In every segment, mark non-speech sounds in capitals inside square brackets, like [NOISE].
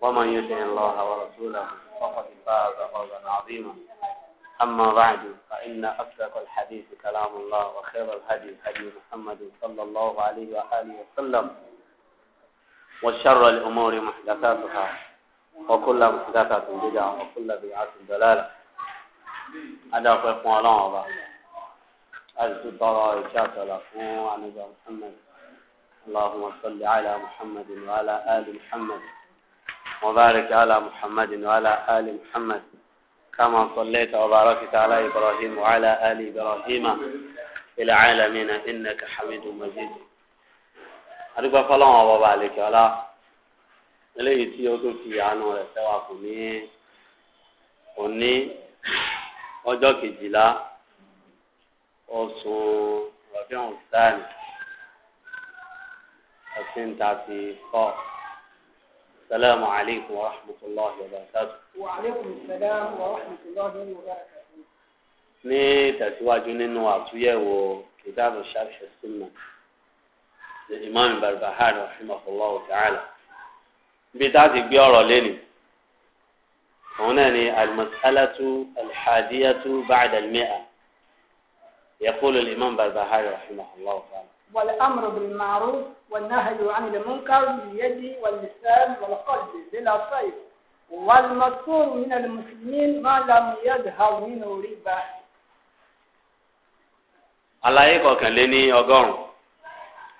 ومن يطع الله ورسوله فقد فاز فوزا عظيما أما بعد فإن أصدق الحديث كلام الله وخير الهدي هدي محمد صلى الله عليه وآله وسلم وشر الأمور محدثاتها وكل محدثة بدعة وكل بدعة ضلالة هذا هو فعلان الله الزبراء الشاطرة عن محمد اللهم صل على محمد وعلى آل محمد وبارك على محمد وعلى آل محمد كما صليت وباركت على إبراهيم وعلى آل إبراهيم إلى عالمين إنك حميد مجيد أرجو فلان وبارك على eléyìí tí ó tó fi àánú rẹ̀ sẹ́wà جلا ní òní ọjọ́ kejìlá oṣù rọ̀bíọ̀n السلام عليكم ورحمة الله وبركاته وعليكم السلام ورحمة الله وبركاته ني تسواجو ننو عطيه و كتاب الشرح السنة الإمام بربهار رحمه الله تعالى بداية بيارة ليني هناني المسألة الحادية بعد المئة يقول الإمام بربهار رحمه الله تعالى والأمر بالمعروف والنهي عن المنكر باليد واللسان والقلب بلا صيد والمطلوب من المسلمين ما لم يظهر منه ربا àlàyé kọkànléní ọgọ́rùn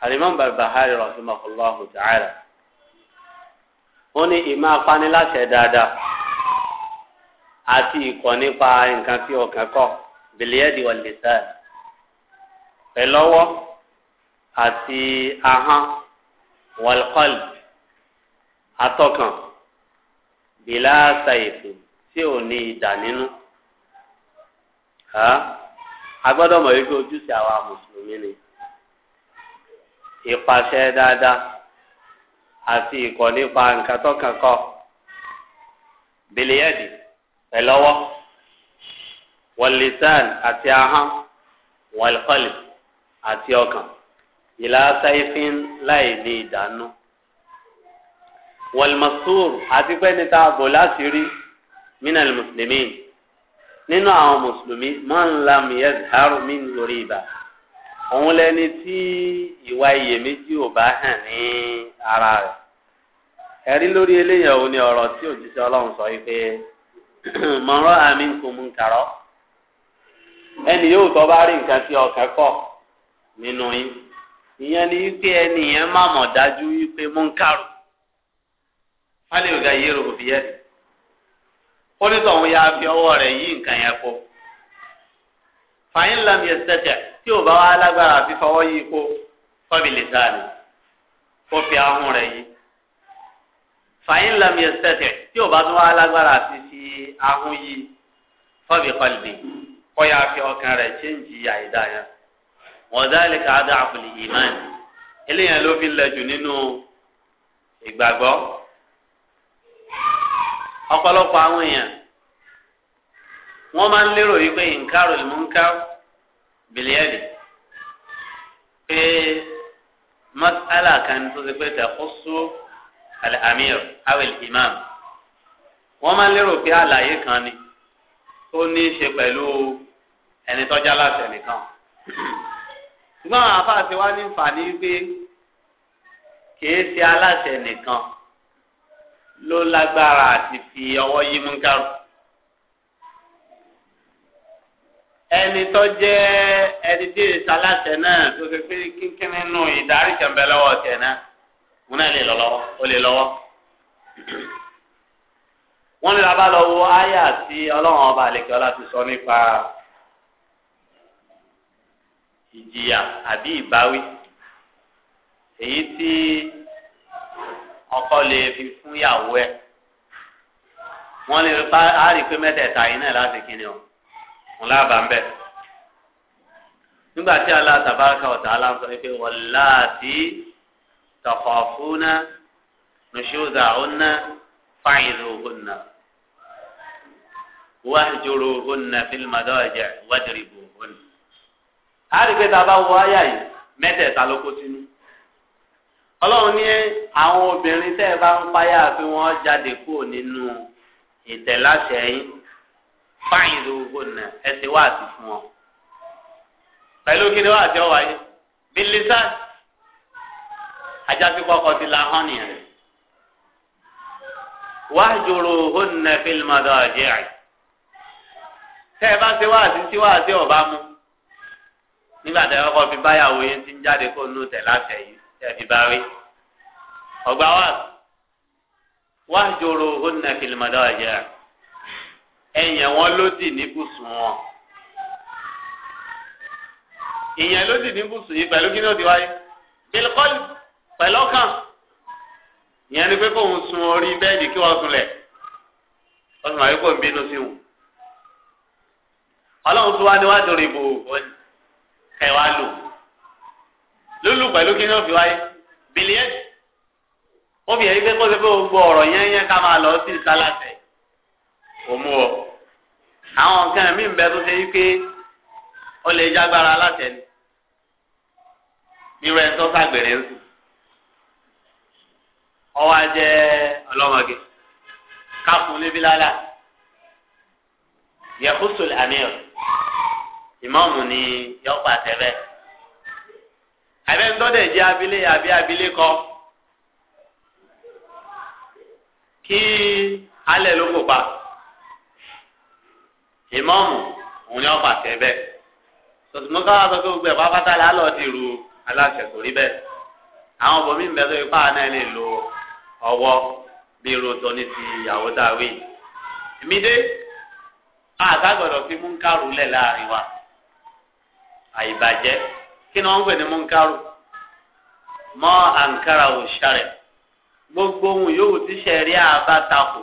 alimam barbahari rahimahullahu ta'ala ó ní ìmọ̀ apaniláṣẹ dáadáa àti ìkọ̀ nípa nǹkan tí ọkàn kọ bìlíẹ̀dì wà lẹ́sà pẹ̀lọ́wọ́ àti ahọ́n wọlkọlì atọ́kàn bìlà ṣàyẹ̀tò tí ò ní ìdà nínú. a gbọ́dọ̀ mọ̀ wípé ojúṣe àwa mùsùlùmí ni ìpàṣẹ dáadáa àti ìkọ̀ nípa nǹkan tọ́kàn kọ́ bìlìyẹ́dì pẹ̀lọ́wọ́ wọlìsàn àti ahọ́n wọlkọlì àti ọkàn ìlà saifin láì ní ìdáná wọlmọsúr àti pé níta bò láti rí mina mùsùlùmí nínú àwọn mùsùlùmí máa ń la miyẹn haru mi lórí ibà òun lẹni tí ìwà iyèméjì ò bá hàn ní ara rẹ̀ ẹ̀rí lórí eléyàn òun ni ọ̀rọ̀ tí òjíṣẹ́ Ọlọ́run sọ yìí pé àmì ń kò mú kàrọ́ ẹnì yóò tọ́ bá rí nǹkan tí ọkàn kọ̀ nínú yín ìyẹn ni wípé ẹni yẹn má mọ̀ dájú wípé múnkàrù fálẹ̀ ògá yìí rò bí yẹn ó ní tọ̀hún ya fi ọwọ́ rẹ̀ yí nǹkan yẹn kó fàyín lam yẹn sẹ́tẹ̀ tí ò bá wá lágbára fi fọwọ́ yí kó fọ́bi lè dáa ni kó fi ahọ́n rẹ̀ yí fàyín lam yẹn tí ò bá tún wá lágbára fi fi ahọ́n yí fọ́bi kọ́lì kó ya fi ọkàn rẹ̀ ṣéǹjì àìdá yẹn wọ́dálì káàdà àfọlì ìmáànì eléyàn ló fi lẹ́jù nínú ìgbàgbọ́ ọ̀pọ̀lọpọ̀ àwọn èèyàn wọ́n máa ń lérò yìí pé nkárò lè mú nkárò bìlíẹ̀lì pé mas'ala kan tó ti pé tẹ̀kọ́sù àlẹ́ amir awel imam wọ́n máa ń lérò pé àlàyé kan ni tó ní í ṣe pẹ̀lú ẹni tọ́jà láti ẹnìkan ṣùgbọ́n àwọn afáàṣẹ wa ní nfààní pé kìí ṣe aláṣẹ nìkan ló lágbára àti fi ọwọ́ yí mú kárù. ẹni tó jẹ́ ẹni tí èsì aláṣẹ náà tó fi pé kíkínní nù ìdarí kẹ̀mbẹ́ lọ́wọ́ tiẹ̀ náà mo náà lè lọ́wọ́ ó lè lọ́wọ́. wọ́n ní labá lọ wo ọlọ́run ọba àlèkè ọlá ti sọ nípa ìjìyà àbí ìbáwí èyí tí ọkọ lè fi fún ìyàwó ẹ̀ wọn lè pa á rí i pé mẹ́tẹ̀ẹ̀ta yìí náà láti kíni o wọn lábà ń bẹ nígbà tí Allah tabaraka wa ta'ala sọ pé wallati takhafuna nushuzahunna fa'izuhunna wahjuruhunna fil madaji' wadribuhunna àrígbé tá a bá wọ àyà yìí mẹ́tẹ̀ẹ̀ta ló kó sínú. ọlọ́run ní àwọn obìnrin tẹ́ ẹ bá ń payá pé wọ́n jáde kúrò nínú ìtẹ̀láṣẹ yín fáyìn lóko nà ẹ ti wá àti fún ọ. pẹ̀lú kí ni wọ́n àti ọwọ́ ayé bílísà ajásí kọ́kọ́ ti la hàn nìyẹn. wahjuruhunna fil madaji'. tẹ́ ẹ bá ń wá àti tí wá àti ọ̀bá mu nígbà tẹ ọkọ fi báyàwó yín ti ń jáde kó nù tẹ láfẹ yìí tẹ fi bá rí ọgbà wa wá jòrò ó nà kìlìmọdà ọjà ẹyìn wọn ló dì ní bùsùn wọn ìyẹn ló dì ní bùsùn yìí pẹ̀lú kí ni ó ti wáyé bílkọlì pẹ̀lú ọkàn ìyẹn ni pé kóun sun orí bẹ́ẹ̀dì kí wọn sunlẹ̀ wọn àyíkò ń bínú sí wọn Ọlọ́run tó wá ní wá dòrò ìbò wọn kẹ wá lò lólù pẹ̀lú kí ni ó fi wáyé bìlíẹ̀tì ó fi ẹ̀rí pé kó ṣe pé ọ̀rọ̀ yẹn yẹn ká máa lọ sí ìsálàtẹ̀ òmu ọ àwọn nǹkan mi ń bẹ tó ṣe ó lè jágbára aláṣẹ ni nírú ń sùn ìmáàmù ni yọ̀pọ̀ àtẹ̀bẹ̀ àbẹ̀ntọ́dẹ̀ jẹ́ abilé àbí abilé kọ́ kí alẹ́ ló kópa ìmáàmù òun yọ̀pọ̀ àtẹ̀bẹ̀ tòtùmọ́ káwá sọ pé gbogbo ẹ̀ pápátá la ti ru aláṣẹ kò rí bẹ́ẹ̀ àwọn bòmí ń bẹ tó ipá náà lè lo ọwọ́ bí roto ní ti ìyàwó dáwé èmi dé àtàgbọ̀dọ̀ fi mú ń kárù lẹ̀ láàrin wa. àìbàjẹ́ kí ni wọ́n ń pè ní múnkárù mọ́ àǹkárà òṣàrẹ̀ gbogbo ohun yòówù tí sẹ̀rí àbá takò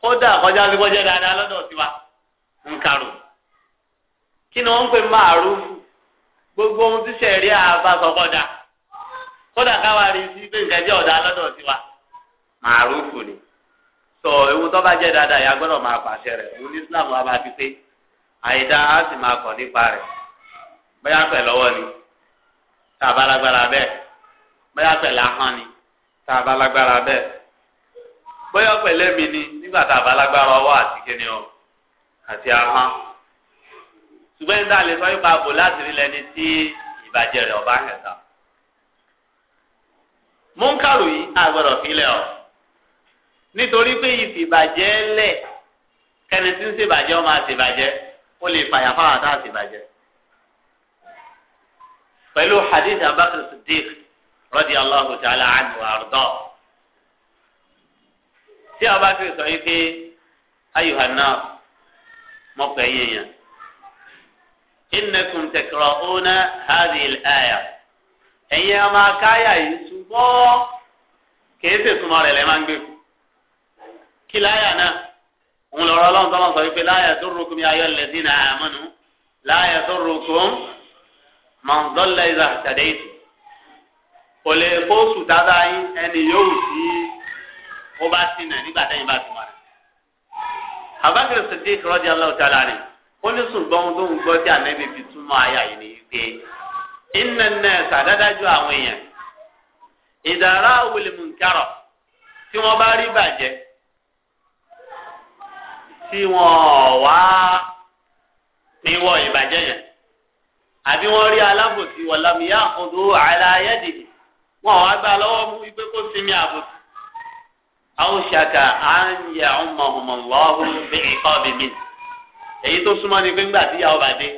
kódà kọjá sí kọjá dáadáa lọ́dọ̀ tiwa múnkárù kí ni wọ́n ń pè gbogbo ohun tí sẹ̀rí àbá sọ́kọ́dà kódà káwa sí pé nǹkan ọ̀dà lọ́dọ̀ tiwa máàrúfù ni sọ ewu tó bá jẹ́ dáadáa ìyá gbọ́dọ̀ máa pàṣẹ bóyá pẹ̀ lọ́wọ́ ni tá a bá lágbára bẹ́ẹ̀ bóyá pẹ̀ láhán ni tá a bá lágbára bẹ́ẹ̀ bóyá pẹ̀ lẹ́mi ni nígbà tá a bá lágbára ọwọ́ àti kíni o àti ahán ṣùgbọ́n ní dáa lè sọ yípa bò láti rí lẹni tí ìbàjẹ́ rẹ̀ ọba kẹta múnkàrò yìí àgbọ̀dọ̀ fílẹ̀ ọ̀ nítorí pé ìfìbàjẹ́ lẹ̀ kẹ́ni tí ń ṣèbàjẹ́ ọmọ àṣèbàjẹ́ ó lè fàyà fáwọn àtàṣèbàjẹ́ pẹ̀lú hadith abakar siddiq radiyallahu ta'ala anhu àrùdọ́ tí abakar sọ yìí pé ayuhanna mọ̀ pé yéèyàn innakum takra'una hadhihi al-aya ẹ̀yin ọmọ akáyà yìí ṣùgbọ́n kìí ṣètùmọ̀ rẹ̀ lẹ́ máa ń gbé kú kí láyà náà òun lọ́rọ́ ọlọ́run tọ́lọ́ sọ wípé láyà tó rúkú mi ayọ́ lẹ́sìn náà àmọ́nù láyà tó rúkú mọ̀ndọ́lá ìlà àtàdéyìí kò lè fóòsù dáadáa yín ẹni yóò sí ó bá sí nà nígbà tẹ́yìn bá ti mọ̀ rẹ̀. àbákẹ́rẹ́ sèdí ìkọ́rọ́dì aláwùjọ́lá rẹ̀ ó ní ṣùgbọ́n ohun tó ń gbọ́ tí ànẹ́bí fi túmọ̀ àyà yìí ni pé iná náà sàdádájú àwọn èèyàn ìdàrá wìlìmù nkárọ̀ tí wọ́n bá rí bàjẹ́ tí wọ́n wá níwọ̀ ìbàjẹ́ yẹn. àbí wọ́n rí alábòsí ya ọ̀dọ́ àlàyédè wọn wá gbà lọwọ mú wípé kó sinmi àbòsí. àwòṣàkà à ń yẹ bí mi èyí tó súnmọ́ ni pé ńgbà tíyàwó bá dé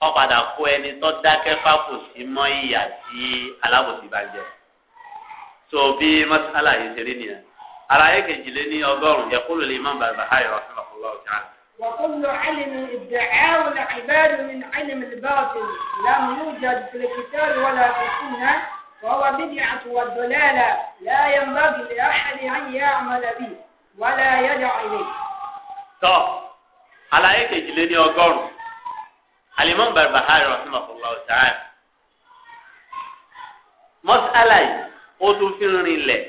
wọ́n padà kó ẹni tó dákẹ́ fáfò mọ́ ìyà tí alábòsí bá jẹ. tó bí mọ́sálà yìí ṣe rí nìyẹn. ọgọ́rùn-ún yẹ kó lè má وكل علم ادعاء العباد من علم الباطل لم يوجد في الكتاب ولا في السنة وهو بدعة والضلالة لا ينبغي لأحد أن يعمل به ولا يدع إليه. طب àlàyé kejìléní ọgọ́rùn alimam الإمام بربحاري رحمه الله تعالى مسألة tún fi rinlẹ̀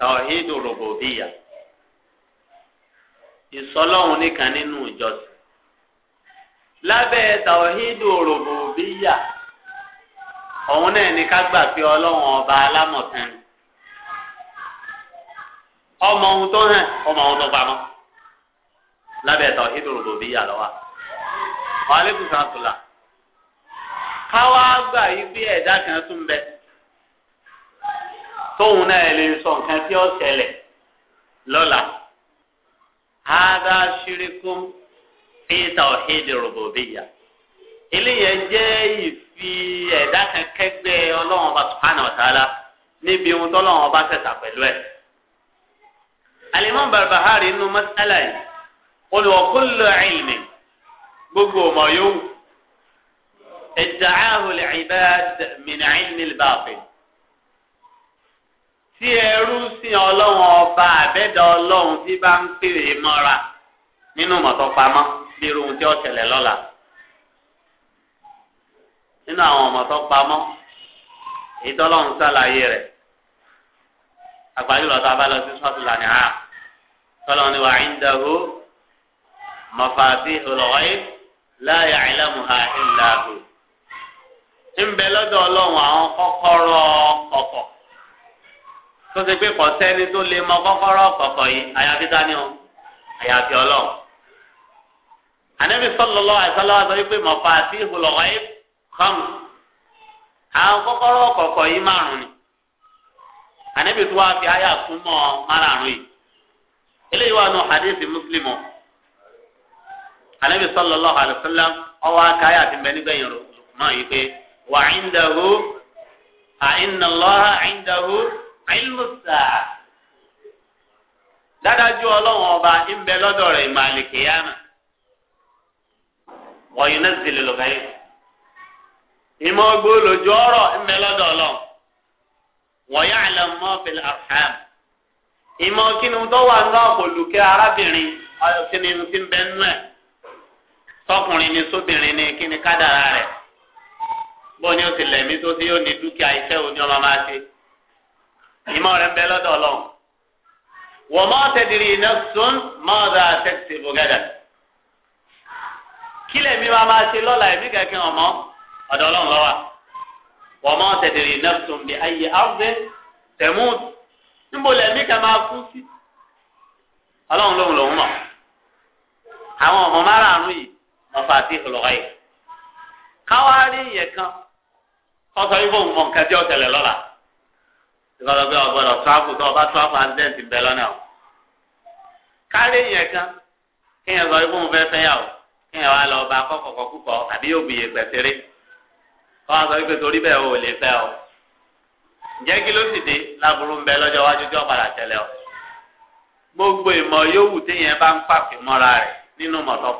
توحيد الربوبية ìsọlọ́hun nìkan nínú ìjọsìn lábẹ́ bí yà òun náà ni ká gbà pé ọlọ́run ọba alámọ̀kan ọmọ ohun tó hàn ọmọ ohun tó pamọ́ lábẹ́ tàwíìdù rògbòbíyà lọ́wọ́ wàhálẹ́kùn sàtúlà káwá gbà yí pé bẹ tóun sọ nǹkan tí ó ṣẹlẹ̀ hada ṣirikun fi tawhid rububiyya eléyẹn jẹ́ ìfi ẹ̀dá kan kẹgbẹ́ ọlọ́run ọba subhanahu wa ta'ala níbi ohun tọ́lọ́run ọba ṣẹ̀ṣà pẹ̀lú ẹ̀. alimam barbahari nínú mas'ala yìí olùwọ̀kúlù ilmi gbogbo ọmọ yòówù ẹ̀dá ahùlẹ̀ ibad min tí ẹrú sí ọlọ́run ọba àbẹ́dà ọlọ́run tí bá ń pèrè mọ́ra nínú mọ̀tọ́pamọ́ bí irú ohun tí ó ṣẹlẹ̀ lọ́la nínú àwọn mọ̀tọ́pamọ́ ìtọ́lọ́run sàlàyé rẹ̀ àgbáyọ̀ lọ́tọ́ abálọ́ sí sọ́ọ̀tù lànà á tọ́lọ́run ni wà á ń dàgbò mọ̀fàtí olùwáyé láyé àìlẹ́mùhà ìlàgbò ń bẹ lọ́dọ̀ ọlọ́run àwọn kọ́kọ́rọ́ ọkọ̀ tó ṣe pé kọ̀sẹ́ni tó lè mọ kọ́kọ́rọ́ kọ̀kọ̀ yìí àyàfi dání o àyàfi ọlọ́run. ànábi sallallahu alaihi wasallam sọ pé mafatihul ghaib khams àwọn kọ́kọ́rọ́ kọ̀kọ̀ yìí márùn-ún ni ànábi tó wá fi àyà súnmọ́ márùn-ún yìí eléyìí wà nù hadith muslim o ànábi sallallahu alaihi wasallam ọwọ́ akáyà ti bẹ nígbẹ̀yìn ilmu sáà Dadaju ọlọ́run ọba ń bẹ lọ́dọ̀ rẹ̀ ìmọ̀ àlìkèyàmà wọ̀nyí náà sì lè yìí gbólójú lọ́dọ̀ ọlọ́run wọ̀nyí àlẹ́ mọ́ fìlà kínní tó wà ní àpòlùkẹ́ arábìnrin kínní ti bẹ ni sóbìnrin ni kínní ni ó ti ìmọ̀ rẹ̀ ń bẹ lọ́dọ̀ ọlọ́run wọ́n máa tẹ̀dìrì nafsun máa dà tẹ̀sí bùgádà kí lèmi máa máa ṣe lọ́la ẹ̀mí kẹ̀kẹ́ ọmọ ọ̀dọ̀ ọlọ́run lọ́wọ́ wọ́n máa tẹ̀dìrì nafsun bí ayé áwùjẹ tẹ̀múùtù níbo lẹ̀mí kẹ́ máa kú sí ọlọ́run lòun lòun mọ̀ àwọn ọmọ márààrún yìí mọ̀fàtí ìlọ́ra yìí káwá rí ìyẹn kan kọ́sọ́ ibò ń nǹkan tí ó lọ́la ìgbàlọ́ pé ọ̀gbọ́dọ̀ tíráfù tó ọba tíráfù àndẹ́ǹtì bẹ lọ́nà o. kárí yẹn kan kéèyàn sọ ikú mo fẹ́ fẹ́ yà o kéèyàn wá lọ ba kọ́kọ̀kọ́ kúkọ àbí yóò bìyẹ gbẹ̀sẹ̀rẹ̀ kọ́ wa sọ pé torí bẹ́ẹ̀ o lè fẹ́ o. ǹjẹ́ kí ló sì dé láburú ń bẹ lọ́jọ́ iwájú tí ọ̀padà tẹ̀lé o. gbogbo ìmọ̀ yòówù téèyàn bá ń pàfì mọ́ra rẹ̀ nínú mọ̀tọ́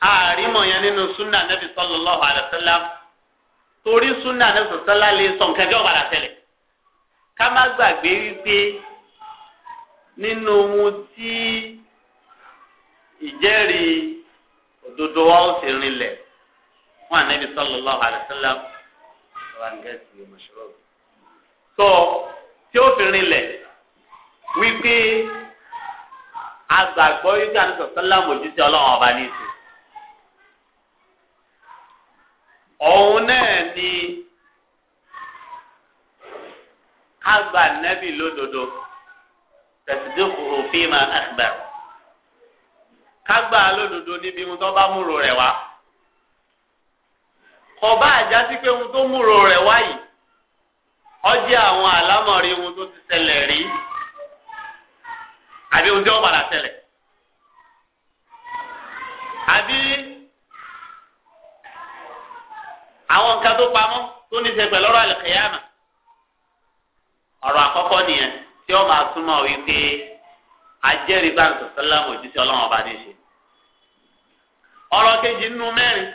àrímọ̀ yẹn nínú sunna nabi sallallahu alayhi wa sallam torí sunna nabi sallallahu alayhi wa sallam lè sọ nǹkan tí ó padà tẹ̀lé ká má gbàgbé wípé nínú ohun tí ìjẹ́rìí òdodo wa ó sì rinlẹ̀ fún anabi sallallahu alayhi wa so tí ó fi rinlẹ̀ wípé agbàgbọ́ yìí kí anabi sallallahu alayhi wa sallam ọlọ́run ọba ní ìsìn. òun náà ni àgbà nẹ́bì lódodo tẹ̀sídìkù òfin máa àgbàrò kágbà lódodo níbi ohun tó bá múro rẹ̀ wá kọba àjásí pé ohun tó múro rẹ̀ wá yìí ọjẹ́ àwọn ohun tó ti ṣẹlẹ̀ rí àbí ohun tí wọ́n àwọn nǹkan tó pamọ́ tó ní ṣe pẹ̀lú ọ̀rọ̀ àlùkìyàmà ọ̀rọ̀ àkọ́kọ́ nìyẹn tí ó máa túmọ̀ wípé ajẹ́rìí bá ń sọ sọ́lámù òjíṣẹ́ ọlọ́run ọba ní ṣe. ọ̀rọ̀ kejì nínú mẹ́rin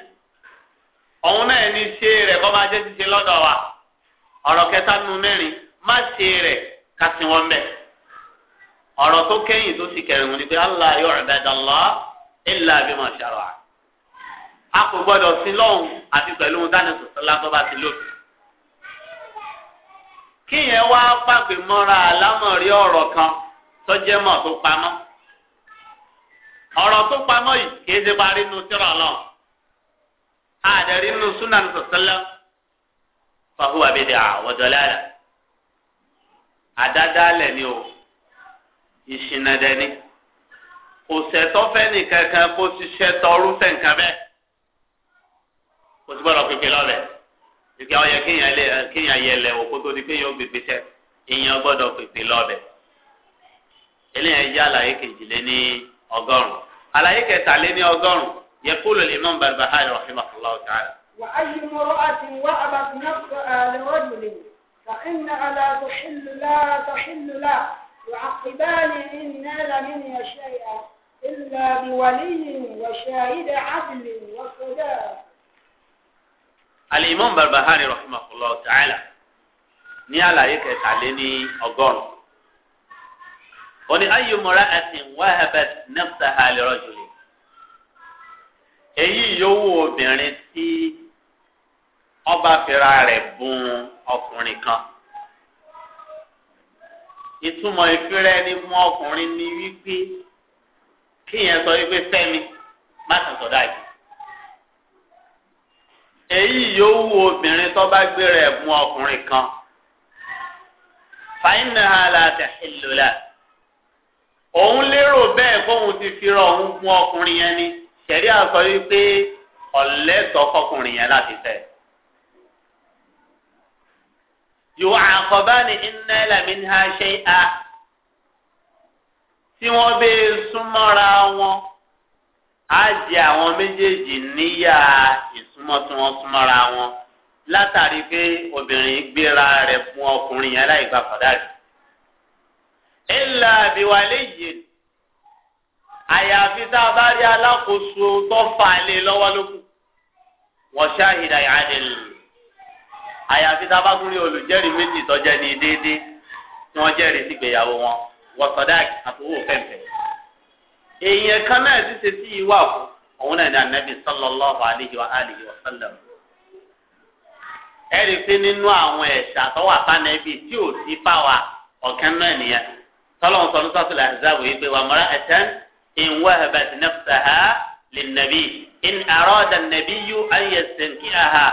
òun náà ní ṣe rẹ̀ bọ́ máa jẹ́ ṣíṣe lọ́dọ̀ wa ọ̀rọ̀ kẹta nínú mẹ́rin má ṣe rẹ̀ ká sí wọn bẹ́ẹ̀. ọ̀rọ̀ tó kẹ́yìn tó sì kẹrin ni pé allah yóò rẹ̀ bẹ́ẹ̀ dán a kò gbọdọ̀ sí lọ́hùn àti pẹ̀lú ohun dání sọ̀tọ́ látọ́ bá ti lófin. kíyẹn wá pàpè mọ́ra àlámọ̀rí ọ̀rọ̀ kan tọ́jẹ́ mọ̀ tó pamọ́. ọ̀rọ̀ tó pamọ́ yìí kìí ṣe parí nu tírà lọ. àdẹ̀rí nu súnàn sọ̀tọ́lá fahu abidà wọ́dọ̀lára. àdádálẹ̀ ni o ìṣìnà dẹni kò sẹ̀tọ́ fẹ́ nìkankan kó ti ṣẹ́tọ́ rúfẹ́ nǹkan bẹ́ẹ̀ kò sí gbọ́dọ̀ pépé lọ́lẹ̀ ìgbà ọ̀yẹ́ kéèyàn yẹ lẹ̀ òkú tó di pé yóò gbègbè tẹ̀ èèyàn gbọ́dọ̀ pépé lọ́bẹ̀ eléyàn jẹ́ àlàyé kejìlé ní ọgọ́rùn-ún àlàyé kẹtàlé ní ọgọ́rùn-ún yẹ kúlò lè mọ̀ Barbahari rahimahullahu ta'ala. wà á yí mọ́ àti wá àbàtúnáfà àlẹ́wọ́dùnlé فإن لا تحل لا تحل لا يعقبان إن نال منها شيئا إلا بولي وشاهد alimam barbahari rahimahullah ta'ala ní àlàyé kẹtàlé ní ọgọ́rùn ó ní ayyu mura'atin wahabat nafsaha li rajulin èyí yòówù obìnrin tí ọba fira rẹ̀ bùn ọkùnrin kan ìtumọ̀ ìfira ẹni fún ọkùnrin ni wípé kíyẹn sọ wípé fẹ́mi má sàn sọ̀dá yìí èyí yóò wu obìnrin tó bá gbéra ẹ̀bùn ọkùnrin kan fàyínà aláàtà ìlòlá òun lérò bẹ́ẹ̀ kóun ti fi ra òun gun ọkùnrin yẹn ni ṣẹ̀rí àsọ wípé ọ̀lẹ́tọ̀ kọkùnrin yẹn láti fẹ́. yòò àkọ́bá ni iná ẹlẹ́mí ní a a tí wọ́n bẹ́ẹ̀ súnmọ́ra wọn á jẹ àwọn méjèèjì níyà ìsúnmọ́ tí wọ́n súnmọ́ra wọn látàrí pé obìnrin gbéra rẹ̀ fún ọkùnrin yẹn láì gba fàdáàrí. ìlà àbíwálé yìí àyàfi tá a bá rí alákòóso tó fà lé lọ́wọ́ lókù wọ́n ṣáàhìdá ìhàdè lè àyàfi tá a bá tún rí olùjẹ́rìí méjì tó ní déédéé tí wọ́n jẹ́rìí sí wọn wọ́n sọ̀dáàkì àti owó fẹ̀fẹ̀ èèyàn kan náà ti ṣe sí ìwà fún òun náà ní anabi sallallahu alayhi wa alihi wa sallam ẹ̀rí pé nínú àwọn ẹ̀ṣà tó wà fánẹ́bì tí ò sí fáwa ọ̀kan náà nìyẹn tọ́lọ́hún sọ ní sọ́tùlù àzáwò yìí pé wà mọ́ra ẹ̀tẹ́n in wahabat nafsaha linnabi in arada an-nabiyyu an yastankihaha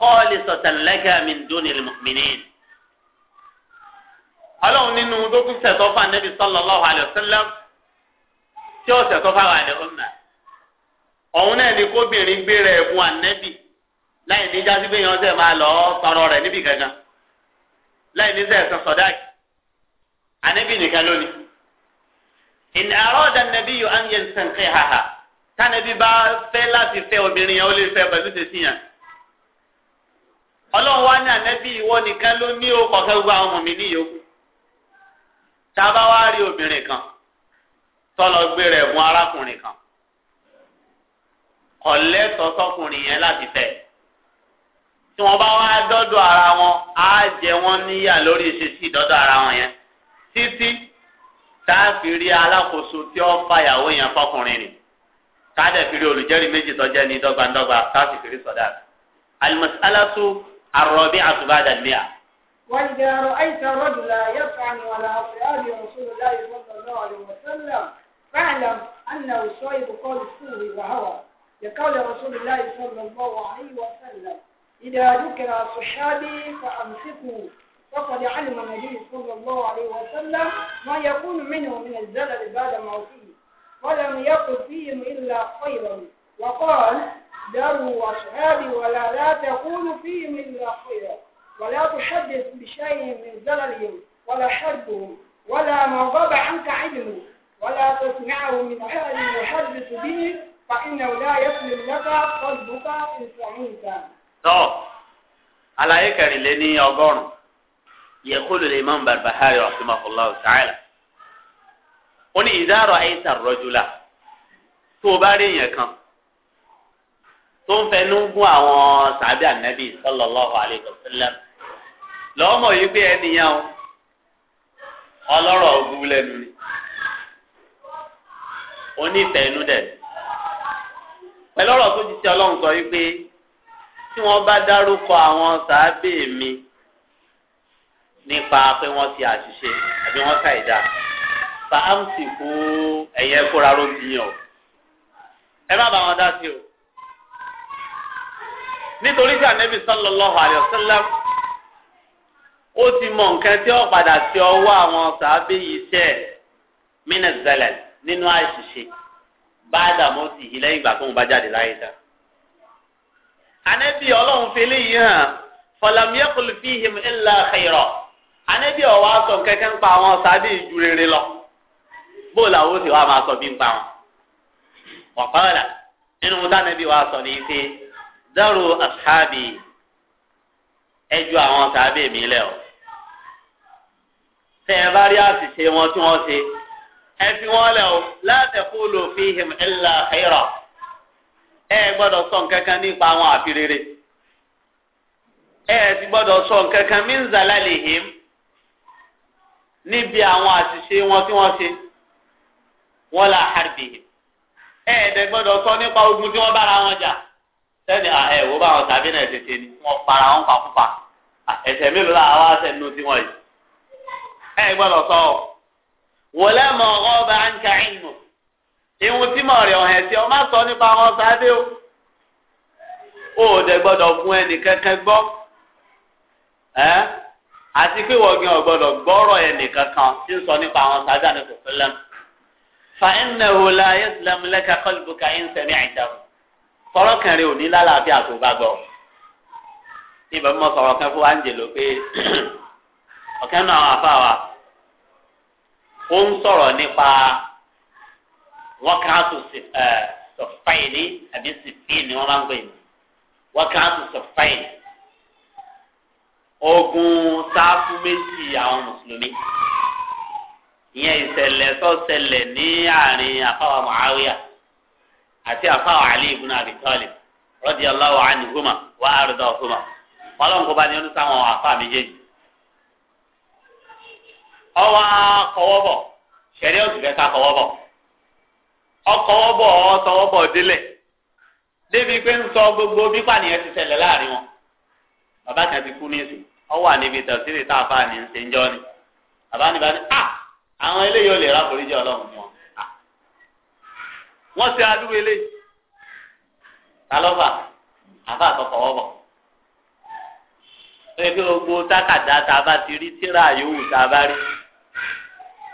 khalisatan laka min dunil mu'minin. ọlọ́run nínú dókítà tó fà nẹ́bí sallallahu alayhi tí ó sẹ̀tọ́ fáwọn àlẹ́ ọ̀nà ọ̀hún náà ni kóbìnrin gbéra ẹ̀bùn ànẹ́bì láì ní jásí pé yọ̀ọ́sẹ̀ máa lọ tọrọ rẹ̀ níbi kankan láì ní sẹ̀sán sọ̀dáàkì ànẹ́bì nìkan lónìí. in arada an-nabiyyu an yansankihaha tánẹ́bí bá fẹ́ láti fẹ́ obìnrin yẹn ó lè fẹ́ pẹ̀lú tètè yẹn. ọlọ́run wá ní ànẹ́bí ìwọ nìkan ló ní òkọ̀kẹ́ gbogbo àwọn ọmọ mi níyòókù. tá wá rí obìnrin kan tọ́lọ gbé rẹ̀ mú arákùnrin kan ọ̀lẹ́ sọ́sọ́kùnrin yẹn láti fẹ́ tí wọ́n bá wá dọ́dọ̀ ara wọn á jẹ wọ́n níyà lórí ìṣesí dọ́dọ̀ ara wọn yẹn títí táàfì rí alákòóso tí ó fàyàwó yẹn fọkùnrin ni táàdẹ̀ olùjẹ́rìí méjì tọ́jẹ́ ní dọ́gbandọ́gba táàfì fi rí sọ̀dá alimusalatu arọ̀bí àtúbàdàmíà. وإذا رأيت رجلا يفعل على أصحاب رسول الله صلى الله عليه وسلم فاعلم أنه صاحب قول السوء وهوى لقول رسول الله صلى الله عليه وسلم إذا ذكر صحابي فأمسكوا فقد علم النبي صلى الله عليه وسلم ما يكون منه من الزلل بعد موته ولم يقل فيهم إلا خيرا وقال ذروا أصحابي ولا لا تقول فيهم إلا خيرا ولا تحدث بشيء من زللهم ولا حربهم ولا ما غاب عنك علمه ولا تسمعه من أهل يحدث به فإنه لا يسلم لك قلبك إن سمعت. àlàyé kẹrìnléní ọgọ́rùn yẹkulu lè imam barbahari rahimahullah ta'ala ó ní ìdárò àyíṣà rọjùlá tó o bá rí èèyàn kan tó ń fẹnu gún àwọn sàbí ànábì sallallahu alayhi wa sallam lọ́mọ yìí pé ẹnìyàn ọlọ́rọ̀ ògùn lẹ́nu ni onífẹ̀ẹ́ inú dẹ̀. pẹ̀lú ọ̀rọ̀ tó ti ṣe ọlọ́run sọ wípé tí wọ́n bá dárúkọ àwọn sàábè mi nípa pé wọ́n ti àṣìṣe àbí wọ́n ṣà ìdá fàámsì kú ẹ̀yẹ kóra ló ti yàn o ẹ má bá wọn dá sí o nítorí tí ànábì sallallahu alaihi wasallam ó ti mọ nǹkan tí ó padà sí ọwọ́ àwọn sàábé yìí tẹ̀ mínà nínú àṣìṣe báàdà mọ́tì yìí lẹ́yìn ìgbà tóun bá jáde láyé ta. Ànábì ọlọ́run fi eléyìí hàn fọlámiyẹ́kùlù fíhìm illa khaira. Ànábì ọ̀wá sọ kẹ́kẹ́ ń pa àwọn sábẹ́ ìju rere lọ. Bóòlù àwọn òsì wa máa sọ bí ń pa wọn. Wọ̀kọ́lá nínú mọ́tà ànábì wa sọ ní ife dárò àṣàbì ẹjú àwọn sábẹ́ mi lẹ̀ Tẹ̀ ẹ bá rí àṣìṣe wọn tí wọ́n ṣe ẹ fi wọn lẹ o látẹkù lò fi hìm ẹlà ẹrọ ẹ gbọ́dọ̀ sọ nǹkankan nípa àwọn àfirere ẹ ti gbọ́dọ̀ sọ nǹkankan mí ń zàlá lè hìm níbi àwọn àṣìṣe wọn tí wọn ṣe wọn là hàrìbì hìm ẹ dẹ̀ gbọ́dọ̀ sọ nípa ogun tí wọn bára wọn jà sẹni ah, ẹ wo báwọn tàbí náà ṣe ṣe ni wọn para wọn pa fúpa ẹsẹ mélòó làwọn aṣẹ nù tiwọn yìí ẹ gbọ́dọ̀ sọ ọ wọlé mọ ọba ànkà ìmọ̀ ìhun tí mọ̀ rẹ̀ ọ̀hẹ̀ sí ọ má sọ nípa àwọn sáadé o ò dẹ̀ gbọ́dọ̀ fún ẹnì kankan gbọ́ ẹ́ àti pé wọ́gìn ọ̀gbọ́dọ̀ gbọ́rọ̀ ẹnì kankan tí ń sọ nípa àwọn sáadé àti sọ̀tẹ́lẹ̀m fa ẹnna wo la yẹsùlẹ̀m lẹ́ka kọ́lùbùkà ń sẹ́ni àìjáwó sọ̀rọ̀ kẹrin ò ní lálàáfíà tó bá gbọ́ ní ìbámu sọ̀rọ̀ kan fún [CLEARS THROAT] wa pé ọ̀kẹ́ náà àwọn àfa ó ń sọ̀rọ̀ nípa wákàtú sọ̀fáìlì àbí sìfíìlì wọ́n máa ń sọ̀fáìlì ogun sáfù méjì àwọn mùsùlùmí ìyẹn ìṣẹ̀lẹ̀ tó ní àárín àfáwà Muawiya àti àfáwà Ali ibn Abi Talib wa wọn lọ́nkọ́ bá ní oníṣàwọn méjèèjì. ọwọ́ kọwọbọ sẹ̀rí ọ̀sùn fẹ́ kọwọbọ ọkọwọbọ ọtọwọ́bọ̀ délẹ̀ débi pé ń sọ gbogbo bípa pànìyàn ti láàrin wọn bàbá kan ti kú ní ìsìn ọ níbi tá a fà ní ṣe ń ni bàbá bá ní à àwọn eléyìí ò lè ra wọ́n ṣe eléyìí ta kí gbogbo tákàdá tá a bá ti rí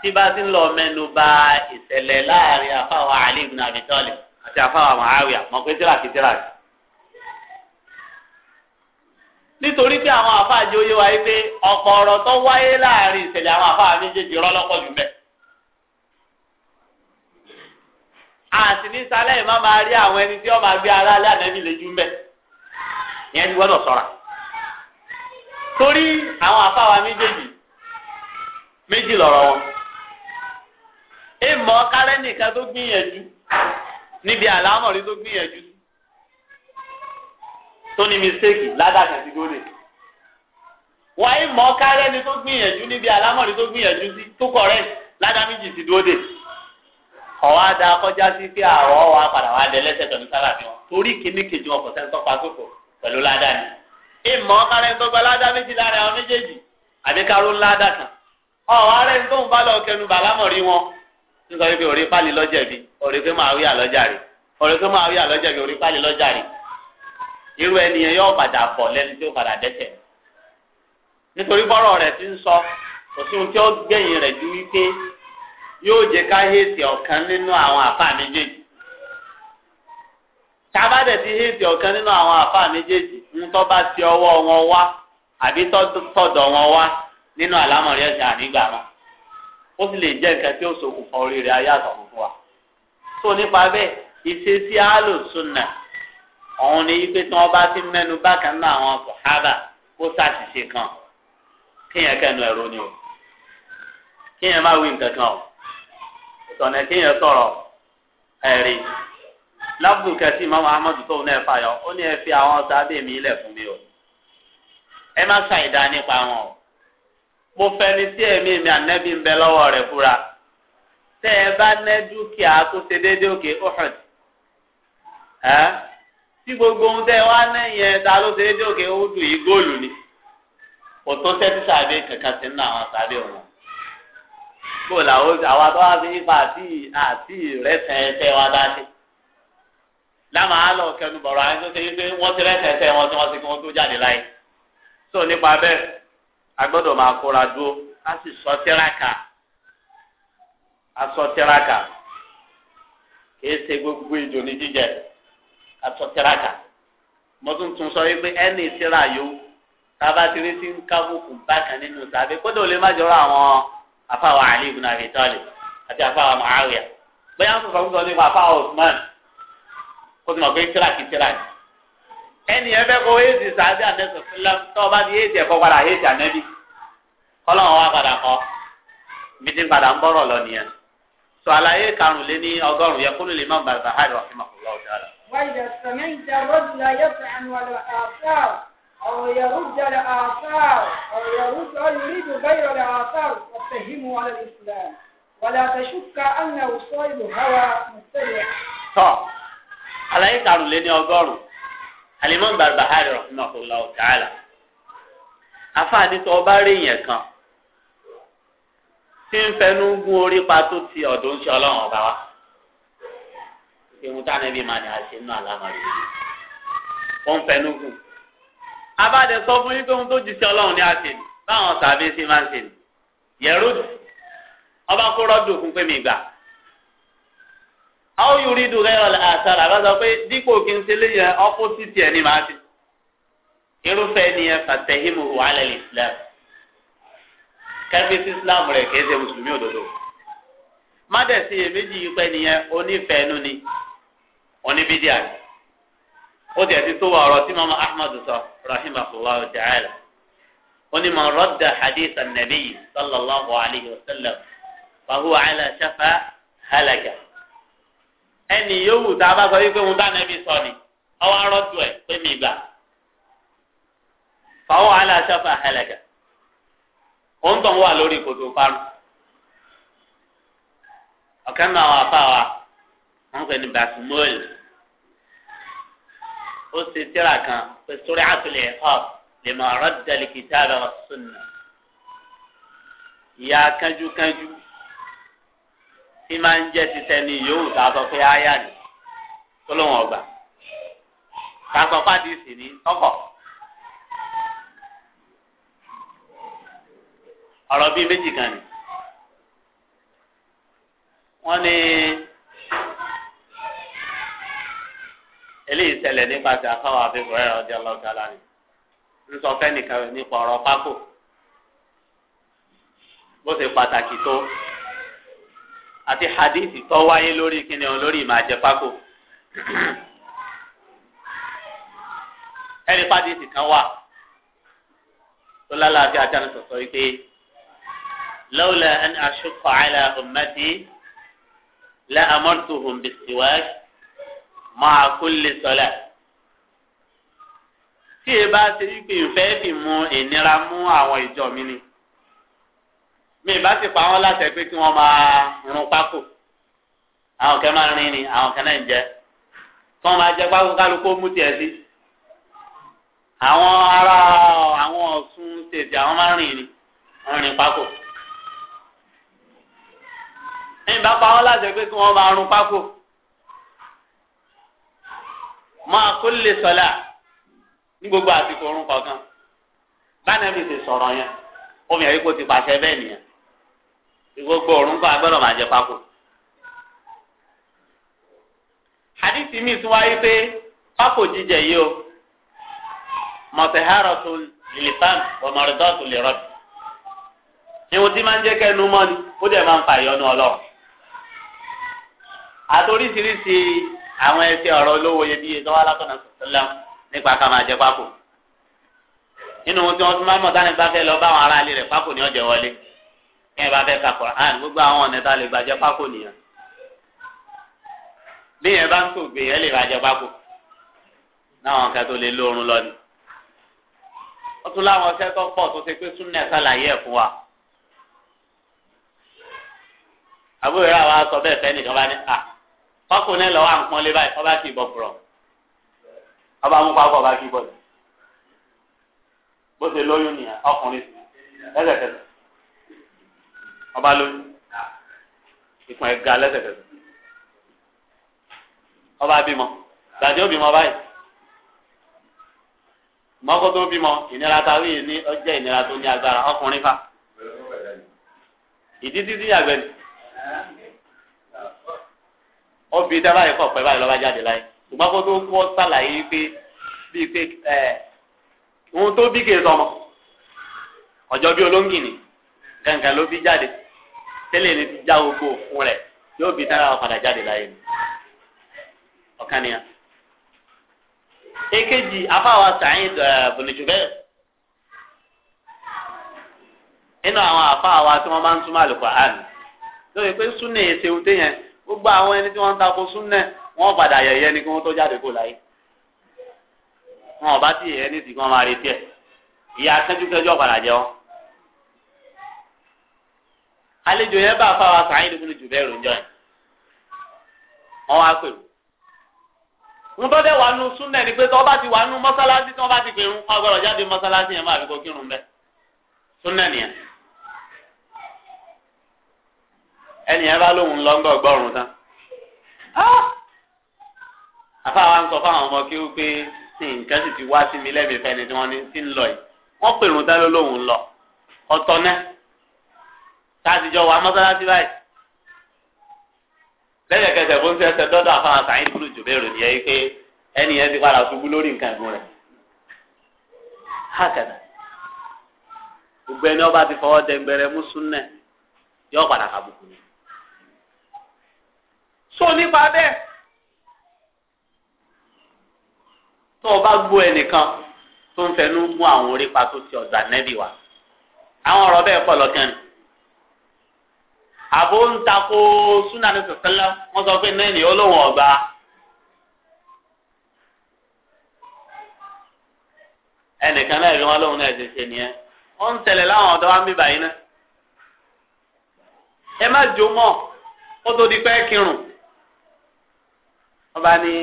tí bá ti ń lọ mẹ́nu bà ìṣẹ̀lẹ̀ láàrin afáwa Ali ibn Abi Talib àti afáwa Muawiya mọ̀ pé tíra kì tíra kì. nítorí pé àwọn àfáàjì oyé wa yìí pé ọ̀pọ̀ ọ̀rọ̀ tó wáyé láàrin ìṣẹ̀lẹ̀ àwọn àfáà méjèèjì rọ́lọ́pọ̀ jù bẹ́ẹ̀. àti ní sálẹ̀ ìmá máa rí àwọn ẹni tí wọ́n máa gbé ara alẹ́ ànẹ́bí lẹ́jú mbẹ́ ìyẹn ti gbọ́dọ̀ sọ̀ra torí àwọn àfáwa méjèèjì méjì lọ̀rọ̀ wọn ìmọ̀ kárẹ́ nìkan tó gbìyànjú níbi àlámọ̀rí tó gbìyànjú tó ní mistake ládàkà sí gólè wọ́n ìmọ̀ kárẹ́ ni tó gbìyànjú níbi àlámọ̀rí tó gbìyànjú sí tó kọ̀rẹ́ ládàmíjì sí dóde ọ̀wá da kọjá sí pé àwọ̀ wa padà wá dé lẹ́sẹ̀ tọ̀ ní sára fi wọn torí kíní kejì wọn kò sẹ́ńtọ́ pa sófò pẹ̀lú ládàní ìmọ̀ kárẹ́ tó gba ládà méjì lára àwọn méjèèjì àbíkáró ńlá dàkà ọ̀wá rẹ̀ ń tóun bá lọ kẹnu bàlámọ̀rí wọn sísọ wípé orí pálí lọ́jà bí orí pé máa wí àlọ́jà rè orí pé máa wí àlọ́jà bí orí ti ń sọ kò sí ohun tí ó gbẹ̀yìn rẹ̀ ju wípé yóò jẹ́ ọ̀kan nínú àwọn ti hẹ́ẹ̀tì ọ̀kan nínú àwọn àfa méjèèjì ń tọ́ bá ti ọwọ́ wọn wá àbí tọ́dọ̀ wọn wá nínú àlámọ̀rí ẹ̀sìn ó sì lè jẹ́ nǹkan tí ó ṣokùnfà oríire ayé fún wa. tó nípa bẹ́ẹ̀ ìṣesí àlòsùnà ọ̀hún ni wípé tí wọ́n bá ti mẹ́nu bákan náà àwọn sàhábà ó ṣàṣìṣe kan kéèyàn kẹnu ẹ̀rọ ni o kéèyàn má wí nǹkan kan o ìtọ̀nà kéèyàn sọ̀rọ̀ ẹ̀rí lábùkù kẹsì mọ́mọ́ ahmadu tóun náà fàyọ ó ní ẹ fi àwọn sábẹ́ mi lẹ̀ fún mi o ẹ má ṣàìdá nípa wọn o mo fẹni sí ẹ̀mí mi ànẹ́bí ń bẹ lọ́wọ́ rẹ̀ fúra tẹ́ ẹ bá ná dúkìá tó ṣe déédéé òkè Uhud ẹ́ tí gbogbo ohun tẹ́ wá ná yẹn ta ló ṣe déédéé òkè Uhud yìí góòlù ni kò tó tẹ́tí sàbẹ̀ kankan sí nínú àwọn sàbẹ̀ wọn kó làwọn àwa tó wá sí ipa àti àti rẹ̀sẹ̀ ẹsẹ̀ wa dá sí lámà á lọ kẹnu bọ̀rọ̀ àyẹ̀tọ́ ṣe wípé wọ́n ti rẹ̀sẹ̀ ẹsẹ̀ wọn tí wọ́n ti kí wọ́n tó jáde láyé a gbọ́dọ̀ máa kóra dúró a sì sọ tíraka a sọ tíraka kìí ṣe gbogbo ìjò ní jíjẹ a sọ tíraka mo tún tún sọ wípé ẹnì síra yòó tábàtìrí ti ń kábùkù bákan nínú tàbí kódà ó lè má jọrọ àwọn afáwa Ali ibn Abi Talib àti afáwa Muawiya bóyá wọn sọ nípa afáwa Usman kó tó mọ̀ pé tíraki tíraki. ẹnì yẹn fẹ́ kó éèdì sàájú àdẹ́sọ̀ sílẹ̀ tó o bá di éèdì ẹ̀kọ́ padà éèdì ànẹ́bí kọ́lọ́wọ́n wá padà kọ́ mídín padà ń bọ̀rọ̀ lọ nìyẹn. sọ àlàyé karùn lé ní ọgọ́rùn yẹ lè má bàbá àlàyé karùn alimami barbahari rahimahullahu ta'ala afaani tó ọba rí yẹn kan tí ń fẹnu gún orí pa tó ti ọ̀dọ̀ ń ṣe ọlọ́run ọba wa ìhun táwọn ẹbí máa ní àṣẹ nínú àlámọ̀rí wọn ń fẹnu gún abáde sọ fún yín pé ohun tó jù sí ọlọ́run ní àṣẹ ni báwọn sàbẹ̀ sí máa ń ṣe ni ọba kó rọ́dùn fún pé mi gbà àwọn yorì dùn rẹ ọ̀la àtàrà bá sọ pé dípò kí n ṣe léyìn ọ́pọ́sìtì ẹ̀ ní màá ti irúfẹ́ ni ẹ fàtẹ́hìmù wàhálà islam kẹ́fíìsì islam rẹ̀ kìí ṣe mùsùlùmí òdodo mádẹ̀sí èméjì ìpẹ́ nìyẹn onífẹ̀ẹ́nu ni oníbídíà ni ó tiẹ̀ ti tó wa ọ̀rọ̀ tí mama ahmed sọ rahimahullah ta'ala onímọ̀ rọ́dà hadith anabi sallallahu alayhi wa sallam wa ala shafa halaka ẹnì yòówù tá a bá sọ wípé òun bá nẹbi sọ ni ọwọ arọtù ẹ pé mi gbà fàwọn wàhálà ṣàfà ẹlẹgà òun tó ń wà lórí kòtò parun ọkàn náà wà fà wà wọn pè ní basmol ó ṣe tíra kan pé sórí àtúlẹ̀ ọ̀ lè mọ̀ ọ̀rọ̀ dẹ̀lẹ̀ kìtà lọ́wọ́ sunna ìyá kánjúkánjú ní máa ń jẹ́ titẹ ní yòówù tá a sọ pé áyà ni tó lóun ọgbà tá a sọ fàdísì ní ọkọ̀. ọ̀rọ̀ bíi méjì kan ni wọ́n ní eléyìí ṣẹlẹ̀ nípasẹ̀ afáwọn abẹ́bọ̀ ọjọ́ ọlọ́gàlá ni ń sọ fẹ́ nìkan nípa ọ̀rọ̀ pákó bó ṣe pàtàkì tó àti hadith tó wáyé lórí kíni ọ lórí ìmọ̀ àjẹpákò. ẹni fàdíìsì kan wà tó lálàáfíà àti àná sọ̀sọ̀ wípé lawla an ashqa ala ummati la amartuhum bis-siwak ma'a kulli salat. tí e bá ṣe wípé ìfẹ́ fi mú ìnira mú àwọn ìjọ mi ni mi ìbá ti pa wọn láṣẹ pé kí wọn máa rún pákó àwọn kan máa rìn ni àwọn kan náà ń jẹ kí wọn máa jẹ pákó kálukú mú tiẹ̀ sí àwọn ará àwọn Ọ̀ṣun tètè àwọn máa rìn ni wọn rìn pákó mi ìbá pa wọn láṣẹ pé kí wọn máa rún pákó máa kó lè sọlá ní gbogbo àsìkò orun kọ̀ọ̀kan bá nàbì ti sọ̀rọ̀ yẹn omi àyíkó ti pàṣẹ bẹ́ẹ̀ nìyẹn gbogbo òrùn kọ́ agbọ́dọ̀ máa jẹ pákó. hadithi mi tún wáyé pé pákó jíjẹ yìí o mọ̀tẹ́hárọ̀tù lìlìfàm ọ̀mọ̀rẹ́dọ́tù lìrọ̀bì. ìwọ̀n tí máa ń jẹ́ kẹ́nu mọ́ ni ó dẹ̀ máa ń fa ìyọnu ọlọ́run. àtòríṣiríṣi àwọn ẹsẹ̀ ọ̀rọ̀ olówó iyebíye tó wá látọ̀nà sọ̀tẹ́lẹ̀ nípa ká máa jẹ pákó. nínú ohun tí wọ́n tún máa ń mọ̀ táwọn ìgbà fẹ́ lọ bá àwọn aráalé rẹ̀ pákó ni ọ̀jẹ̀ wọlé ẹ bá fẹ́ ka Quran gbogbo àwọn ọ̀nà tá a lè bàjẹ́ pákó nìyẹn bí yẹn bá ń tògbè ẹ lè bàjẹ́ pákó náwọn kan tó lè lóorun lọ ni ó tún láwọn ọṣẹ tó pọ̀ tó ṣe pé súnà ṣàlàyé ẹ̀ fún wa àbúrò rẹ àwa sọ bẹ́ẹ̀ fẹ́ nìkan bá ní à pákó náà lọ́wọ́ à ń pọ́n lé báyìí ọba kì í bọ̀ fúrọ̀ ọba mú pákó ọba kì í bọ̀ bó ṣe lóyún nìyẹn ọkùnrin lẹ́sẹ̀kẹsẹ̀ ọba lóyún ìpọn ẹ̀ga lẹ́sẹ̀kẹsẹ̀ ọba bímọ gbàdé ó bímọ báyìí mọ́kó tó bímọ ìnira ta wíyì ní ọjọ́ ìnira tó ní agbára ọkùnrin fa ìdí títí àgbẹ̀ ni obì dá báyìí kọ̀ pẹ́ báyìí lọ́ba jáde láyé ṣùgbọ́n kó tó kú ọ sàlàyé pé bíi pé ẹ̀ ohun tó bí kè sọmọ ọjọ́ bí olóńgìnì kankan ló bí jáde tẹ́lẹ̀ ni ti já gbogbo òfun rẹ̀ yóò bí tára padà jáde láyé ni ọ̀kan nìyẹn. èkejì afáwa Sa'id eh, bùnìjùbẹ́ nínú àwọn afáwa tí wọ́n máa ń túmọ̀ Al-Qur'an lórí pé súnà ètè òde yẹn gbogbo àwọn ẹni tí wọ́n ń takò súnà wọ́n padà yẹ̀yẹ́ ni kí wọ́n tó jáde kó láyé wọn ò bá ti yẹ̀yẹ́ ní ti kí wọ́n máa retí ẹ̀ ìyá akẹ́jú kẹjọ́ jẹ́ wọn àlejò yẹn bá fa wa Sa'id ibn Jubair rò jọ yẹn wọn wá pè wọn tọ́ dẹ̀ wà nù súnà ni pé tọ́ bá ti wà nù mọ́sálásí tí wọ́n bá ti pè ń wọ́n gbọ́dọ̀ jáde mọ́sálásí yẹn má àbíkó kírun bẹ́ẹ̀ súnà nìyẹn ẹnì yẹn bá lóun lọ ńgbọ́ gbọ́rùn tán afa ah! wa ń sọ fáwọn ọmọ kí ó pé nǹkan sì ti wá sí mi lẹ́mìí fẹ́ni tí wọ́n ti ń lọ yìí wọ́n pèrún tán lóun lọ ọ̀tọ̀ náà táàtìjọ wà mọ́sálásí báyìí lẹ́yẹ̀kẹsẹ̀ fún sẹ́sẹ̀ dọ́dọ̀ àfahàn sàyìn dúró jòbẹ́rò ni ẹ pé ẹni yẹn ti padà ṣubú lórí nǹkan ẹ̀gbọ́n rẹ̀ hákàdà gbogbo ẹni ọba ti fọwọ́ dẹgbẹrẹ mú súnnẹ̀ yọ padà kàbùkù ni. so nípa bẹ́ẹ̀ tó o bá gbọ́ ẹnìkan tó ń fẹnu mú àwọn orí pa tó ti ọ̀dà nẹ́bì wá àwọn ọ̀rọ̀ bẹ́ẹ̀ pọ̀ lọ́kàn ni àbò ń takò súnà ní sọ̀tẹ́lá wọ́n sọ pé náà ní olóhùn ọ̀gbà. ẹnìkan náà rí wọn lóhùn náà ṣe ṣe nìyẹn wọ́n ń tẹ̀lé láwọn ọ̀dọ́ wa ń bí báyìí náà. ẹ má jó mọ́ ó tó di pẹ́ kírun. wọ́n bá ní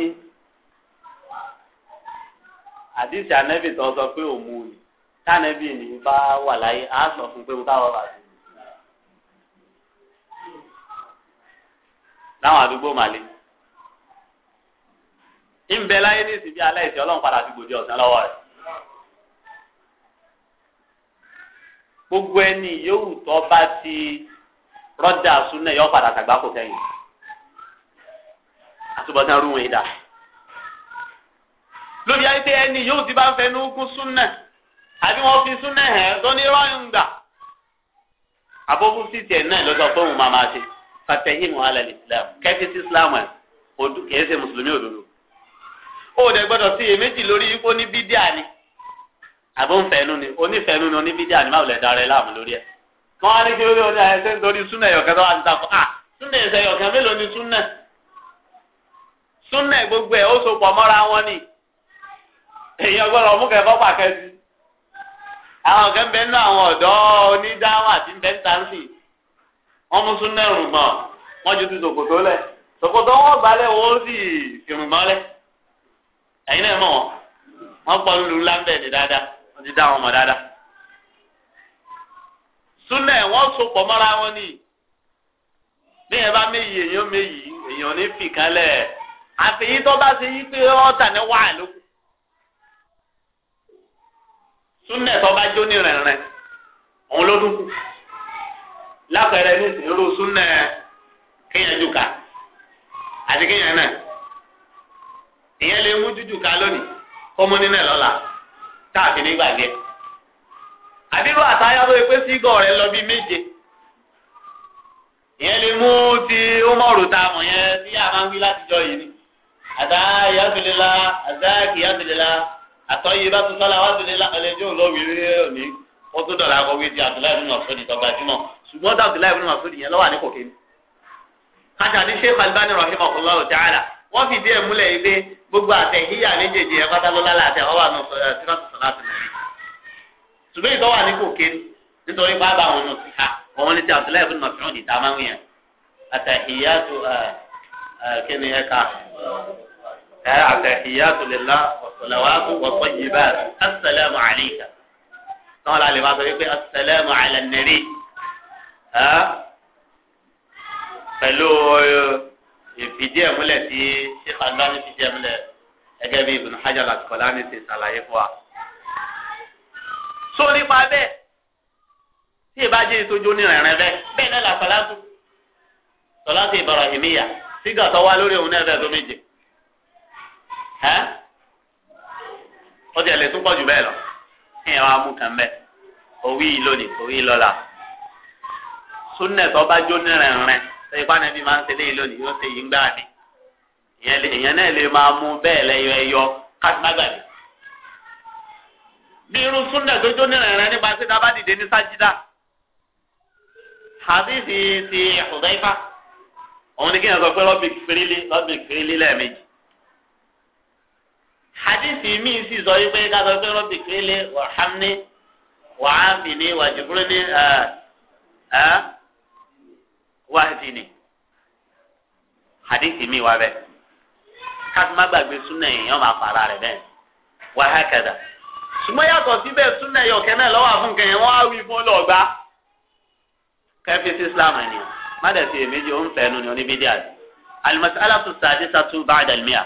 àdìsí ànẹ́bì tó sọ pé òun ò ní ní bá wà láyé á sọ fún pé mo bá wà bàtà. láwọn àdúgbò màlẹ ìbẹ láyé ní ìsìn bí aláìsí Ọlọ́run padà ti gbòdì ọsán lọ́wọ́ rẹ̀ gbogbo ẹni yòówù tó bá ti rọjà súnà yọ padà tàgbákò kẹ́yìn àtúbọ̀tán rúwìn ìdá lórí ẹni yóò ti bá ń fẹnu gún súnà àbí wọn fi súnà hẹ tó ní rọyùn gbà àbókù náà fàtẹ́yìn mọ́ islam kẹ́fí sí islam kìí ṣe mùsùlùmí òdodo. ó dẹ̀ gbọ́dọ̀ sí èméjì lórí ní bídíà ni àbóǹfẹ̀ẹ́nu ni onífẹ̀ẹ́nu ni oníbídíà ni máa wùlẹ̀ dára láàmú lórí ẹ̀. wọ́n á ní kí lórí ọdún àyẹ̀sẹ̀ nítorí súnà ẹ̀yọ̀kẹ́ tó wà ní ah súnà mélòó ni súnà súnà gbogbo ó so wọn ni èèyàn mú àwọn àwọn wọ́n mú súnà ìrùngbọ̀n wọ́n ju ti sòkòtò lẹ̀ sòkòtò wọn balẹ̀ wọ́n sì ìrùngbọ̀n lẹ̀ ẹ̀yin náà mọ̀ wọ́n wọ́n pọ̀ lulu lámbẹ̀ẹ́dì dáadáa wọ́n ti dá wọn mọ̀ dáadáa súnà wọ́n so pọ̀ mọ́ra wọn ni bí yẹn bá méyì èèyàn méyì èèyàn ní fìkálẹ̀ àfẹ̀yí tó bá ṣe yí pé ọ̀tà ni wà lóko súnà tó bá jó ní rẹ̀rẹ̀ òun ló dúkù lápẹẹrẹ ní irú súnà kéèyàn jùkà àti kéèyàn náà ìyẹn lè mú jújù ká lónìí kó mú nínú ẹ lọ́la táàfin nígbàgbé àbírú àtayá ló pé sí gọ̀ rẹ lọ bí méje ìyẹn lè mú ti Umaru tá a mọ̀ yẹn tí a máa ń wí látijọ́ yìí ni àtàyà tó lè la àtàkìyà tó lè la àtọ́yé bá tó sọ́la wá tó lè la ọ̀lẹ́jọ́ lọ́wọ́ ìrírí òní wọ́n tó dọ̀la akọ̀wé ti àtúláyé nínú ọ̀sán ìtọ́gbàjúmọ̀ ṣùgbọ́n dàbí láì fún màsúdì yẹn lọ́wọ́ àníkò kéwì. kájà ní sheikh albani rahim ọ̀kúnlọ́rọ̀ dáadáa wọ́n fi díẹ̀ múlẹ̀ yìí pé gbogbo àtẹ̀híyà méjèèjì ẹ̀ pátálọ́lá láti àwọn àwọn tìrọ̀tì sọ̀rọ̀ àti nàbí. ṣùgbọ́n ìtọ́wà àníkò kéwì nítorí pápá àwọn ọ̀nà síha ọ̀wọ́n ní ti àbúlẹ̀ fún màsúdì ìta máa ń yàn àtẹ̀híyà tó kí ni ẹ ká àtẹ̀híyàtò lèlá wàsàlàwàtò wàsàyìbá asalaamu aleyka. sọ́wọ́n lálẹ́ bá sọ wípé asalaamu alẹ́ nàrí pẹ̀lú eh, ìfìdí ẹ̀ múlẹ̀ tí Sheikh Albani fìdí ẹ̀ múlẹ̀ gẹ́gẹ́ bí Ibn Hajar al-Asqalani ti ṣàlàyé fún wa. sọ nípa bẹ́ẹ̀ tí ìbájẹ́ ìtọ́jú ní rẹ̀rẹ̀ bẹ́ẹ̀ bẹ́ẹ̀ náà làkọ̀lá tó sọláṣí Ibrahimiyya sígà tó wá lórí òun náà bẹ́ẹ̀ tó méje ọjà lè tún pọ̀ jù bẹ́ẹ̀ lọ kí ẹ̀ wá mú kàn bẹ́ẹ̀ òwí lónìí òwí lọ́la. súnẹ̀ tó bá jó nírìnrìn tó ipá níbi máa ń ṣe léyìn lónìí yóò ṣe yìí gbá ni èèyàn náà lè máa mú bẹ́ẹ̀ lẹ́yọ ẹyọ kásímágbàdì. bí irú súnẹ̀ tó jó nírìnrìn nípa sí bá dìde ní sájídà hadithi ti Hudayfa òun ni kí n sọ pé lẹ́ẹ̀mejì mi si sọ pé pé wàhámi wàhámi ni wáàdì ni hadithi mi wà bẹ́ẹ̀ kásìmá gbàgbé súnà èèyàn máa fara rẹ̀ bẹ́ẹ̀ wà á kẹ̀dà ṣùgbọ́n yàtọ̀ síbẹ̀ súnà yọ̀kẹ́ náà lọ́wọ́ fún kẹ̀yìn wọ́n á wí fún ọlọ́ọ̀gbá kẹfí sí islam ẹni o má dẹ̀ sí èméjì ó ń fẹ́ nu ni oníbídí àti alimasala tó sàdé sàtú bá àdàlmíà.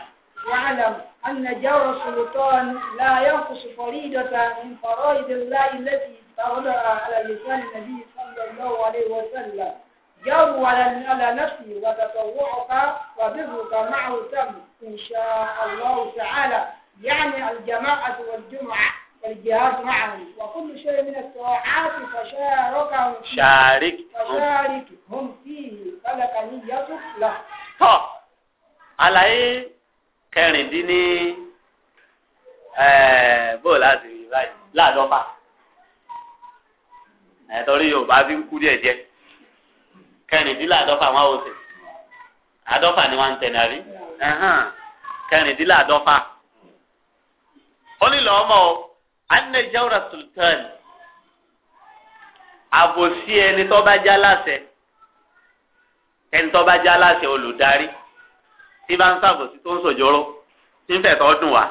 wàhálà أن جور السلطان لا ينقص فريدة من فرائض الله التي فرضها على لسان النبي صلى الله عليه وسلم يروى على نفسه وتطوعك وبرك معه تم إن شاء الله تعالى يعني الجماعة والجمعة والجهاد معهم وكل شيء من الطاعات فشاركهم شارك فشاركهم فيه فلك نيتك له طب àlàyé kẹrìndínní bóò láti rí báyìí láàdọ́fà ẹ̀ torí Yorùbá fi ń kú díẹ̀ díẹ̀ kẹrìndínláàdọ́fà wọn ò sè àdọ́fà ni wọ́n ń tẹ̀ nàrí kẹrìndínláàdọ́fà. ó ní lọ́wọ́ mọ́ ọ anna jawra sultan àbòsí ẹni tó bá já láṣẹ ẹni tó bá já láṣẹ olùdarí tí bá ń sàbòsí tó ń sòjóró tí ń fẹ̀tọ́ dùn wá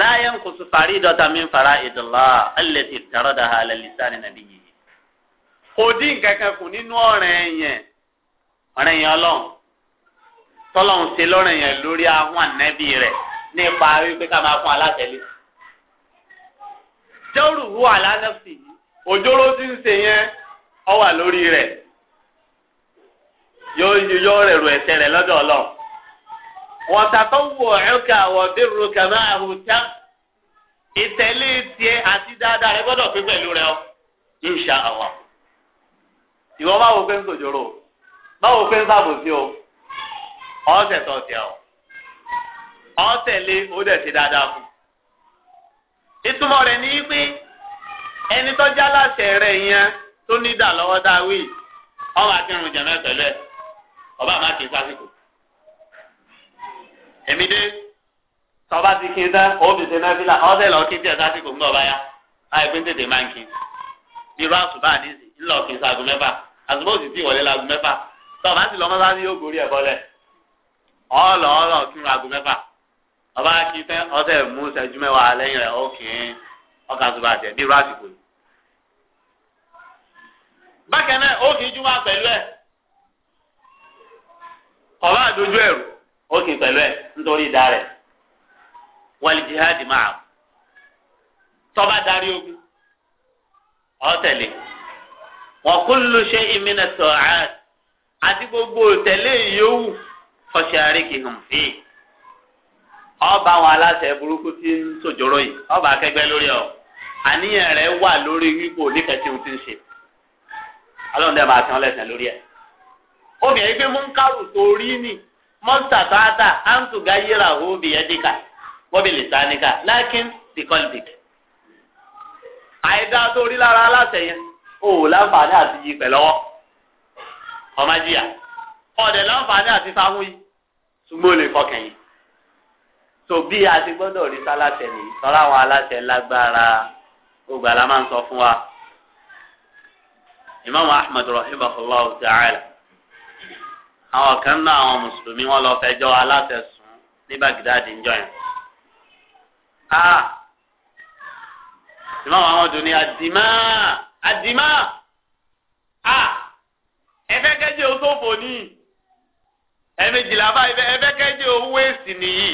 láyé ń kùsù fàrí ìdọ́ta mi ń fara ìdọ̀lá ẹ̀ lè ti dàrọ́dà ha lẹ́lẹ́sàn nàbí yìí. kò dín kankan kù nínú ọ̀ràn yẹn ọ̀ràn ọlọ́run tọ́lọ́run ṣe lọ́ràn yẹn lórí àwọn ànẹ́bí rẹ̀ nípa wípé ká máa fún alátẹ̀lé. jẹ́rù hu àlánẹ́fì òjòrò tí ń ṣe yẹn ọ wà lórí rẹ̀ yóò yọ rẹ̀ rẹ̀ lọ́dọ̀ rúkà ìtẹ̀lé tiẹ̀ àti dáadáa rẹ̀ gbọ́dọ̀ pé pẹ̀lú rẹ̀ ìwọ máa wò pé ń sòjòrò máa wò pé ń sàbòsí o ọ̀sẹ̀ tó ti ọ̀ ọ̀sẹ̀ lé ó dẹ̀ ti dáadáa fún ìtumọ̀ rẹ̀ ní pé ẹni tó já láṣẹ rẹ̀ yẹn tó ní dà lọ́wọ́ dáwì ọmọ àti irun jẹ̀mẹ́ pẹ̀lú ẹ̀ ọba àmà kì í sásìkò èmi dé tọba ti kí n tán òbí ṣe náà fílà ọ̀sẹ̀ lọ kí n tiẹ̀ sásìkò ń gbọ́ ọba yá láì pé ń tètè máa ń kí n bí àṣùbà nísì ńlọ kí n sago mẹ́fà. àsùnmọ́ òsì tí la lago mẹ́fà tọ́ bá lọ ní yóò gorí ẹ̀ bọ́lẹ̀ ọ̀ọ́lọ̀ ọ̀ọ́lọ̀ kírun ago mẹ́fà ọba mú mẹ́wàá lẹ́yìn rẹ̀ ọ̀kìn ọkà tó bí náà ó kì í pẹ̀lú ẹ̀ rẹ̀ máa tọ́ba darí ogun wa kullu shay'in min at-ta'at àti gbogbo tẹ̀lé yòówù fasharikihum fi ọba àwọn aláṣẹ burúkú tí ń sòjòrò yìí ọba akẹgbẹ́ lórí ọ àníyàn rẹ wà lórí wípò nífẹ̀ẹ́ tí o ti ń ṣe ọlọ́run dẹ́ máa fi wọn lẹ́sẹ̀ lórí ẹ̀ obìnrin pé múnkàrù torí ni mọ́tà tààtà àǹtùgá yíra òbí ẹ̀díkà wọ́n sáníkà lákín bìkọ́lì bìkì àìdá torí lára aláṣẹ yẹn o láǹfààní àti yí pẹ̀ lọ́wọ́ ọmọ jìyà ọ̀dẹ̀ láǹfààní àti fáwọn yìí ṣùgbọ́n o fọkàn yìí tó bí a ti gbọ́dọ̀ rí sáláṣẹ nìyí tọ́lá àwọn aláṣẹ lágbára gbogbo àlá máa ń sọ fún wa. Imam Ahmad rahimahullah ta'ala àwọn kan náà àwọn mùsùlùmí wọn lọ fẹjọ́ aláṣẹ sùn ní Baghdad níjọ́ yẹn. Ah! Imam Ahmad ní àdìmáà àdìmá à ẹfẹ́ kẹ́jẹ́ o tó fò ní ẹ̀mejìlá báyìí ẹfẹ́ kẹ́jẹ́ o wéèsì nìyí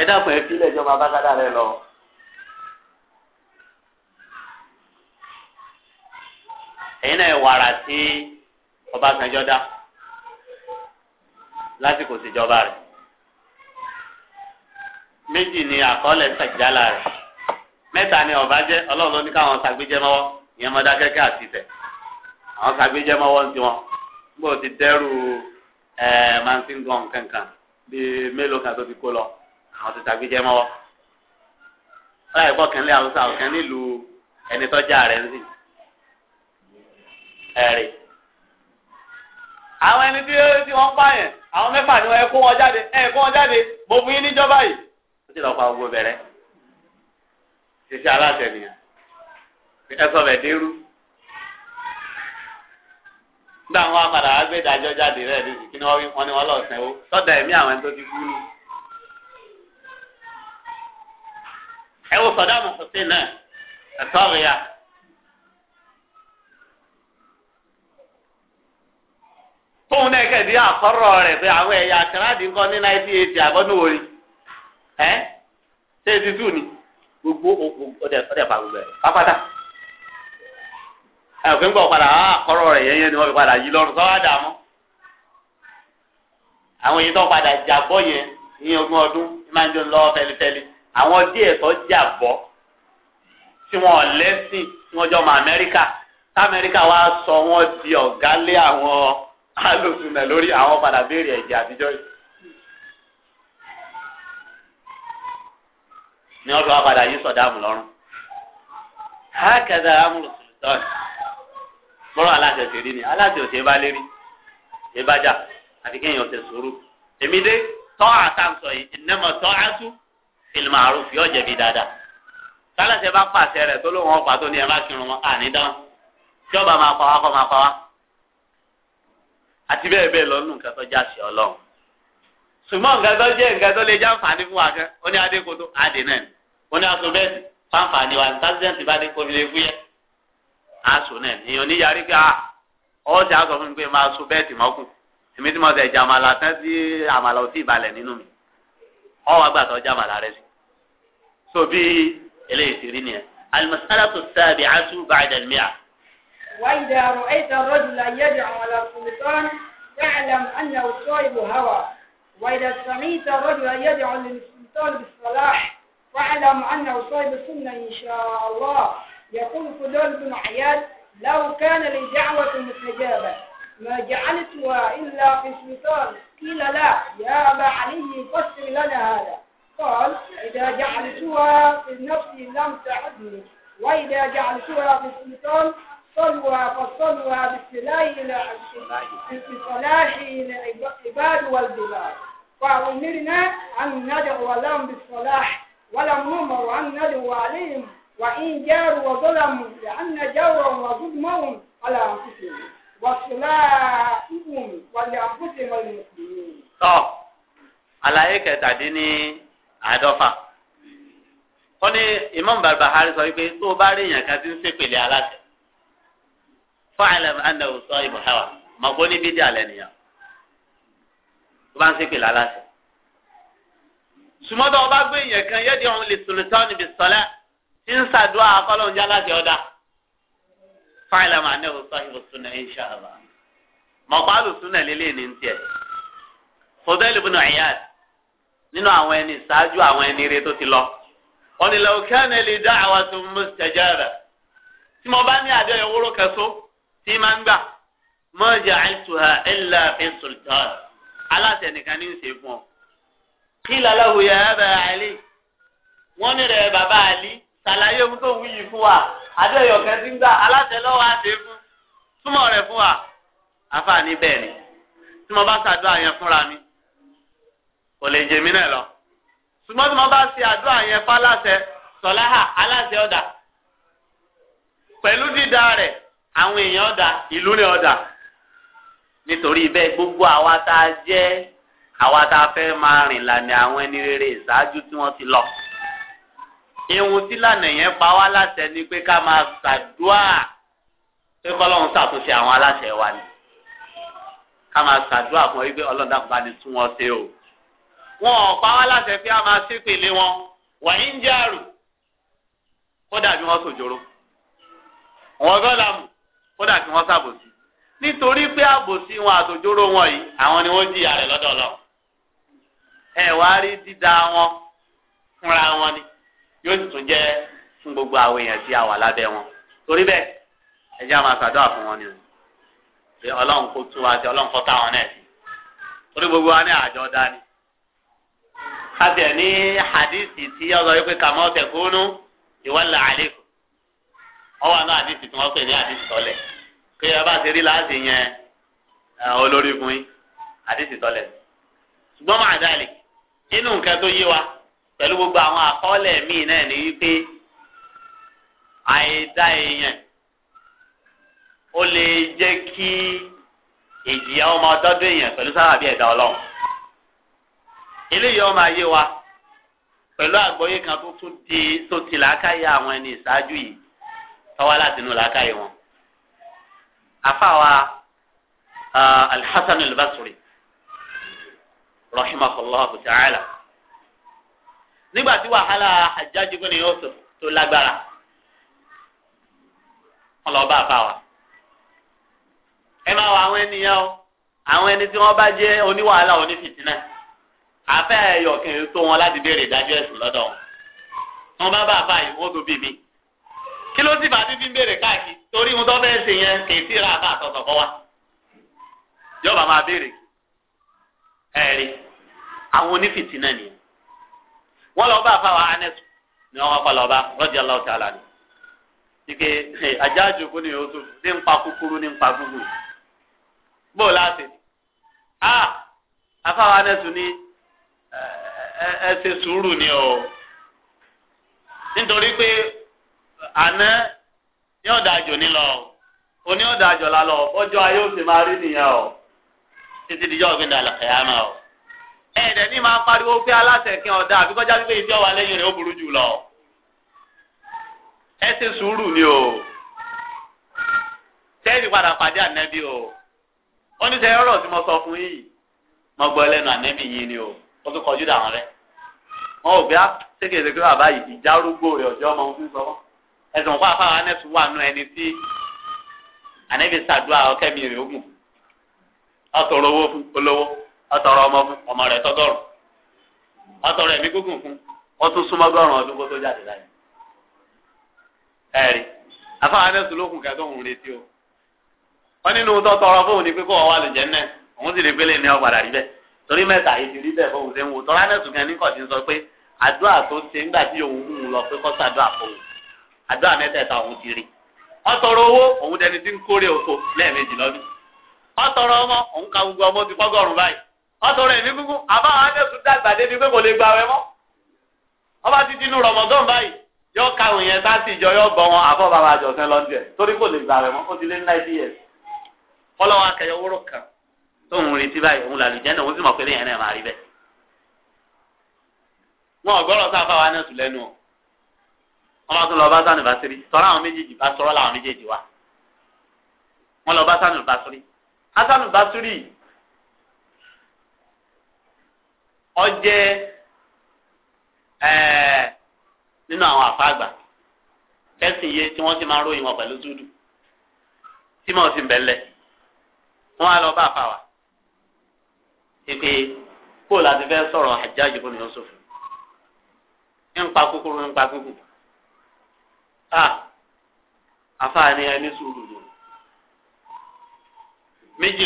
ẹ dákun ẹ fílẹ̀ ìjọba bákàdá rẹ lọ. ẹ̀yin náà wàrà sí Ọbásanjọ́ dá lásìkò ìṣèjọba rẹ̀ méjì ni àkọọ́lẹ̀ ṣàjálà rẹ̀ mẹ́ta ni ọ̀bá jẹ́ ọlọ́run ló ní káwọn ṣàgbéjẹ́ mọ́wọ́ ìyẹn Mọdákẹ́kẹ́ àti tẹ̀ àwọn kàgbéjẹ́ mọ́wọ́ ń tiwọn bó ti dẹ́rù ẹ̀ mansingan kankan bíi mélòó kan tó ti kó lọ àwọn ti kàgbéjẹ́ mọ́wọ́ ọ̀rọ̀ ẹ̀gbọ́n kan lé haúsá ọ̀kan nílùú ẹni tọ́jà rẹ̀ ń sìn ẹ̀rì àwọn ẹni tí wọ́n pààyàn àwọn mẹ́fà ni wọ́n kó wọn jáde ẹ kó wọn jáde mo fún yín níjọba yìí ó ti lọ́ọ́ pa gbogbo bẹ̀rẹ̀ ṣiṣẹ́ aláṣẹ nìyẹn. ẹsọ bẹ dérú nígbà wọn apàdà agbẹdájọ jáde rẹ ní ìsìnkí ni wọn ni wọn lọ sẹwó sọdọ ẹmí àwọn ẹni tó ti kú ẹ wo sọdọ àmọ sọsẹ náà ẹtọ rẹ yá. náà kẹ̀dí àkọ́rọ̀ rẹ̀ pé àwọn ẹ̀yà ní nineteen eighty ẹ̀ ṣé ni gbogbo ẹ̀fín gbọ̀ padà á kọ́rọ̀ rẹ̀ yẹn yẹn ni wọ́n fi padà yí lọ́rùn sọ́wọ́ àdàmú. àwọn èyí tó padà jàbọ́ yẹn ní ogún ọdún máa ń jó lọ́wọ́ fẹlifẹli àwọn díẹ̀ tó jàbọ́ tí wọ́n lẹ́sìn tí wọ́n jọ mọ Amẹ́ríkà tá Amẹ́ríkà wá sọ wọ́n di ọ̀gá lé àwọn alòsùnmẹ̀ lórí àwọn padà béèrè ẹ̀jẹ̀ àtijọ́ yìí. ni wọ́n fi wá padà yí sọ̀dá àmù lọ́rùn. hákẹ́dà amúlùsùn lọ́rùn bọ́rọ̀ aláṣẹ ṣe rí ni aláṣẹ ò ṣe bá lérí ṣe bá jà àti kéèyàn ṣe sùúrù èmi dé tọ́ àtàǹsọ̀ yìí ìnáma tọ́ àtú ìlmà àrùn fi ọ̀jẹ̀ bí dáadáa tálẹ̀ṣẹ̀ bá pàṣẹ rẹ̀ tó lóun ọ̀pá tó ní ẹ má kírun wọn àní dáhùn tí ọba máa pa kọ́ máa pa àti bẹ́ẹ̀ bẹ́ẹ̀ lọ́nù nǹkan tó já sí ọlọ́run ṣùgbọ́n nǹkan tó jẹ́ nǹkan tó lè já nfààní fún wa kan ó ní adékoto adé náà ó ní aṣọ bẹ́ẹ̀ fáǹfààní wa ní tásídẹ̀ǹtì bá dé kó fi lè fúyẹ́ aṣọ náà èèyàn níyàrí pé ọ̀ọ́sì ah, aṣọ fún mi pé máa sùn bẹ́ẹ̀tì mọ́kùn èmi tí mo sẹ̀ jẹ àmàlà tán tí àmàlà ò tí ì balẹ̀ nínú mi ọ̀wọ́ àgbà tó jẹ àmàlà rẹ sí. so bí eléyìí ti rí nìyẹn al-mas'alatu as-sabi'atu ba'da al-mi'a. وإذا رأيت الرجل يدعو على السلطان فاعلم أنه صائب هوى وإذا سمعت الرجل يدعو للسلطان بالصلاح فاعلم أنه صائب سنة إن شاء الله يقول فلان بن عياد لو كان لي دعوة مستجابة ما جعلتها إلا في الشيطان قيل لا يا أبا علي فسر لنا هذا قال إذا جعلتها في النفس لم تعدني وإذا جعلتها في الشيطان صلوا فصلوا بالسلاح إلى الصلاح إلى العباد والبلاد فأمرنا أن ندعو لهم بالصلاح ولم نمر أن ندعو عليهم وإن جاروا وظلموا لأن جورهم وظلمهم على أنفسهم وصلائهم ولأنفسهم المسلمين. طب àlàyé kẹtàdínní àádọ́fà wọ́n ní imam barbahari sọ wípé tó o bá rí èèyàn kan tí ń ṣèpèlè aláṣẹ fáìlẹ̀m andahu sọ ìbùháwà mọ̀gbọ́n níbi dí alẹ́ nìyàn tó bá ń ṣèpèlè aláṣẹ. sùmọ́tò ọba gbé èèyàn kan yẹ́dí ọ̀hún lè sòlùtọ́ níbi sọ́lá ń ṣàdúrà akọ́lọ́ ńjẹ́ aláṣẹ ọ̀dà fáìlà máa ní ọ̀sán ìbò súnà insha Allah mọ̀pálù súnà lélẹ̀ ní tiẹ̀ fòbẹ́lì bùnú ẹ̀yàd nínú àwọn ẹni ṣáájú àwọn ẹni rẹ tó ti lọ wọn ni lọ́wọ́ kẹ́ni lè dá àwọn tó ń mú ṣẹjẹ́rẹ̀ tí mo bá ní adé ìwúrò kẹsó tí máa ń gbà mọ́ jẹ́ àìsùhà ẹ̀là fi sultan aláṣẹ nìkan ní ìṣe fún ọ. kí lálẹ́ wòye ẹ̀ bẹ̀ àlè wọ́n ní rẹ̀ bàbá àlè ṣàlàyé ohun tó ń wí yìí fún wa adé ọ̀kẹ́ ti ń gbà aláṣẹ lọ́wọ́ àdé fún túmọ̀ rẹ̀ fún wa àfààní bẹ́ẹ̀ ni tí mo bá ṣàdúrà yẹn fúnra mi kò lè jèmí náà lọ ṣùgbọ́n tí mo bá ṣe àdúrà yẹn fáláṣẹ sọláhà aláṣẹ ọ̀dà pẹ̀lú dídá rẹ̀ àwọn èèyàn ọ̀dà ìlú ni ọ̀dà nítorí bẹ́ẹ̀ gbogbo àwa tá a jẹ́ àwa tá a fẹ́ máa rìn lànà àwọn ẹni rere ìṣáájú tí wọ́n ti lọ ìhun tí lànà yẹn pa wá láṣẹ ni pé ká máa ṣàdúà pé kọ́lọ́hún ṣàtúnṣe àwọn aláṣẹ wa ni ká máa ṣàdúà fún wípé ọlọ́run dákun bá ní tún wọn ṣe o. wọn ò pa wá láṣẹ pé a máa ṣépèlé wọn wàyí ń jàrù kódà bí wọ́n sòjòrò wọn gọ́dà mù kódà bí wọ́n ṣàbòsí nítorí pé àbòsí wọn àtòjòrò wọn yìí àwọn ni wọ́n jìyà rẹ̀ lọ́dọ̀ lọ wá rí dídá wọn fúnra wọn ni. yóò sì tún gbogbo àwọn èèyàn tí a wà lábẹ́ wọn torí bẹ́ẹ̀ ẹ jẹ́ àwọn àṣàdúrà fún wọn ni o pé ọlọ́run kó tú wa sí ọlọ́run kó gbogbo wa ní àjọ dání. káfí ẹ̀ ní hadithi tí yìí pé kúnú àlékún àná hadithi tí pè ní hadithi pé ẹ bá ti rí láti yẹn olórí fún yín hadithi tọ́lẹ̀ ṣùgbọ́n máa dálé inú nǹkan wa. pẹ̀lú gbogbo àwọn àkọọ́lẹ̀ míì náà ní wípé àìdá èèyàn ó lè jẹ́ kí ìjìyà ọmọ ọdọ́dún èèyàn pẹ̀lú sábàbí ẹ̀dá ọlọ́run eléyìí ọmọ ayé wa pẹ̀lú àgbọ́yé kan tó tún di tó ti làákàyè àwọn ẹni ìṣáájú yìí tọ́wá láti inú làákàyè wọn àfàwà ah, alhassan albasri rahimahullah ta'ala nígbà tí wàhálà Hajjaj ibn Yusuf tó lágbára wọn lọ bá bá wa ẹ máa wọ àwọn ènìyàn o àwọn ẹni tí wọn bá jẹ oníwàhálà onífìtínà àfẹ ẹyọkìn tó wọn láti béèrè ìdájọ́ ẹ̀sùn lọ́dọ̀ wọn wọn bá bá báyìí wọn tó bí mi kí ló sì bá ti fi ń béèrè káàkiri torí ohun tó bẹ́ẹ̀ ṣe yẹn kì í sí ra àbá àtọ̀tọ̀ kọ́ wa yọba máa béèrè ẹ̀rí àwọn onífìtínà nìyẹn wọ́n lọ bá àfàwà ni wọ́n kọ́ lọ bá rọ́jà lọ́wọ́ tí a ike ni o tó ní kúkúrú ní a àfàwà anẹ́sù ni ẹ ṣe sùúrù ni o nítorí pé àná yóò ní lọ oní ọjọ́ ayé o títí o. ẹ̀ẹ́dẹ̀ ní máa pariwo pé aláṣẹ kí ọ̀dà àbí kọjá wípé ìfẹ́ wà lẹ́yìn rẹ̀ ó burú jù lọ. ẹ ni o tẹ́ẹ̀lì padà pàdé ànẹ́bí o ó ní sẹ́yìn ọ̀rọ̀ tí mo sọ fún yìí mo gbọ́ lẹ́nu ànẹ́bí yìí ni o ó tún kọjú dàwọn rẹ̀ wọn ò bíá sékèdè pé bàbá yìí ìjárúgbó rẹ̀ ọjọ́ ọmọ ohun sọ fún ọtọrọ ọmọ fún ọmọ rẹ tọgọrùn ọtọrọ ẹ̀mí fún ọtún súnmọgọrùn ọdún kó tó jáde láyé ẹ̀rí afáwọn adẹ́sùn lókun kẹtọ òun retí o wọn nínú tó tọrọ fóun ni pé kó náà òun sì lè gbélé ní rí torí yìí ti rí sọ pé àdúrà tó ṣe òun mú un lọ pé ka gbogbo ọmọ ọtọrọ ẹ̀mí gúngún àbá àwọn adẹ́sùn dàgbà débi pé kò lè gba àwẹ̀ mọ́ ọba ti tinú rọmọdún báyìí yọ ka òun yẹn sáà sì jọ yọ gbọ wọn àbọ̀ bàbá àjọsìn lọ díẹ̀ torí kò lè gba àwẹ̀ mọ́ ó ti lé náírà díẹ̀ fọlọ́wọ́ akẹyọ wúrọ̀ kan tó ń retí báyìí òun làlùjẹ́ náà òun sì mọ̀ pé lẹ́yìn náà máa rí bẹ́ẹ̀ wọn ọgbọ́rọ̀ sáfà wa náà sùn lẹ́nu o wọn bá tún lọ bá sanu basiri tọ́ra àwọn méjèèjì bá sọ̀rọ̀ làwọn wa wọn lọ sanu basiri hasanu basiri ọjẹ je nínú àwọn àfáàgbà tẹsán agba. tí wọn ti máa ròyìn wọn pẹ̀lú dúdú tí màá sì bẹlẹ wọn á lọ bá àfa wa pípé kó láti fẹ́ sọ̀rọ̀ Hajjaj ibn Yusuf nípa kúkúrú nípa kúkú a àfa ni ẹni sùúrù lò méjì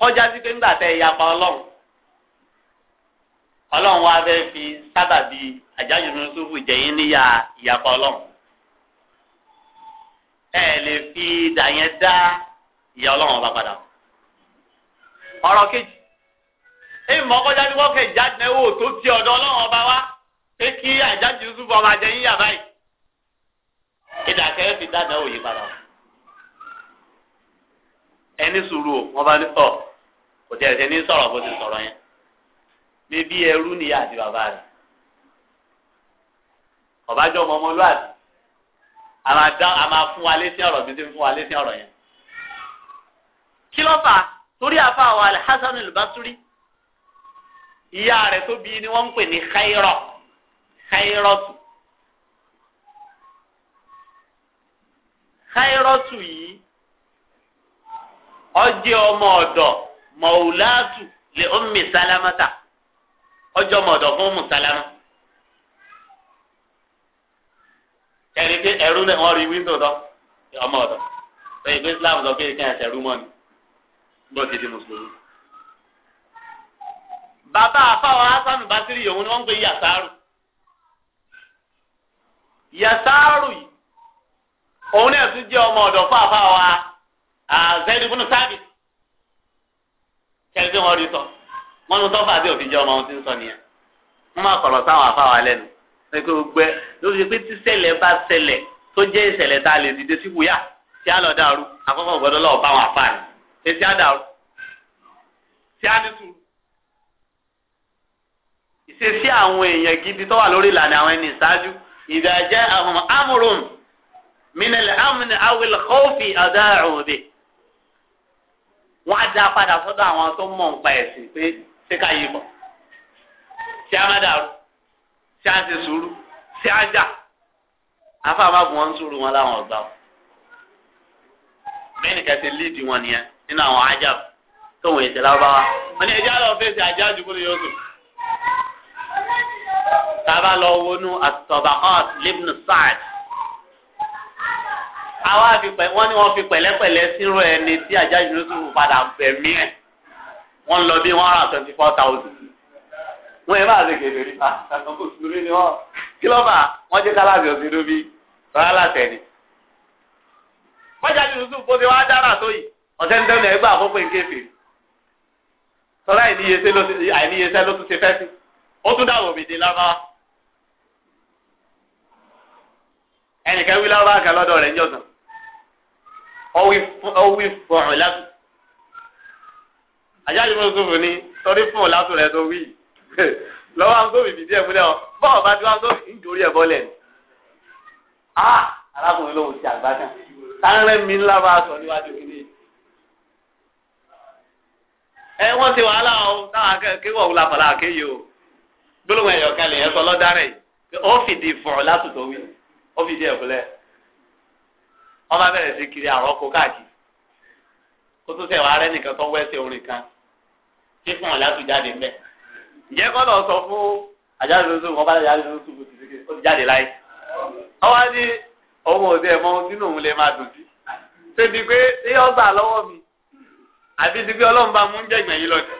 kọjá sí pé nígbà tẹ ìyapa ọlọ́run ọlọ́run wa fẹ́ fi sábàbí àjáyọ̀nù sófù jẹ̀yìn níyà ìyapa ọlọ́run ẹ lè fi ìdà yẹn dá ìyá ọlọ́run ọba padà ọ̀rọ̀ kejì èyí mọ́ kọjá sí tó ti ọba wa pé kí sófù ọba yà báyìí ẹni sùúrù o wọn bá ní ọ kò tẹ̀ ẹ̀sẹ̀ ní sọ̀rọ̀ bó ti sọ̀rọ̀ yẹn bíbí ẹrú nìyá àti bàbá rẹ̀ ọ̀bájọ́ ọmọ ọmọlúwàbí a máa fún wa létí ọ̀rọ̀ bí ti fún wa létí ọ̀rọ̀ yẹn kí ló fà á torí àfa àwọn alhassan al ìyá rẹ̀ tó bí ni wọ́n ń pè ní khairọ khairọtù khairọtù yìí ọjẹ́ ọmọ ọmọ sálámátà ọjọ́ ọmọ ọ̀dọ̀ fún o ẹ̀rí pé ẹ̀rú náà wọ́n rí wíńdò lọ ọmọ ọ̀dọ̀ lẹ́yìn pé Islam sọ pé kí ẹ̀ ṣẹ̀rú mọ́ ni bó ti di mùsùlùmí. bàbá àfáwọn Hasan Basiri yòówù ni wọ́n ń gbé yàtàrù yìí òun náà tún ọmọ àzẹ́ni fún sáàbì kẹ́lí tí wọ́n rí sọ wọ́n tún tọ́fà bí òfin jẹ́ ọmọ ohun tí ń sọ nìyẹn wọ́n máa kọ̀rọ̀ sáwọn àfáwà lẹ́nu pé gbẹ ló fi pé tíṣẹ̀lẹ̀ bá tó jẹ́ ìṣẹ̀lẹ̀ tá lè dìde sí wúyà tí a lọ dàrú àkọ́kọ́ gbọ́dọ̀ lọ́wọ́ wọn àfáàní etí á dàrú tí a ní àwọn èèyàn gidi tó wà lórí ìlànà àwọn ẹni ìṣáájú ìdájẹ́ àwọn amúrùn mínẹ̀lẹ̀ amúnẹ̀ awil khawfi adáhùn bẹ́ẹ̀ wọ́n á dá padà sọ́dọ̀ àwọn tó mọ̀ nípa ẹ̀sìn pé ṣé ká yí mọ̀ ṣé á má dàrú ṣé á ṣe sùúrù ṣé á jà afáàmágùn wọn ń sùúrù wọn láwọn ọgbà wọn bẹ́ẹ̀ nìkan ṣe líìdì wọn nìyẹn nínú àwọn ajáàbù tóun èsì lárúbáwá wọn ni ẹjẹ àlọ fèsì ajáàjù kúrò yóò sùn tábà lọ wọnú àtọbàkọt libnu àwa fi pẹ̀ wọ́n ní wọ́n fi pẹ̀lẹ́pẹ̀lẹ́ sírò ẹni tí ajá Yusuf padà bẹ̀mí ẹ̀ wọ́n lọ bí wọ́n rà twenty four thousand wọ́n yẹ bá ṣe kéde rí pa òṣèré ni wọ́n kí ló fà wọ́n jẹ́ kálásì òṣèré bí rárá láṣẹ ni. bọ́jà Yusuf bó ti wá dára tó yìí ọ̀sẹ̀ ní tẹ́lẹ̀ ẹgbẹ́ àkókò ń kéfì sọ́dọ̀ àìníyesẹ́ ló tún ṣe fẹ́ sí ó tún dáwọ̀ òbèdè lọ́wọ́ ẹnìkan wí lọ́wọ́ àkàlọ́dọ̀ rẹ̀ ń jọ̀sán ọwí fọ̀rọ̀ látù àjáde mo sọ fún ni sọrí fún ọ látù rẹ tó wí [LAUGHS] lọ́wọ́ àwọn tóbi bìbí ẹ̀ múlẹ̀ ọ bọ́ọ̀ bá ti wá tóbi nítorí ẹ̀ bọ́lẹ̀ ni. Ah! arákùnrin lòun ti àgbá kan sáré mi ńlá bá a sọ níwájú kìíní. ẹ wọ́n ti wàhálà o táwọn akẹ́kọ̀ọ́ wò láfàlà àkéyè o gbólóhùn ẹ̀yọ̀kan lè yẹn sọ lọ́dárẹ̀ yìí ó fìdí fọ̀rọ̀ látù tó wí ó fìdí ẹ̀ múlẹ̀ wọ́n bá bẹ̀rẹ̀ sí kiri àrọ́kọ káàkiri kó tó sẹ̀ wá rẹ́ nìkan tó wẹ́sẹ̀ orin kan kí fún ọ̀là tó jáde mbẹ́ ǹjẹ́ kọ́ lọ sọ fún àjáde lóṣù wọn bá jáde lóṣù kò ti ó ti jáde láyé ọwọ́ ní òun ò sí ẹ̀mọ́ ohun tínú òun lè máa dùn sí ṣébi pé ṣé yọ gbà mi àbí ti pé ọlọ́run bá mú ń jẹ̀gbẹ̀ yín lọ́jọ́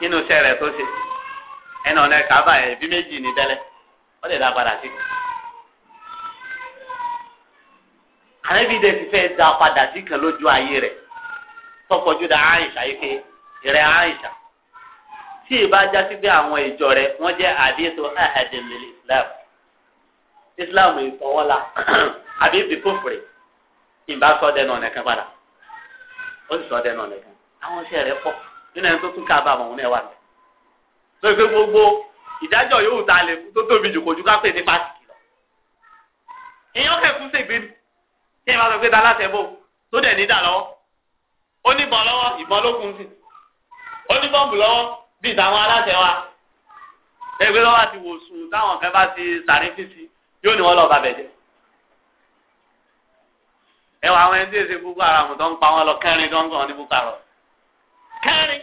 nínú iṣẹ́ rẹ̀ tó ṣe ẹnà ọ̀nà ẹ̀ka báyẹn ìbí méjì ní tẹ́lẹ̀ ó lè dá padà sí kan. àrẹ́bí dẹ̀ ti fẹ́ da padà sí kan lójú ayé rẹ̀ tọkọjú da Aisha yìí pé ìrẹ́ Aisha tí ìbá já sí pé àwọn ìjọ rẹ̀ wọ́n jẹ́ àbíyètò ahadìmìlì Islam Islam ìfọwọ́la [CLEARS THROAT] àbí ìbíkófòrè ìbá sọ dẹnu ọ̀nà kan padà ó sì sọ dẹnu ọ̀nà kan àwọn iṣẹ́ rẹ̀ pọ̀ nínú ẹni tó tún ká bàmọ̀ òun náà wà lọ. lórí pé gbogbo ìdájọ́ yóò ta lè tó tóbi jù kojú ká pè ní pàtìkì lọ. èèyàn kẹ́kọ̀ọ́ ṣègbè ni tí ìbá sọ pé ta láti ẹ̀bọ̀ tó dẹ̀ nídà lọ́wọ́ ó lọ́wọ́ ìbọn ló sí ó lọ́wọ́ bíi tàwọn aláṣẹ wa ẹgbẹ́ lọ́wọ́ ti wò táwọn kan bá ti sàrífìsì yóò ní wọ́n lọ bàbẹ̀ jẹ́ ẹ wọ àwọn ẹni tí èsì boko haram tó ń pa wọn lọ kẹrin tó ní boko haram kẹrin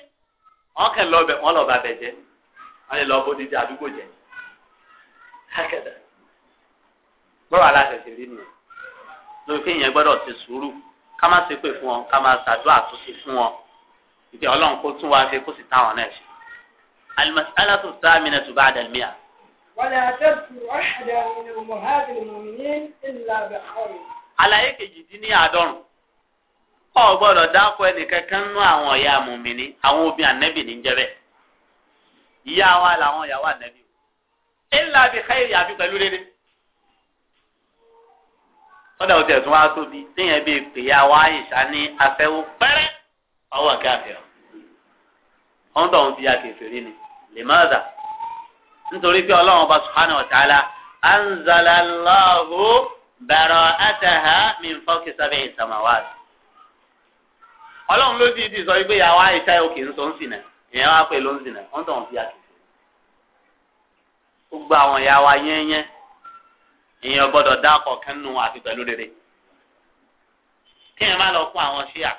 wọn kẹ lọ bẹ wọn lọ bá jẹ wọn lè lọ bó dídí àdúgbò jẹ kákẹdà gbọrọ aláṣẹ ṣe rí nìyẹn lórí pé èèyàn gbọ́dọ̀ ti sùúrù ká má ṣépè fún wọn ká má ṣàdúrà tó fún wọn ìdí ọlọ́run kó tún wá ṣe kó sì táwọn náà ṣe. المسألة الثامنة بعد المئة ولا تذكر أحدا من أمهات المؤمنين إلا بخير àlàyé kejìdínláàádọ́rùn ọ gbọ́dọ̀ dákọ ẹnìkankan nú àwọn ọyà mùmíní àwọn obìnrin ànẹbì ní jẹbẹ ìyá wa làwọn ìyàwó ànẹbì ńlá bí káyìrì àbí pẹ̀lú rere kọ́dà ó ti ẹ̀sùn wá tóbi téèyàn bíi pèyà wá ìṣá ní afẹ́wó pẹ́rẹ́ ọwọ́ káfíà wọ́n tọ̀ ń fi akẹ́fẹ́rí ni lèmọ́dà nítorí pé ọlọ́run ọba subhanahu wa ta'ala anzalallahu bara'ataha min fawqi sab'i samawat. ọlọ́run ló dìídì sọ pé ìyàwó àìsá òkè ń sọ ń sìn náà ìyẹn wá pè ló ń sìn náà wọ́n tọ̀ ń fi akẹ́fẹ́rí ìyẹn gbọ́dọ̀ dá kọ̀ọ̀kan nù àfi pẹ̀lú rere kéèyàn má lọ fún àwọn ṣíà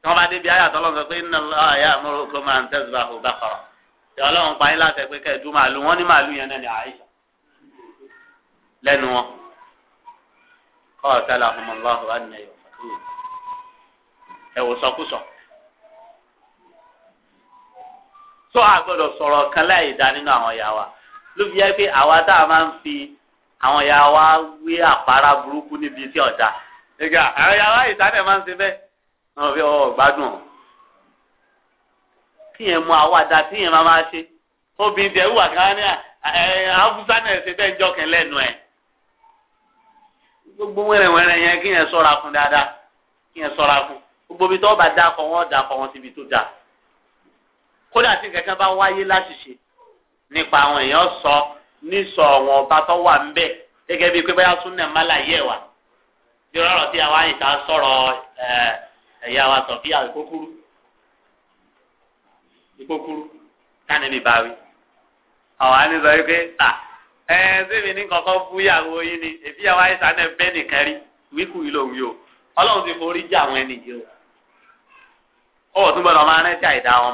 tí wọ́n bá débi ayé àtọ́lọ́ sọ pé iná ayé àmúrò kó máa ń tẹ̀síwá kó bá kọ̀rọ̀ tí ọlọ́run pa yín láti ẹgbẹ́ kẹ́ẹ̀dú màálù wọ́n ní màálù yẹn náà ní àyíṣà lẹ́nu wọn kọ́ ọ̀tẹ́lá ọmọláhùn wà ní ẹ̀yọ̀ ẹ̀wò sọkúsọ. tó a sọ̀rọ̀ kan láì dá nínú àwọn ìyá wa ló yẹ pé àwa tá a máa ń fi àwọn ìyá wa wé àpárá burúkú níbi tí ọ̀dà nígbà àwọn ìyá wa ìtànẹ̀ máa ń ṣe bẹ́ẹ̀ wọn fi ọwọ́ gbádùn ọ̀ tíyẹn mú àwàdà tíyẹn máa máa ṣe obìnrin tẹ̀ wà kan ní àfúsá náà ṣe bẹ́ẹ̀ jọkìn lẹ́nu ẹ̀ gbogbo wẹ́rẹ̀wẹ́rẹ̀ yẹn kí yẹn sọ́ra fún dáadáa kí yẹn sọ́ra fún gbogbo ibi tó bá dá kọ wọn dá kọ wọn síbi tó dáa kódà tí kankan bá wáyé láti ṣe nípa àwọn èèyàn sọ nísọ ọ̀wọ́n ọba tó wà ń bẹ̀ gẹ́gẹ́ bíi pé báyà súnà má wa bí tí àwa ìta sọ̀rọ̀ ẹ̀yà wa sọ̀fíà ìkókúrú ìkókúrú kánẹ́bí sọ wípé tà ẹ sẹ́mi ní kọ̀ọ̀kan fúyàwó yín ni èbí awa ìta náà bẹ́ẹ̀ nìkan rí wíkù yìí lòun ọlọ́run ti forí àwọn yìí o tún máa rántí àìdá ọ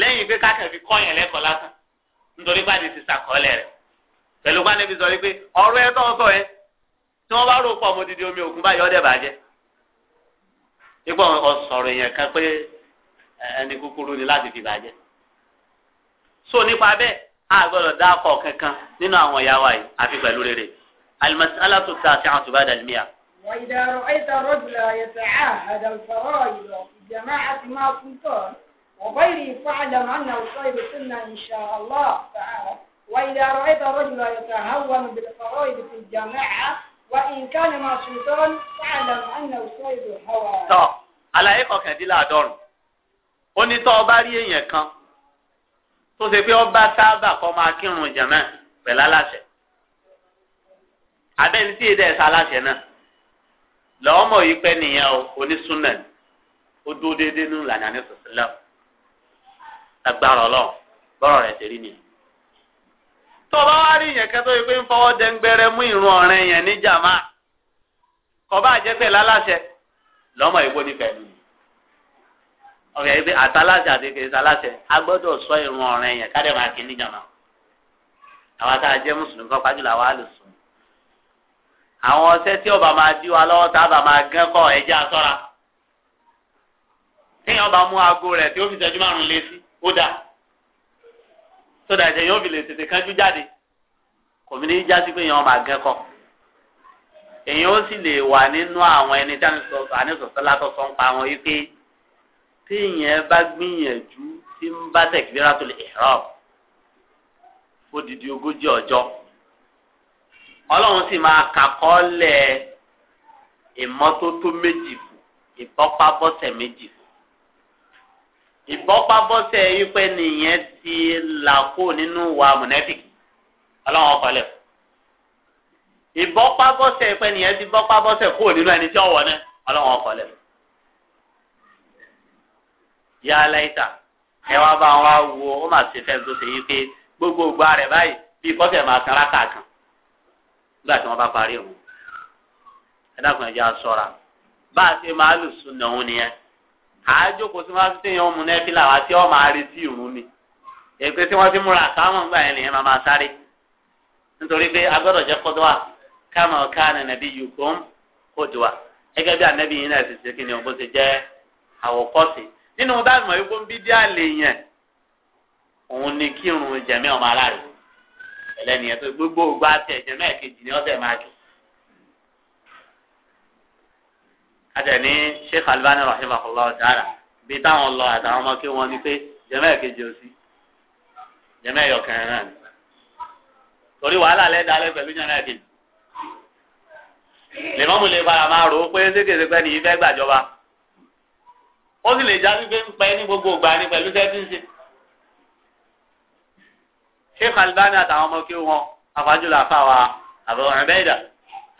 lẹ́yìn pé fi kọ́ yẹn lẹ́kọ̀ọ́ lásán. nítorí bá di ti sàkọọ́lẹ̀ rẹ̀ pẹ̀lú bá níbi sọ wípé ọ̀rọ̀ ẹ tó sọ yẹn tí wọ́n bá rò pọ̀ mọ́ didi omi òkun báyọ̀ ọ̀dẹ̀ bàjẹ́ ipò ọ̀sọ̀rọ̀ yẹn kan pé ẹni kúkúrú ni láti fi bàjẹ́ so nípa bẹ́ẹ̀ a gbọ́dọ̀ dá akọ kankan nínú àwọn ìyá wa yìí àfi pẹ̀lú rere وإذا رأيت رجلا يتعاهد الفرائض في جماعة مع سلطان وغيره فاعلم أنه صاحب السنة إن شاء الله تعالى وإذا رأيت رجلا يتهون بالفرائض في الجماعة وإن كان مع سلطان فاعلم أنه صاحب الهوى. طب àlàyé kọkàndínláàdọ́rùn ó ní tọ́ ọba rí èèyàn kan tó ṣe pé ọba sábà kọ́ máa kírun jẹ̀mẹ́ pẹ̀lú aláṣẹ abẹ́ni tí èdè ẹ̀sà aláṣẹ náà lọ́wọ́ mọ̀ yí pé nìyẹn o onísúnà ó dúró déédéé nínú ìlànà ní sọ̀sílẹ̀ o agbára ọlọ́run bọ́rọ̀ rẹ̀ tẹ̀lé nìyẹn. tó o bá wá rí ìyẹn kẹtọ́ yìí pé ń fọwọ́ dẹ́ngbẹ́rẹ́ mú ìrun ọ̀rẹ́ yẹn ní jàmá kọba àjẹpẹ́ lálàṣẹ lọ́mọ ìwọ nífẹ̀ẹ́ nù. ọ̀rẹ́ yìí pé àtàlàṣẹ àti kèésì aláṣẹ a gbọ́dọ̀ sọ ìrun ọ̀rẹ́ yẹn kádẹ́ máa kí ní jàmá. àwa tá a jẹ́ mùsùlùmí kọ́ pàjùlọ àwa lè sùn. àwọn ọṣẹ tí ọba máa dí wa lọ́wọ́ tá a mú aago rẹ̀ tí ó fi ṣẹ́jú márùn lé sí kódà sódà ìjẹ yóò fi lè tètè kánjú jáde kò ní í jásí pé èèyàn máa gẹ́kọ̀ èèyàn ó sì lè wà nínú àwọn ẹni tí àníṣọ̀sọ́ látọ̀ sọ ń pa wọn yìí pé téèyàn bá gbìyànjú tí ń bá tẹ̀kìlérà tó lè ẹ̀rọ odidi ogójì ọjọ́ ọlọ́run sì máa kàkọ́ọ́lẹ̀ ìmọ́tótó méjì fún ìbọ́pábọ́sẹ̀ méjì fún ìbọ́pábọ́sẹ̀ yìí pé nìyẹn ti là kó nínú wa mùnẹ́fìkì ọlọ́run ọkọlẹ̀ ìbọ́pábọ́sẹ̀ yìí pé nìyẹn ti bọ́pábọ́sẹ̀ kó nínú ẹni tí ọ̀wọ́ náà ọlọ́run ọkọlẹ̀ yà á láìta ẹ wá bá wa wo ó mà ṣe fẹ́ tó ṣe yìí pé gbogbo gba rẹ̀ báyìí bí bọ́sẹ̀ máa kan rákà kan nígbà tí wọ́n bá parí òun ẹ dákun ẹ jẹ́ aṣọra bá a ṣe máa lù sùn náà òun nìyẹn. a tí wọ́n ti tẹ̀yàn ọmọ náà fi làwọn àti ọmọ àrètí ìrún ni èpè tí wọ́n ti múra sáwọn gbà yẹn nìyẹn máa máa sáré nítorí pé agbọ́dọ̀ jẹ́ kọ́dọ́wà káàmù ọ̀ká ni nàbí yukun kọ́dọ́wà gẹ́gẹ́ bí ànábì yìí náà ti ṣe kí ni òun bó ṣe jẹ́ nínú bá mọ̀ wípé ń bí dí àlè yẹn òun ni àtẹ̀ní sheikh albani rahimahullah ta'ala bí táwọn lọ àtàwọn ọmọ kí wọn ní pé jẹ́mẹ́ kejì òsì jẹ́mẹ́ yọkàn náà ni torí wàhálà lẹ́dàá lẹ́ pẹ̀lú jẹ́mẹ́ kejì lèmọ́mù lè fara máa rò ó pé sékèsè pẹ́ nìyí fẹ́ gbàjọba ó sì lè já wípé ń pẹ́ ní gbogbo ìgbà ni pẹ̀lú sẹ́tíǹsì sheikh albani àtàwọn ọmọ kí wọn afájúlá fáwa Abu Ubaida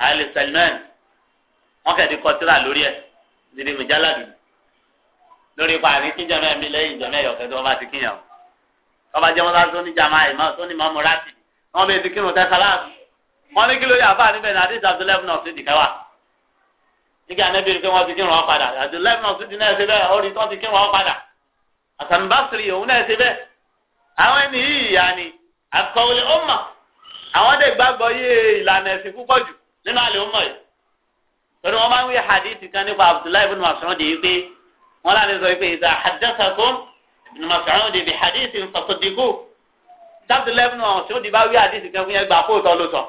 Ali wọ́n kẹ́ẹ̀dé kọtíra lórí ẹ̀ dídí mìjálàdì lórí ipa àní kíjọ náà mi lẹ́yìn ìjọ mẹ́yọ̀ kẹ́tọ́ wọn bá ti kíyàn wọn bá jẹ́ wọn bá tó ní jama ìmọ̀ tó ní mọ́mú ráàtì wọn bẹ ti kírun tẹ́sálàtì wọn ní kí ló yà fà níbẹ̀ ní àdéhùn abdullahi náà ti dìkẹ́wà nígbà náà bèrè pé wọn ti kírun wọn padà abdullahi náà ti dìnnà ẹsẹ bẹ́ẹ̀ orí tó ti kírun wọn padà òun náà ẹsẹ bẹ́ẹ̀ àwọn ẹni yìí yà ni àkọwé ọmọ àwọn dẹ̀ gbàgbọ́ yé ìlànà ẹ̀sìn púpọ̀ jù nínú àlè ọmọ yìí torí wọn máa ń wí hadith kan nípa abdullahi ibn mas'ud yìí pé wọn láti sọ pé ìdá haddathakum ibn mas'ud bi hadith fasaddiqu tábìlì ibn mas'ud bá wí hadith kan fún yẹn gbà kó tọ́ ló sọ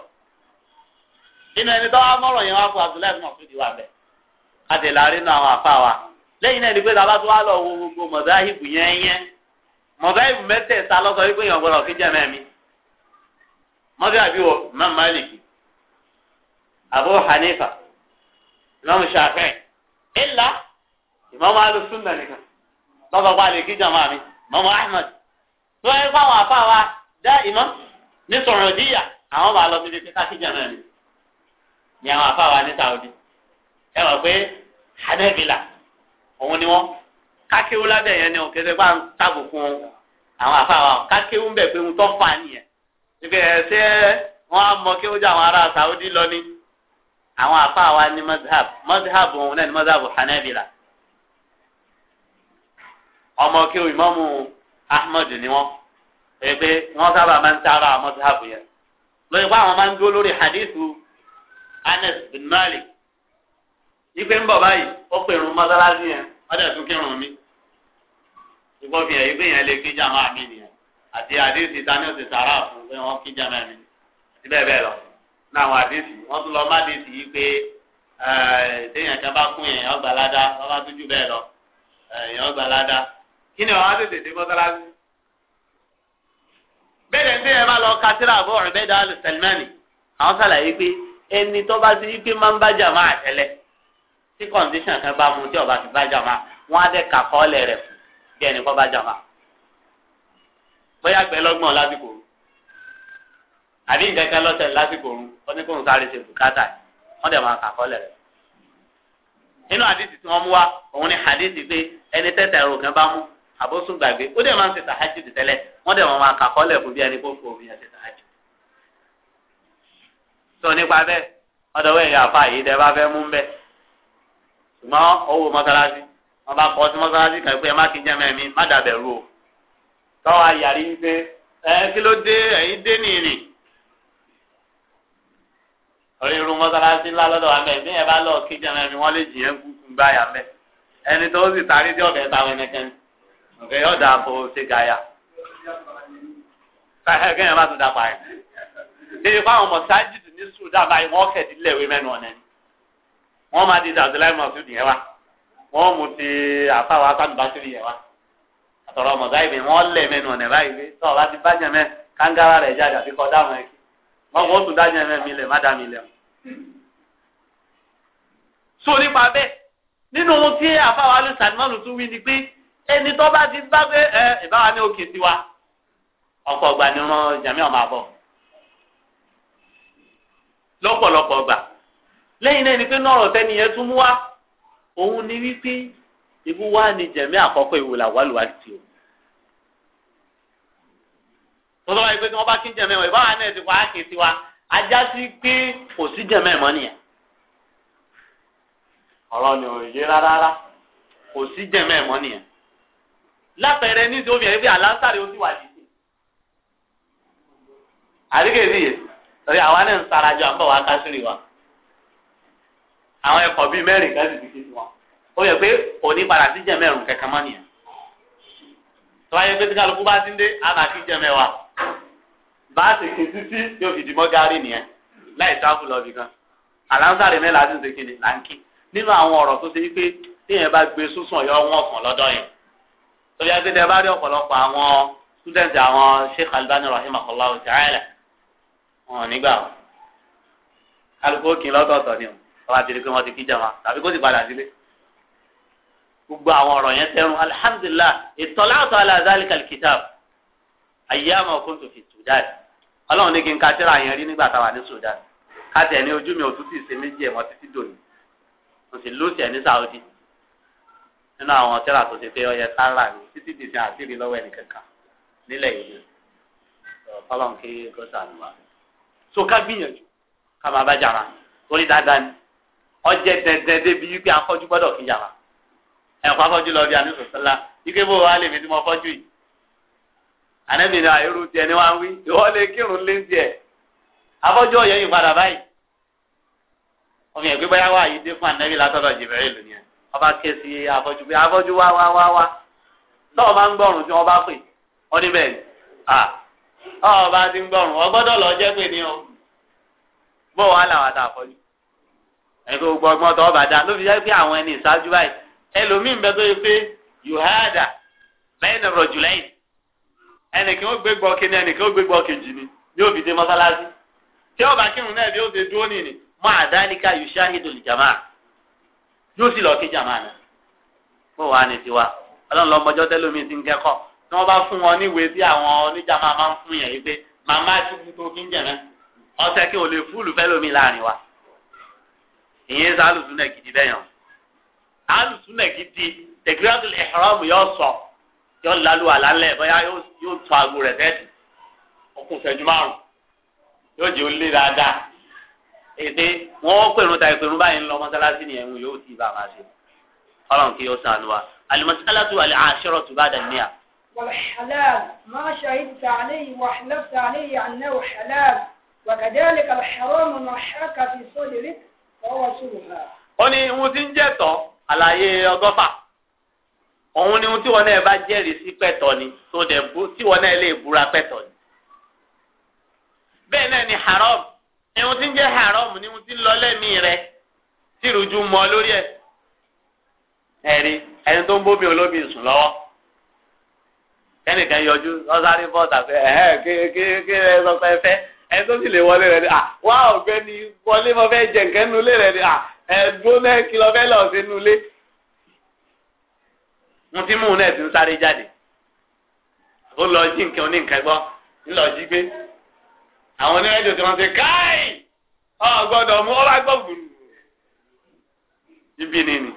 ẹni tó wá mọ̀rọ̀ yẹn wá fún abdullahi ibn mas'ud wà bẹ́ẹ̀ àti ìlàrí nínú àwọn àfa wa lẹ́yìn náà ni pé tàbá tó wá lọ wo gbogbo mọ̀dáhìbù yẹn yẹn mọ̀dáhìbù mẹ́tẹ̀ẹ̀ta lọ́sọ wípé èèyàn gbọ́dọ̀ fi jẹ́ mẹ́mi mọ́tò àbí wọ mẹ́màlìkì Abu Hanifa ìmáàmù Ṣáfi'í ìlà ìmáàmù alùsùnà nìkan lọ́sọ̀ pa lè kí jàmáà mi ìmáàmù Ahmad tó ẹ pa àwọn àfa wa dá ìmọ̀ ní sọ̀rọ̀ díyà àwọn bá lọ síbi kíkà kí jàmáà mi ni àwọn àfa wa ní Saudi ẹ wà pé Hanabila òun ni wọn kákéwú lábẹ́ yẹn ni òkè tẹ́ bá ń tàbùkù àwọn àfa wa kákéwú ń bẹ̀ pé ń tọ́ fà nìyẹn ṣùgbọ́n ẹ̀ ṣé wọ́n á mọ kéwú jà àwọn ará Saudi lọ ni àwọn afa wa ní mazhab mazhab òun náà ní mazhab hanabila ọmọ kí o ìmọ̀mù ahmed ni wọ́n ẹgbẹ́ wọ́n sábà máa ń sára mazhab yẹn lórí pé àwọn máa ń dúró lórí hadithu anas bin malik ipe ń bọ̀ báyìí ó pè irun mọ́sálásí yẹn wọ́n dẹ̀ tún kírun mi ṣùgbọ́n fi hàn ipe yẹn lè kíjà máa mi nìyẹn àti hadithu tani ó ti sára fún pé wọ́n kíjà máa mi àti bẹ́ẹ̀ bẹ́ẹ̀ lọ náwọn àdéhùn wọn tún lọ má dé sí i pé téèyàn kan bá kún èèyàn ọgbà ládá wọn bá tún jù bẹ́ẹ̀ lọ èèyàn ọgbà ládá kí ni wọn á tètè dé mọ́sálásí. bẹ́ẹ̀ ni téèyàn bá lọ ka síra àbọ̀ ọ̀rẹ́ bẹ́ẹ̀ dáhùn sẹlmẹ́nì àwọn sàlàyé pé ẹni tó bá ti pé máa ń bá jàmá àtẹlẹ tí kọ̀ǹdíṣàn kan bá mu tí ọba ti bá jàmá wọn á dẹ̀ kà kọ́ọ̀lẹ̀ rẹ̀ fún bí ẹni kọ́ bá jàmá. bóyá gbẹ́lọ́gbọ̀n lásìkò àbí nǹkan kan lọ́sẹ̀ lásìkò òru wọ́n ní sáré ṣe bùkátà wọ́n dẹ̀ máa kàkọ́lẹ̀ rẹ̀. nínú àdìsí tí wọ́n mú wa òun ni àdìsí pé ẹni tẹ́tẹ̀ ẹ̀rọ kan bá mú àbósùn gbàgbé ó dẹ̀ máa ń ṣe tàhájì tẹ́lẹ̀ wọ́n dẹ̀ máa kàkọ́lẹ̀ fún bí ẹni kó fò òun yẹn ṣe sọ nípa bẹ́ẹ̀ ọ̀dọ̀ wẹ̀ yà fà yìí irun mọ́sálásí ńlá lọ́dọ̀ wa mẹ́ bíyẹn bá lọ kí jẹun ẹni wọ́n lè jìyẹn kúkú gbáyà mẹ́ ẹni tó sì tarí tí ọ̀bẹ táwọn ẹnikẹ́ni nǹkan yóò dà fo ṣe gàyà kéèyàn má tún dà pààyàn. èyí fáwọn mọ̀sájì ní sùdà báyìí wọ́n kẹ̀dí lẹ̀wé mẹ́nu ọ̀nà ni wọ́n máa di dàdúláì mọ̀sùn yẹn wa wọ́n mú ti àfáwọn afánibásírì yẹn wa àtọ̀rọ̀ mọ̀sájì wọn kò tún dájú ẹ̀mẹ́ mi lẹ̀ má dá mi lẹ̀ so nípa bẹ́ẹ̀ nínú ohun tí àfáwà lè sàdúmọ́nù tún wí ni pé ẹni tó bá ti bá pé ẹ ìbáwa ní òkè tiwa ọ̀pọ̀ ọgbà ni wọn jàmí ọmọ àbọ̀ lọ́pọ̀lọpọ̀ ọgbà lẹ́yìn náà ni pé nọ́ọ̀rọ̀ tẹ́ni yẹn tún mú wá òun ni wípé ìbú wa ni jẹ̀mí àkọ́kọ́ ìwòlà ti o tọ́lá wáyé pé kí wọ́n bá kí jẹ̀mẹ́ wọn ìbáwá náà ti wá kì í tiwa ajá sí pé kò sí jẹ̀mẹ́ mọ́ nìyẹn. ọ̀rọ̀ ni ò yé rárá kò sí jẹ̀mẹ́ mọ́ nìyẹn. lápẹẹrẹ ní ìdóbi ẹ̀ bí àlásàrè ó ti wà dìde. àríkè nìyẹ rí àwa náà ń sarajọ àbọ̀ wá kásìrì wa. àwọn ẹ̀kọ́ bíi mẹ́rin kan ti kí tiwọn. ó yẹ pé òní padà sí jẹ̀mẹ́ rùn kẹ̀kẹ́ wa báàsì kì í títí yóò fi dìmọ́ gárì nìyẹn láì sáfù lọ bìkan àlàǹsàrè mẹ́la ti ń ṣe kíni là ń kí nínú àwọn ọ̀rọ̀ tó ṣe wípé téèyàn bá gbé súnsùn yọ wọn kàn lọ́dọ̀ yẹn tó yẹ pé tẹ bá rí ọ̀pọ̀lọpọ̀ àwọn students àwọn Sheikh Albani rahimahullahu ta'ala wọn nígbà wọn kálukú kì í lọ́tọ̀ọ̀tọ̀ ni o wọn ti rí pé wọn ti kí jàmá tàbí kó ti padà sílé gbogbo àwọn ọ̀rọ̀ yẹn tẹrun alhamdulillah ìtọ́lá àtọ́ ala zalikal kitab ayyama kuntu fi sudan ọlọ́run ní kí n ka tíra yẹn rí nígbà táwa ní Sudan káàtì ẹni ojú mi òtútù ìṣe méjì ẹ̀mọ́ títí dòní mo sì lóòsì ẹ̀ ní Saudi nínú àwọn tíra tó ṣe pé ọyẹ sára ní títí dìṣẹ́ àtìrí lọ́wọ́ ẹnìkankan nílẹ̀ yìí ọlọ́run kí kó sàánú wa. so ká gbìyànjú ká máa bá jàrá orí dáadáa ni ọjẹ dẹdẹ débi wípé afọ́jú gbọ́dọ̀ fi jàrá ẹ̀kọ́ afọ́jú lọ bí anúṣọ̀ṣọ́lá ike bó wa lè mi tí mo fọ́jú yìí ànábì ní àìrú ah, tiẹ̀ ni nri, wí lè kírun lé tiẹ̀ yìí padà báyìí ọmọ yìí dé fún ọba ké sí pé wá wá wá wá bá ń gbọ́rùn tí wọ́n bá pè ọ́ níbẹ̀ ni bá ọ gbọ́dọ̀ lọ jẹ́ pé ni o bó wàá làwọn àti àfọ́jú ẹ̀kọ́ gbogbo ọgbọ́n ọba dá ló fi jẹ́ pé àwọn ẹni báyìí tó yẹ pé yòhádà bẹ́ẹ̀ ẹnìkan ó gbégbá kínní ẹnìkan ó gbégbá kejì ni ní òbí dé mọ́sálásí tí ọba kírun náà bí ó ṣe dúró nìyí máa dáníkà yóò ṣáhídò lìjàmá yóò sì lọ́ọ́ kí jàmá náà bó wàá ní tiwa ọlọ́run lọ́mọjọ́ tẹ́lómi ti ń kẹ́kọ̀ọ́ tí wọ́n bá fún wọn níwèé tí àwọn oníjàmá máa ń fún yẹn yìí pé màmá dúdú tó kí ń jẹ̀mẹ́ ọ̀sẹ̀ kí n lè fúlù fẹ́lómi láàrin wa ìyẹn sá alùsùn náà gidi bẹ́yàn alùsùn náà gidi tẹ̀gírátùl ìhrámù yóò yọ lalu àlálẹ̀ bóyá yóò tún aago rẹ̀ fẹ́ẹ̀tì ọkùn ìṣẹ́jú márùn yóò jẹ́ olè dáadáa èdè wọn pèrún ta ìpèrún báyìí ń lọ ni ẹ̀hún yóò ti bá a máa ṣe ọlọ́run kí yóò sànù wa alimọ́sálásí wà lẹ́ àṣírọ̀ tó bá dàn níyà. والحلال ما شهدت عليه وحلفت عليه أنه حلال وكذلك الحرام ما في صدرك فهو سرها. ó ní ohun tí ń jẹ́ tọ́ àlàyé ọgọ́fà òun ni tí wọn náà bá jẹ́rìí sí pẹ̀tọ́ ni tó dẹ̀ bú tí wọn náà lè búra pẹ̀tọ́ ni. bẹ́ẹ̀ náà ni haram ihun tí ń jẹ́ haram ni ihun tí ń lọ lẹ́mìí rẹ tí ìrújú mọ́ lórí ẹ̀ ẹ̀rí ẹni tó ń bómi olómi sùn lọ́wọ́ kẹ́nìkan yọjú lọ́sàrí bọ́ọ̀tà fẹ́ ẹ̀hẹ́ kéèké ẹ sọ pé fẹ́ ẹni tó sì lè wọlé rẹ ni à wá ọ̀gbẹ́ni wọlé mo fẹ́ jẹ nǹkan rẹ ni à ẹ̀dúró lọ fẹ́ lọ́ọ̀ sí nulẹ̀ wọn ti mú un náà ti ń sáré jáde ó lọ jí nǹkan oníǹkan gbọ́ ńlọ jí gbé àwọn onírẹ́jọ tí wọ́n ti káì ọ gbọ́dọ̀ mú ọba gbọ́ gbùrù ibi ni ni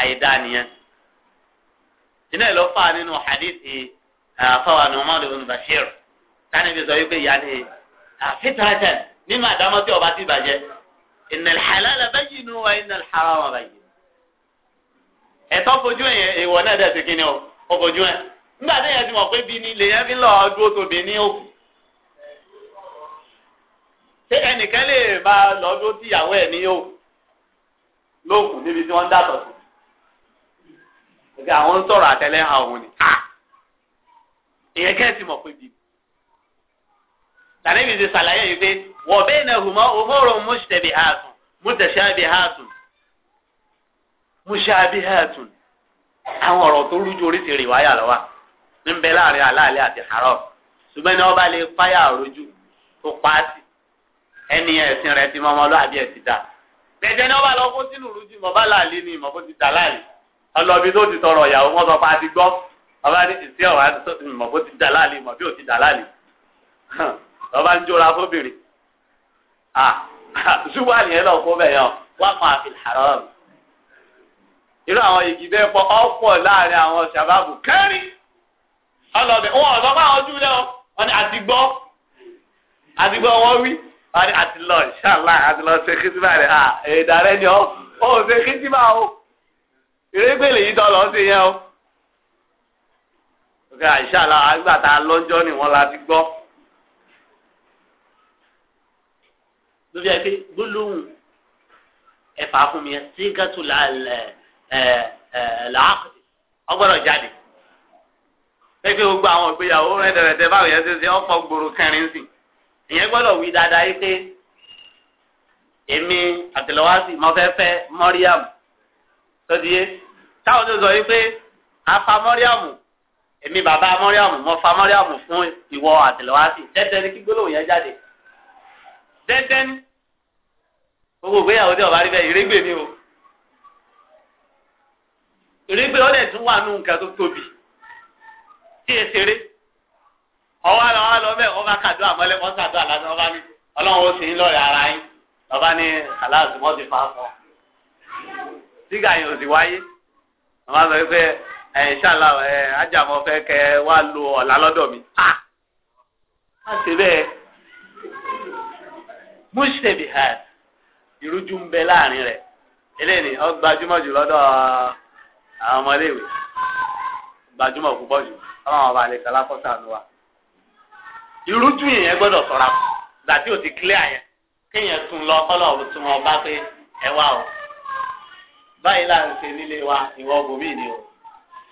àìdá nìyẹn iná ìlọ fà nínú hadithi eh, àfọwà Nu'man ibn Bashir tánibí sọ wípé ìyá ni ah, nínú àdámọ́ tí ọba ti bàjẹ́ innal halala bayyinun wa innal harama bayyin. ẹ̀tọ́ fojú ẹ̀yẹn èèwọ̀ náà dẹ̀ sí o ẹ̀ nígbà tí ti mọ̀ pé bí ni lèyẹn fi lọ́ọ́ dúró tóbi ní òkú ṣé ẹnìkan lè máa lọ dúró tí ìyàwó ẹ̀ ní òkú lóòkù níbi tí wọ́n ń dàtọ̀ sí ẹ̀ka àwọn ń sọ̀rọ̀ àtẹlẹ́ hàn òun ni èèyàn kẹ́ ti mọ̀ pé bí tàbí ti ṣàlàyé yìí pé wọ̀ bẹ́ẹ̀ mushabihatun àwọn ọ̀rọ̀ tó rújú oríṣiríṣi wáyà lọ́wọ́ ń bẹ láàrin aláàlẹ́ àti haram ṣùgbọ́n ní ọba lè páyà rojú tó paasi ẹni ẹ̀sìn rẹ ti mọ́mọ́ lọ́àbí ẹ̀ ti dà gbẹ̀jẹ̀ ní ọba lọ kó sínú rújú mọ̀bá làálí ni mọ̀bó ti dà láàlì ọlọ́bi tó ti tọrọ ìyàwó mọ́tò pa ti gbọ́ ọba ní ìsí ọ̀rọ̀ mọ̀bó ti dà láàlì mọ̀bí ò ti dà láàlì [LAUGHS] ọba ń [LAUGHS] irú àwọn igi bẹ́ẹ̀ pọ̀ ọ̀pọ̀ láàrin àwọn ṣàbábù kẹ́rin ọlọ́bẹ̀ wọn ọ̀sán fún àwọn júlẹ̀ o wọn ni àtìgbọ́ àtìgbọ́ wọn wí wọn ni àtìlọ ṣàlá àtìlọ ṣe kìtìmá rẹ̀ à èdè rẹ̀ ni ọ́ ò ṣe kìtìmá o ìrégbèlè yìí tọ́ lọ sí yẹn o. òkè àìṣàlá àgbà lọ́jọ́ ni wọ́n la ti gbọ́. lóbi ẹ pé gbólóhùn ẹ̀fà fún mi ẹ̀ sí gàtúlà lẹ́ẹ̀ ẹ ẹ làákùn ọgbọ́dọ̀ jáde pépé gbogbo àwọn ìgbéyàwó rẹ̀dẹ̀rẹ̀dẹ̀ báwo yẹn ṣe ṣe ọ̀pọ̀ gbòòrò kẹrin sí ìyẹn gbọ́dọ̀ wí dáadáa yìí pé èmi àtẹlẹwàsì mo fẹ́ fẹ́ mọ́ríàmù tọ́díyé táwọn tó sọ yìí pé a fa mọ́ríàmù èmi bàbá mọ́ríàmù mo fa mọ́ríàmù fún ìwọ àtẹlẹwàsì dẹ́dẹ́ ni kí gbólóhùn yẹn jáde dẹ́dẹ́ ni gbogbo ìgbéyàwó tí ọba rí bẹ́ẹ̀ ìrégbè mi o rígbé ó tún wà nù nǹkan tó tóbi tí e ṣeré ọwọ́ àlọ́ wà bẹ́ẹ̀ ọba kàdó àmọ́lẹ́ wọ́n sàdó àlásán ọba ní ọlọ́run ó sì ń lọ́ọ̀rẹ́ ara yín ọba ní aláàzù mọ́ ti fọ́ sígà yìí ò sì wáyé ọba sọ pé ẹ ṣàlà ẹ ajámọ́ fẹ́ kẹ wá lo ọ̀la lọ́dọ̀ mi a má ṣe bẹ́ẹ̀ múṣẹ́bì ìrújú ń bẹ láàrin rẹ̀ eléyìí ó gbajúmọ̀ lọ́dọ̀ ọ́ àwọn ọmọléèwé gbajúmọ̀ púpọ̀ jù ọlọ́run ọba àlekà lákọ́sà ló wa. ìrújú yẹn gbọ́dọ̀ sọ̀ra gbà tí ò ti clear yẹn kéèyàn tún lọ kọ́lọ̀ tún wọn bá pé ẹ wá o báyìí là ń ṣe nílé wa ìwọ bòmí ni o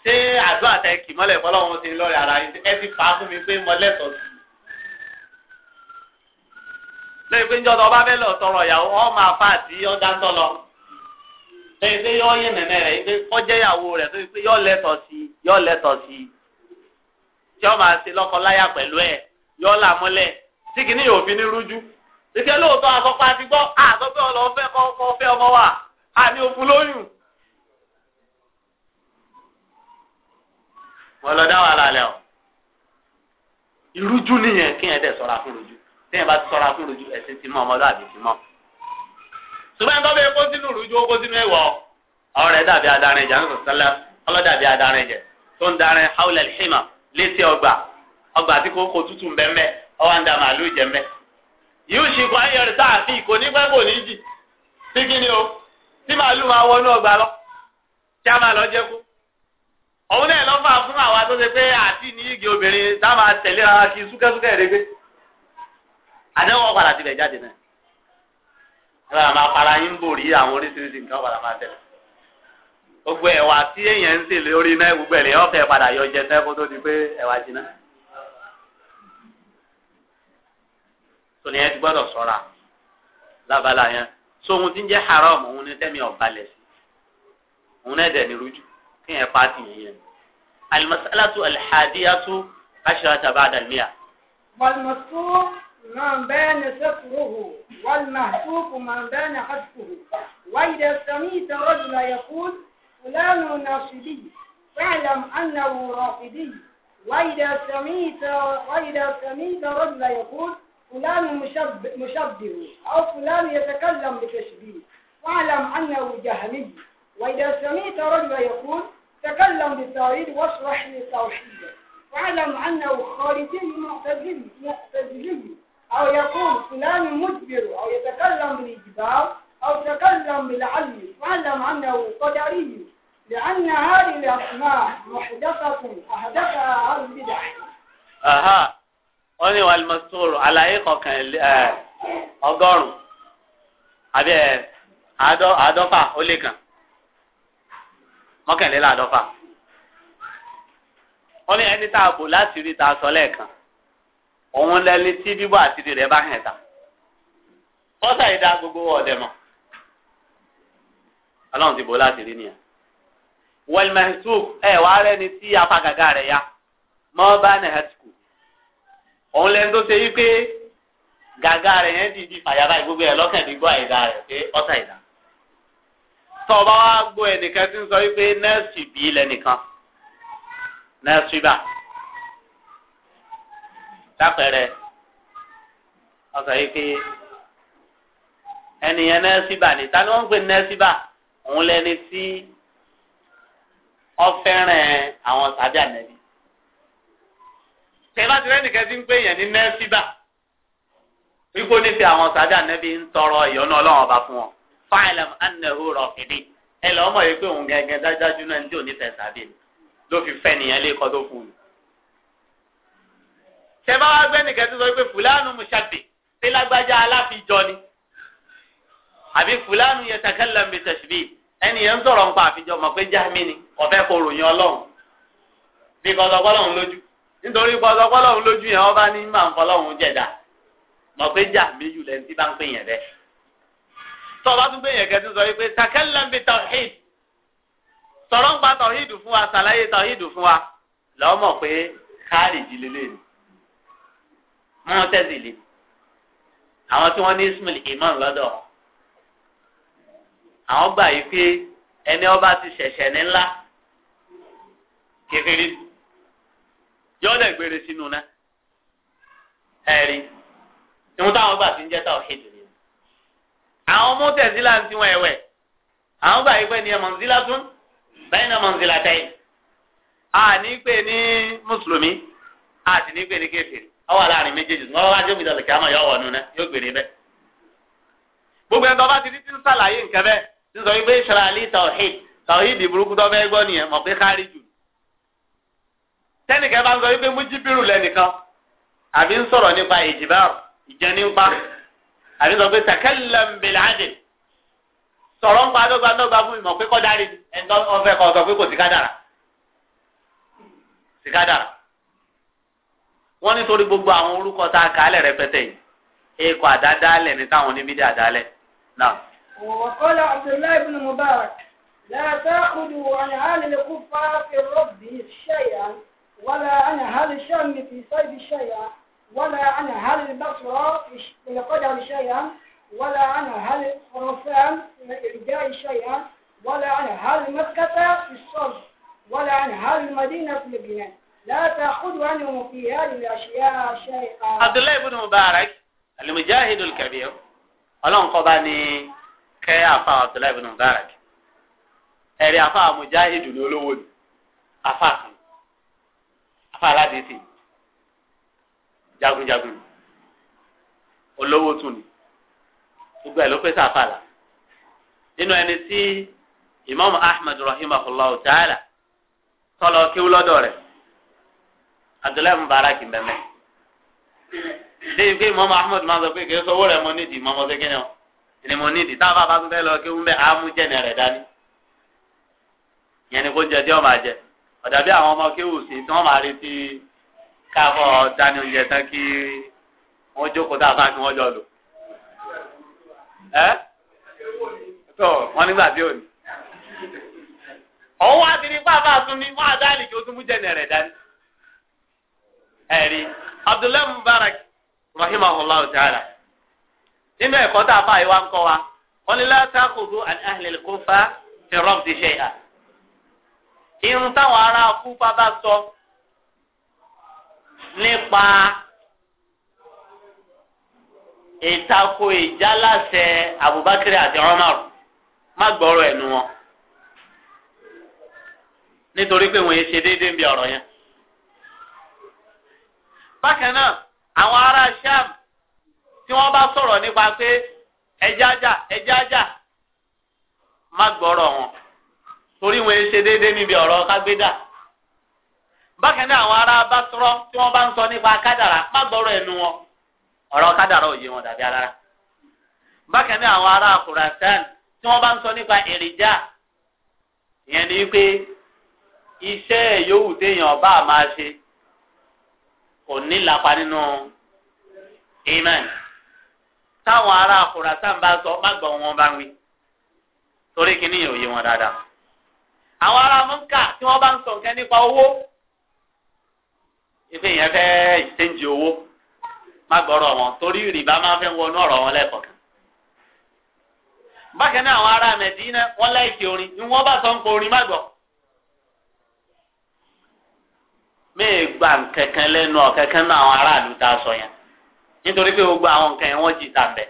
ṣé àdó àtẹ kì mọ́lẹ̀ fọlọ́run ti lọ́ọ̀rẹ́ ara yín ẹ ti fà á fún mi pé mo lẹ́tọ̀ọ́ sí i. lẹ́yìn pé ń jọ́ tó ọba fẹ́ lọ tọrọ ìyàwó ọ máa fà á sí ọ̀dà tó yẹ pé yọ yé nẹ̀nẹ̀ rẹ̀ pé kọjẹ́yàwó rẹ̀ tó yẹ pé yọ lẹ́tọ̀ sí yọ lẹ́tọ̀ sí tí ọ máa ṣe lọ́kọ-láyà pẹ̀lú ẹ̀ yọ làmúlẹ̀ tí kìíní yóò fi ní rújú ìfẹ́ lóòótọ́ àkọ́kọ́ àti gbọ́ àtọ́fẹ́ ọlọ́fẹ́ kọ́ fẹ́ ọmọ wa àní òfin lóyún. wọ́n lọ dá wàhálà lẹ́ o ìrújú nìyẹn kí ẹ̀ dẹ̀ sọ́ra fún rújú tẹ́yìn bá ti sọ́ra fún rújú ẹ̀sìn ti mọ́ ọmọdé àbí ti mọ́. ṣùgbọ́n tó bẹ́ẹ̀ kó sínú rújú ó kó sínú ẹ̀wọ̀ ọ̀rẹ́ dàbí adarin ní ọlọ́dàbí adarin tó ń darin haúlẹ̀ hímà létí ọgbà ọgbà tí tútù ọwọ́ ń da rẹ̀ kò ní pẹ́ kò ní jì sí kí ni o tí máa wọnú ọgbà lọ a máa lọ jẹ kú. òun náà fún àwa tó ṣe pé àti ní igi obìnrin ara kí súkẹ́súkẹ́ gbé. àdéhùn ẹ̀rọ àmà para yín bò rí àwọn oríṣiríṣi nǹkan padà máa tẹ̀lé gbogbo ẹ̀wà tí èèyàn ń sè lórí náà gbogbo ẹ̀lẹ́yìn ọ̀fẹ́ padà yọ jẹ sẹ́kó tó di pé ẹ̀wà jiná tòní ẹ ti gbọ́dọ̀ sọ́ra lábala yẹn so ohun tí ń jẹ́ haram òun ni tẹ́mi ọ̀balẹ̀ sí òun náà dẹ̀ ní rújú kí yẹn pàtì yẹn alimasalatu alihadiyatu ashirata ba'da almiya. wàlùmọ̀tò náà bẹ́ẹ̀ ni sẹ́kùrù hù. والمحسوب ما بان خطفه وإذا سميت رجلا يقول فلان ناصبي فاعلم أنه رافدي وإذا سميت وإذا سميت رجلا يقول فلان مشبه, أو فلان يتكلم بتشبيه فاعلم أنه جهمي وإذا سميت رجلا يقول تكلم بالتوحيد واشرح للتوحيد فاعلم أنه خارجي معتزلي معتزلي أو يقول فلان مجبر أو يتكلم بالإجبار أو تكلم بالعلم فاعلم أنه قدري لأن هذه الأسماء محدثة أحدثها أهل البدع. أها wọ́n ní wàlmọ́sọ́rọ̀ àlàyé kọ̀ọ̀kan ọgọ́rùn-ún àbí àádọ́fà ó lé kan mọ́kànléláàádọ́fà wọ́n ní ẹni tá a bò láti rí ta sọ lẹ́ẹ̀kan òun lẹni tí bíbọ̀ àti rẹ̀ bá hẹ̀ ta fọ́sà yìí dá gbogbo ọ̀dẹ̀ mọ̀ ọlọ́run ti bò láti rí nìyẹn wẹ́lmẹ̀túù ẹ̀ wá rẹ́ni tí apagàgà rẹ̀ ya mọ́ bá nẹ̀hẹ́tìkù òun lẹni tó ṣe yí pé gàgà rẹ̀ yẹn ti di fàyàbá ìgbógbó ẹ̀ lọ́kàn ní gbọ́ àìdá rẹ̀ pé ọ̀sà ìdá tọ́ ọba wa gbọ́ ẹnìkan tí ń sọ wípé nẹ́ẹ̀sì bí lẹ́nìkan nẹ́ẹ̀sì bá lápẹẹrẹ ọsọ yìí pé ẹnìyẹn nẹẹsìbà ni tani wọn ń pè nẹẹsìbà òun lẹni tí ọfẹràn àwọn sàbí ànẹbí tẹlá ti lẹnìkan ti ń pè yẹn ní nẹẹsìbà wípé ní ti àwọn sàbí ànẹbí ń tọrọ ìyọnu Ọlọ́run ọba fún wọn fáìlẹm anahu rọfìdí ẹ lọ mọ yìí pé òun gẹ́gẹ́ dájájú náà ń tí ò ní fẹ́ sàbí ló fi fẹ́ nìyẹn lẹkọọ tó fún un tẹ́bá wá gbẹ́ nìkan tó sọ pé fúlànù mùsàbì tí lágbájá aláfijọ́ ni àbí fúlànù yatakallam bi tashbih ẹni yẹn ń sọ̀rọ̀ nípa àfijọ́ mọ̀ pé jáàmì ni ọ̀fẹ́ kò ròyìn ọlọ́run bí kọ́sọ́kọ́lọ́run lójú nítorí kọ́sọ́kọ́lọ́run lójú yẹn ọba ní màá fọlọ́run jẹ̀dá mọ̀ pé jáàmì jù lẹ́ni tí bá ń pè yẹn bẹ́ẹ̀ tọ́ba tún pè yẹn kẹ́tù sọ pé takallam bi tawhid sọ̀rọ̀ nípa tawhid fún wa sàlàyé tawhid fún wa lọ́mọ̀ pé kárìjì lélẹ́yìn mọ́tẹ́sílì àwọn tí wọ́n ní ismail imam lọ́dọ̀ àwọn gbà yìí pé ẹni ọba ti ṣẹ̀ṣẹ̀ ní ńlá kékeré yọ́dẹ̀ gbére sínú náà ẹ̀rí ìwọ́n táwọn gbà ti ń jẹ́ táwọn kéde rẹ̀ àwọn mọ́tẹ́sílà ń tiwọn ẹ̀wẹ̀ àwọn gbà yìí pé ni ẹ̀mọ̀nsílà tún bẹ́ẹ̀ ni ẹ̀mọ̀nsílà tẹ́yìn àní pé ní mùsùlùmí àti ní pé ní kéfèrè ọwọ́ aláàrin méjèèjì ní wọ́n wá jẹ́ òmìnira kí a máa yọ ọ̀wọ́ nu náà yóò gbèrè bẹ́ẹ̀. gbogbo ẹni tó bá ti di ti ń sàlàyé nǹkan bẹ́ẹ̀ ti sọ wípé israeli tawhid tawhid burúkú tó fẹ́ gbọ́ nìyẹn mọ̀ pé kárí jù. tẹ́nìkan bá ń sọ wípé mújíbírù lẹ́nìkan àbí ń sọ̀rọ̀ nípa ìjìbáàrù ìjẹnipa àbí sọ pé takallam bil adl sọ̀rọ̀ ń pa dọ́gba dọ́gba fún mi mọ̀ pé kọ́ dárí ẹni tó fẹ́ kọ́ sọ pé kò sí kádàrà sí wọ́n nítorí gbogbo àwọn orúkọ tá a kálẹ̀ rẹpẹtẹ yìí èèkọ̀ àdádálẹ̀ ní táwọn oníbídé àdálẹ̀ náà. وقال عبد الله بن مبارك لا تأخذوا عن أهل الكفار في الرب شيئا ولا عن أهل الشام في صيد شيئا ولا عن أهل البصرة في القدر شيئا ولا عن أهل خراسان في الإرجاع شيئا ولا عن أهل مكة في الصرف ولا عن أهل المدينة في البناء abdullahi ibn mubarak alimujahidu kabir ọlọ́run kọ́ bá ní kẹ́ afa abdullahi ibn mubarak ẹ̀rí afa mujahidu ní olówó ni afa kan afa aládìsí jagunjagun olówó tún ni gbogbo ẹ̀ ló pèsè afa la nínú ẹni tí imam ahmed rahimahullah ta'ala tọ́lọ kéwú lọ́dọ̀ rẹ̀. Abdullahi Mubarak mbẹ́mẹ́. Déyìí pé Imam Ahmed máa sọ pé kì í sọ owó rẹ̀ mo nídìí mọ́ mo ṣe kí ni o. Ni mo nídìí táwọn bàbá tó fẹ́ lọ kí wọ́n bẹ́ àmú jẹ̀nẹ̀ rẹ̀ dání. Ìyẹn ni kó jẹ tí wọ́n máa jẹ. Ọ̀dà bí àwọn ọmọ kéwù sí tí wọ́n máa retí káfọ́ dání oúnjẹ tán kí wọ́n jókòó tá a fáwọn tí wọ́n jọ lò. Ẹ́ tó wọ́n nígbà tí ò ní. Ọ̀hún wá ti ní pàápàá tún ní wọ́n á dá ìlìkì tún mú jẹ̀nẹ̀ rẹ̀ dání. ẹ̀rí abdullahi mubarak rahimahullah ta'ala nínú ẹ̀kọ́ tá a fa wa wọ́n taa látàkùrú àti ahlil kúfà ti rọ́ọ̀bù ti ṣe à. irun táwọn ará kúfà bá sọ nípa ìtako ìjálàsẹ abubakar àti umar má gbọ́rọ̀ ẹnu wọn nítorí pé bákan náà àwọn ará sham tí wọ́n bá sọ̀rọ̀ nípa pé ẹjájà ẹjájà má gbọ́rọ̀ wọn torí wọn ṣe déédéé níbi ọ̀rọ̀ kágbédà bákan náà àwọn ará Basra tí wọ́n bá ń sọ nípa kádàrà má gbọ́rọ̀ ẹnu wọn ọ̀rọ̀ kádàrà òye wọn dàbí alára bákan náà àwọn ará Khurasan tí wọ́n bá ń sọ nípa èrìjà ìyẹn ni pé iṣẹ́ yòówù téèyàn bá máa ṣe kò ní làpá nínú iman táwọn ará Khurasan bá sọ má gbọ́ wọn bá ń wí torí kíní yóò yé wọn dáadáa àwọn ará mọ́ńkà tí wọ́n bá ń sọ nǹkan nípa owó ife yẹn fẹ́ ìṣèǹjì owó má gbọ́rọ̀ wọn torí rìbá máa fẹ́ wọnú ọ̀rọ̀ wọn lẹ́kọ̀ọ́ bákan náà àwọn ará Mẹdínà wọ́n láìkí orin ni wọ́n bá sọ ń pa orin má gbọ́. mẹ́ẹ̀ gba nkankan lẹ́nu ọ̀kankan náà àwọn aráàlú tá a sọ yẹn nítorí pé gbogbo àwọn nǹkan yẹn wọ́n jì tà bẹ́ẹ̀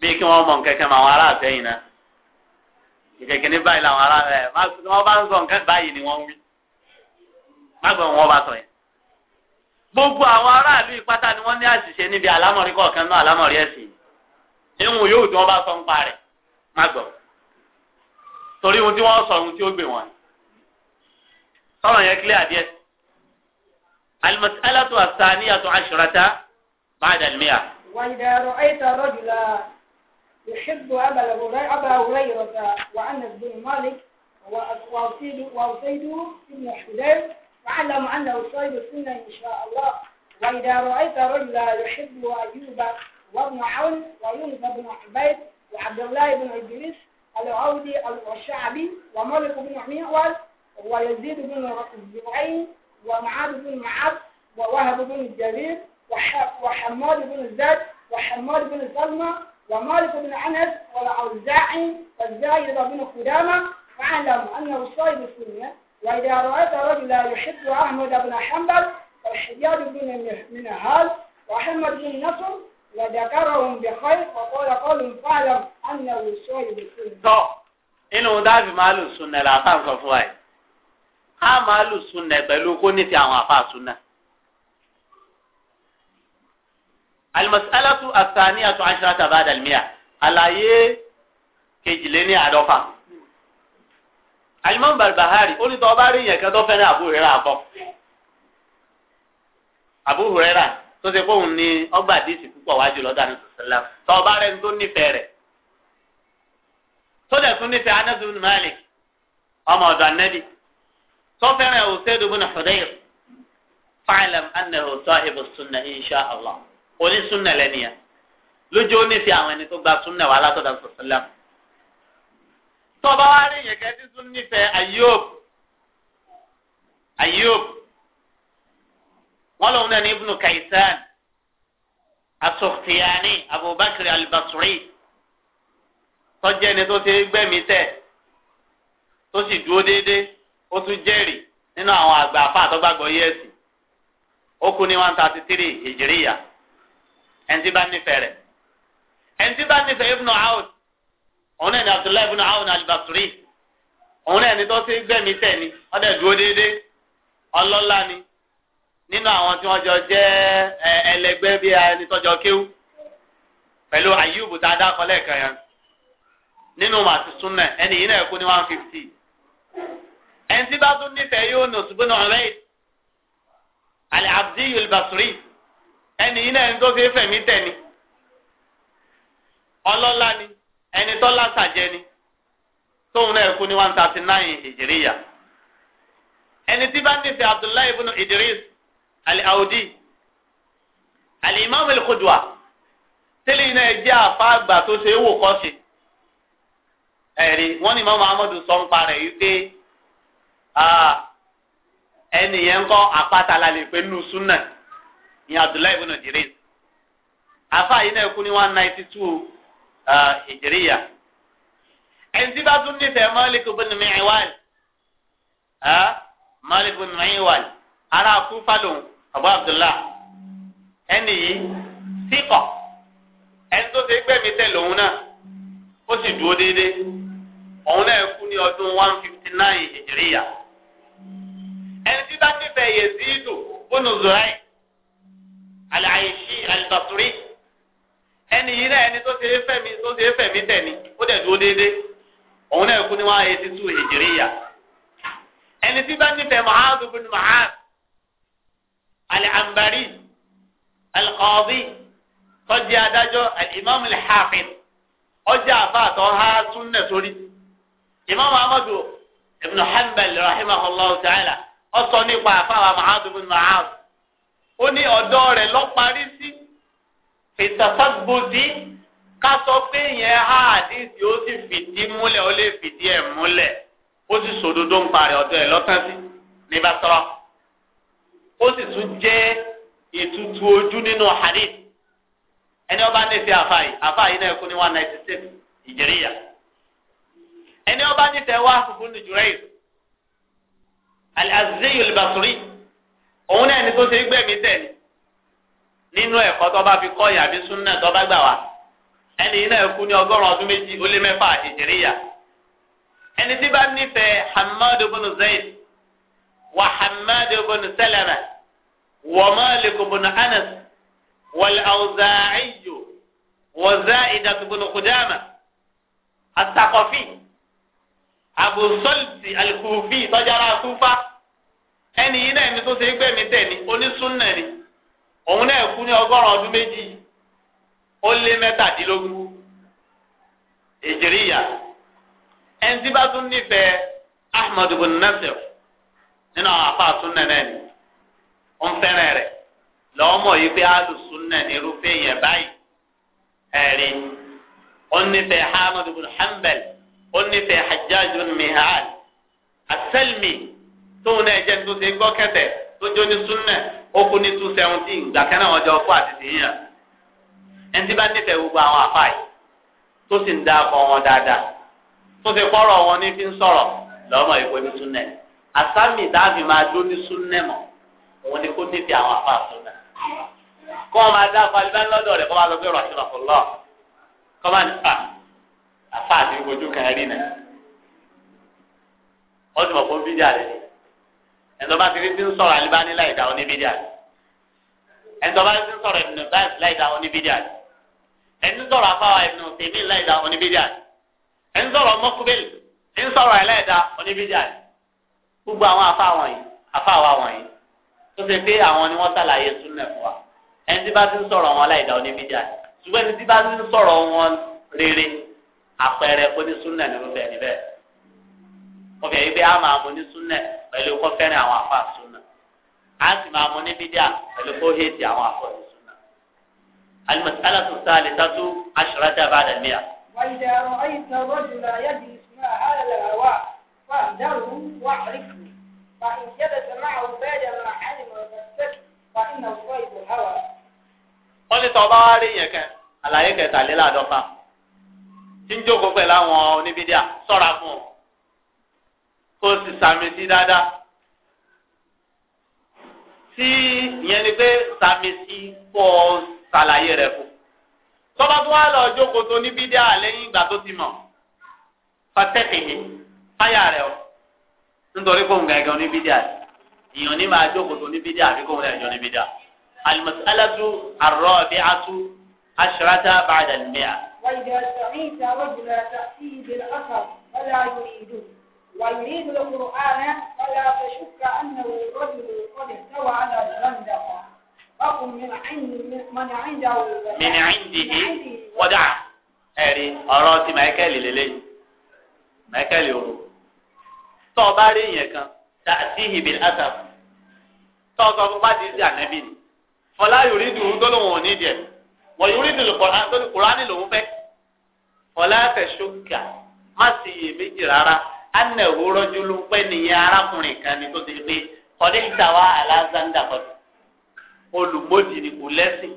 bí kí wọ́n mọ nkankan mọ àwọn aráàtẹ́yìn náà ìkẹ̀kẹ́ ní báyìí làwọn aráàlú ẹ̀ wọ́n bá ń sọ nǹkan báyìí ni wọ́n wí má gbọ́ wọn bá sọ yẹn gbogbo àwọn aráàlú ìpátá ni wọ́n ní àṣìṣe níbi àlámọ̀rí kọ̀ọ̀kan náà àlámọ̀rí ẹ̀sìn ìhun yóò tí wọ́n sọ ń pa má gbọ́ torí ohun tí wọ́n sọ ohun tí ó gbé wọn طبعا يا kílẹ̀ àdìẹ. المسألة الثانية عشرة بعد المئة وإذا رأيت رجلا يحب أبا هريرة وأنس بن مالك وأوصيده ابن حذير فاعلم أنه صيد السنة إن شاء الله وإذا رأيت رجلا يحب أيوب وابن عون ويونس بن عبيد وعبد الله بن إدريس العودي الشعبي ومالك بن عميوال ويزيد بن زرعين ومعاد بن معاذ ووهب بن الجرير وحماد بن زيد وحماد بن سلمى ومالك بن انس والاوزاعي والزايد بن قدامه فاعلم انه صاحب السنه واذا رايت رجلا يحب احمد بن حنبل والحجاج بن منهال واحمد بن نصر وذكرهم بخير وقال قول فاعلم انه صاحب السنه. انه ده مال السنه لا تعرف فوائد. a máa lù sunna pẹ̀lú kó ní ti àwọn afa sunna. alimasalatu asaniyatu asharata ba'da almiya àlàyé kejìléní àádọ́fà. alimami barbahari ó ní tó ọba rí yẹn kẹtọ́ fẹ́rẹ́ Abu Hurairah àbọ̀. Abu Hurairah tó ṣe fóun ní ọgbà díìsì púpọ̀ wájú lọ́dọ̀ àná sọ̀sẹ̀lá tó ọba rẹ̀ tó nífẹ̀ẹ́ rẹ̀ tó dẹ̀ tún nífẹ̀ẹ́ Anas Malik ọmọ ọ̀dọ̀ Ànábì sọfẹ́rẹ́ òsèdè bùnà Hudayr fa'lam annahu sahibu sunna insha allah oní sunna lẹ́nìyà lójú ó nífẹ̀ẹ́ àwọn ẹni tó gba sunna wà látọ̀dà sọ̀sọ́lá. tọ́ba wa rí yẹn kẹ́tí tún nífẹ̀ẹ́ Ayyub Ayyub wọ́n lòun náà ní ibnu Kaysan asukhtiyani Abubakar al-Basri tọ́jú ẹni tó ti gbẹ̀mí tẹ̀ tó sì dúró déédéé. ó tún jẹ́rìí nínú àwọn àgbà àfa àtọ́gbàgbọ́ ó kú ní one thirty three ìjìríyà ẹni tí bá nífẹ̀ẹ́ rẹ̀ ẹni tí bá nífẹ̀ẹ́ ni abdullahi ibùnà áwùd alibasuri òun náà ni tó gbẹ̀mí tẹ̀ ni ọ̀dẹ̀ dúró déédéé ọlọ́lá ni nínú àwọn tí wọ́n jọ jẹ́ ẹlẹgbẹ́ bí ẹni ayubu tá a dá kọ́lẹ̀ kan yẹn nínú màtí súnmẹ̀ ẹni yìí ẹnití bá tún nífẹ̀ẹ́ Yunus bin Ubayd al-Abdi al-Basri ẹni yìí náà ẹni tó fi fẹ̀mí tẹ̀ ni ọlọ́lá ni ẹni tó lásàjẹ ni tóun náà kú ní one thirty nine hijiriya ẹni tí bá nífẹ̀ẹ́ Abdullahi bin Idris al-Audi al-Imam al-Qudwa tẹ́lẹ̀ iná ẹjẹ́ àfa àgbà tó ṣe é wò kọ́ sí ẹ̀rí wọ́n ní Imam Ahmadu sọ ń parẹ́ yìí pé. ẹnìyẹn kọ́ apáta la lè pé nù súnà ní Abdullahi ibn Jirin afa yìí náà kú ní one ninety two ìjìríyà ẹni bá tún nífẹ̀ẹ́ Malik ara kú falùn Abu Abdullah ẹni yìí síkọ̀ ẹni tó ti gbẹ̀mí tẹ̀ lòun náà ó sì dúró déédéé òun náà kú ní ẹni tí bá nífẹ̀ẹ́ Yezidu bónú zorai alayeshi alibasuri ẹni yìí náà ẹni tó ṣe é fẹ̀mí tó ṣe é fẹ̀mí tẹ̀mí ó dẹ̀ dúró déédéé òun náà kú ní wọn ayé títú hijiriya ẹni tí bá nífẹ̀ẹ́ mahadu bin mahad alambari alqadi tọ́jú adájọ́ alimami alhafid ọjà àfàtọ́ ha súnnà sórí imam ahmadu ibn hanbal rahimahullah ta'ala ọsọ nípa àfàwà mahadu bin mahad ó ní ọ̀dọ̀ rẹ̀ lọ parí sí fìtàfàgbòdì ká sọ pé yẹn àdìsí ó sì fìdí múlẹ̀ ó lè fìdí ẹ̀ múlẹ̀ ó sì sòdodo ń parí ọ̀dọ̀ ẹ̀ lọ́tàn sí ní Basra ó sì tún jẹ́ ètùtù ojú nínú hadith ẹni ọba nífẹ̀ẹ́ àfàyè àfàyè náà kú ní one ninety six ìjẹ̀ríyà ẹni ọba nífẹ̀ẹ́ wá fúnfún ní jùlọ yìí. Al-Azzi al-Basri òun náà ni tó ṣe gbẹ̀mí tẹ̀lé nínú ẹ̀kọ́ tó bá fi kọ́ ìyàbí súnà tó bá gbà wá ẹni iná ẹ̀kú ní ọgọ́rùn ọdún méjì ó lé mẹ́fà ìjìríyà ẹni tí bá nífẹ̀ẹ́ Hammad ibn Zayd wa Hammad ibn Salama wa Malik ibn Anas wal Awza'i wa Za'idah ibn Qudama as Abu Salti al-Kufi tọ́jára kúfá ẹni yìí náà ẹni tó ṣe gbẹ̀mí tẹ̀lé onísúnnà ni òun náà kú ní ọgọ́rùn ọdún méjì ó lé mẹ́tàdínlógún ìjìríyà ẹni tí bá tún nífẹ̀ẹ́ Ahmad bin Nasir nínú àwọn afa súnnà náà ni ó ń fẹ́ràn rẹ̀ yìí pé ni irúfẹ́ Ahmad bin ó nífẹ̀ẹ́ Hajjaj bin Mihal As-Salmi tóun náà jẹ́ tó ṣe gbọ́ kẹsẹ̀ tó jó ní súnà ó kú ní two seventeen ìgbà kẹ́nà ọjọ́ kó àtìtì yàn ẹni tí bá nífẹ̀ẹ́ gbogbo àwọn àfáì tó sì ń dá ọkọ wọn dáadáa tó ṣe kọ́rọ̀ wọn ní fi ń sọ̀rọ̀ lọ́mọ ìwé ní súnà àsámì dáàbì máa dó ní súnà mọ́ òun ni kó nífẹ̀ẹ́ àwọn àfáà súnà kọ́ máa dá àfáà lọ́dọ̀ rẹ̀ kọ́ máa lọ sí ọ̀rọ̀ àti afa àti ojú kan rí nà wọ́n ti mọ̀ fún bídíà rẹ̀ ẹ̀ńtọ́ bá ti rí ti ń sọ̀rọ̀ alibani láìda òní bídíà rẹ̀ ẹ̀ńtọ́ bá ti ń sọ̀rọ̀ ìbùnú báyìí láìda òní bídíà rẹ̀ ẹ̀ńtí sọ̀rọ̀ afáwa ìbùnú tèmí láìda òní bídíà rẹ̀ ẹ̀ńtí sọ̀rọ̀ mọ́kúbẹ́lì ẹ̀ńtí sọ̀rọ̀ ẹ̀láìda òní bídíà rẹ̀ gbogbo àwọn afáwa wọ̀nyí afáwa wọ̀nyí tó ṣe pé àwọn ni wọ́n sàlàyé súnmẹ̀ fún wa ẹ̀ńtí ti ń sọ̀rọ̀ wọn láìda òní bídíà rẹ̀ ṣùgbọ́n ẹ̀ńtí ti ń sọ̀rọ̀ wọn rere àpẹẹrẹ kó ní súnà ní rúbẹ níbẹ̀ wọn fi ẹyí pé a máa mú ní súnà pẹ̀lú kó fẹ́ràn àwọn afọ àsúnà a sì máa mú ní bídíà pẹ̀lú kó hétì àwọn afọ àsúnà. alimọ̀sálà tó sá lè sá tó tí a bá dà níyà. wàyídà àwọn ayé tí wọn rọjò náà yàgì ìsúná àhàlẹ̀ àwa wà dàrú wà àríkù wà ìjẹ́lẹ̀ sẹ́mà àwùbẹ́ẹ̀dẹ̀ mà àlìmọ̀ ọ̀sẹ̀ wà ìnà ọ̀sọ̀ ìbò tí ń jókòó pẹ̀lú àwọn oníbídíà sọ́ra fún ọ kó o sì sàmì sí dáadáa tí ìyẹn ni pé sàmì sí kó o ṣàlàyé rẹ̀ fún tọ́ba tó wá lọ jókòó tó oníbídíà lẹ́yìn ìgbà tó ti mọ̀ fatẹ́kìhì fáyà rẹ̀ o nítorí kóhùn gàgàn oníbídíà ìyàn máa jókòó tó oníbídíà àbí kóhùn gàgàn oníbídíà al-mas'alatu ar-rabi'atu. عشرة بعد المئة وإذا سمعت رجل تأتيه بالأثر فلا يريده ويريد القرآن فلا تشك أنه الرجل قد استوى على الزندقة فقم من عند من عنده من عنده ودع أري ọ̀rọ̀ ti Michael lélẹ́yìn Michael òru tó o bá rí yẹn kan tààtìhì bíi asàf tó o sọ fún bá ti wọ́n yóò rí ìdílé kọ́ra tó ní kùránì lòún fẹ́ ọ̀la tẹ̀sọ́kà má sì yè méjì rárá ana ìwúrọ́ júlù pé nìyẹn arákùnrin kan ni tó ti pé ọdẹ ìtawá alázandà kọ́tù olùgbòdì ni kò lẹ́sìn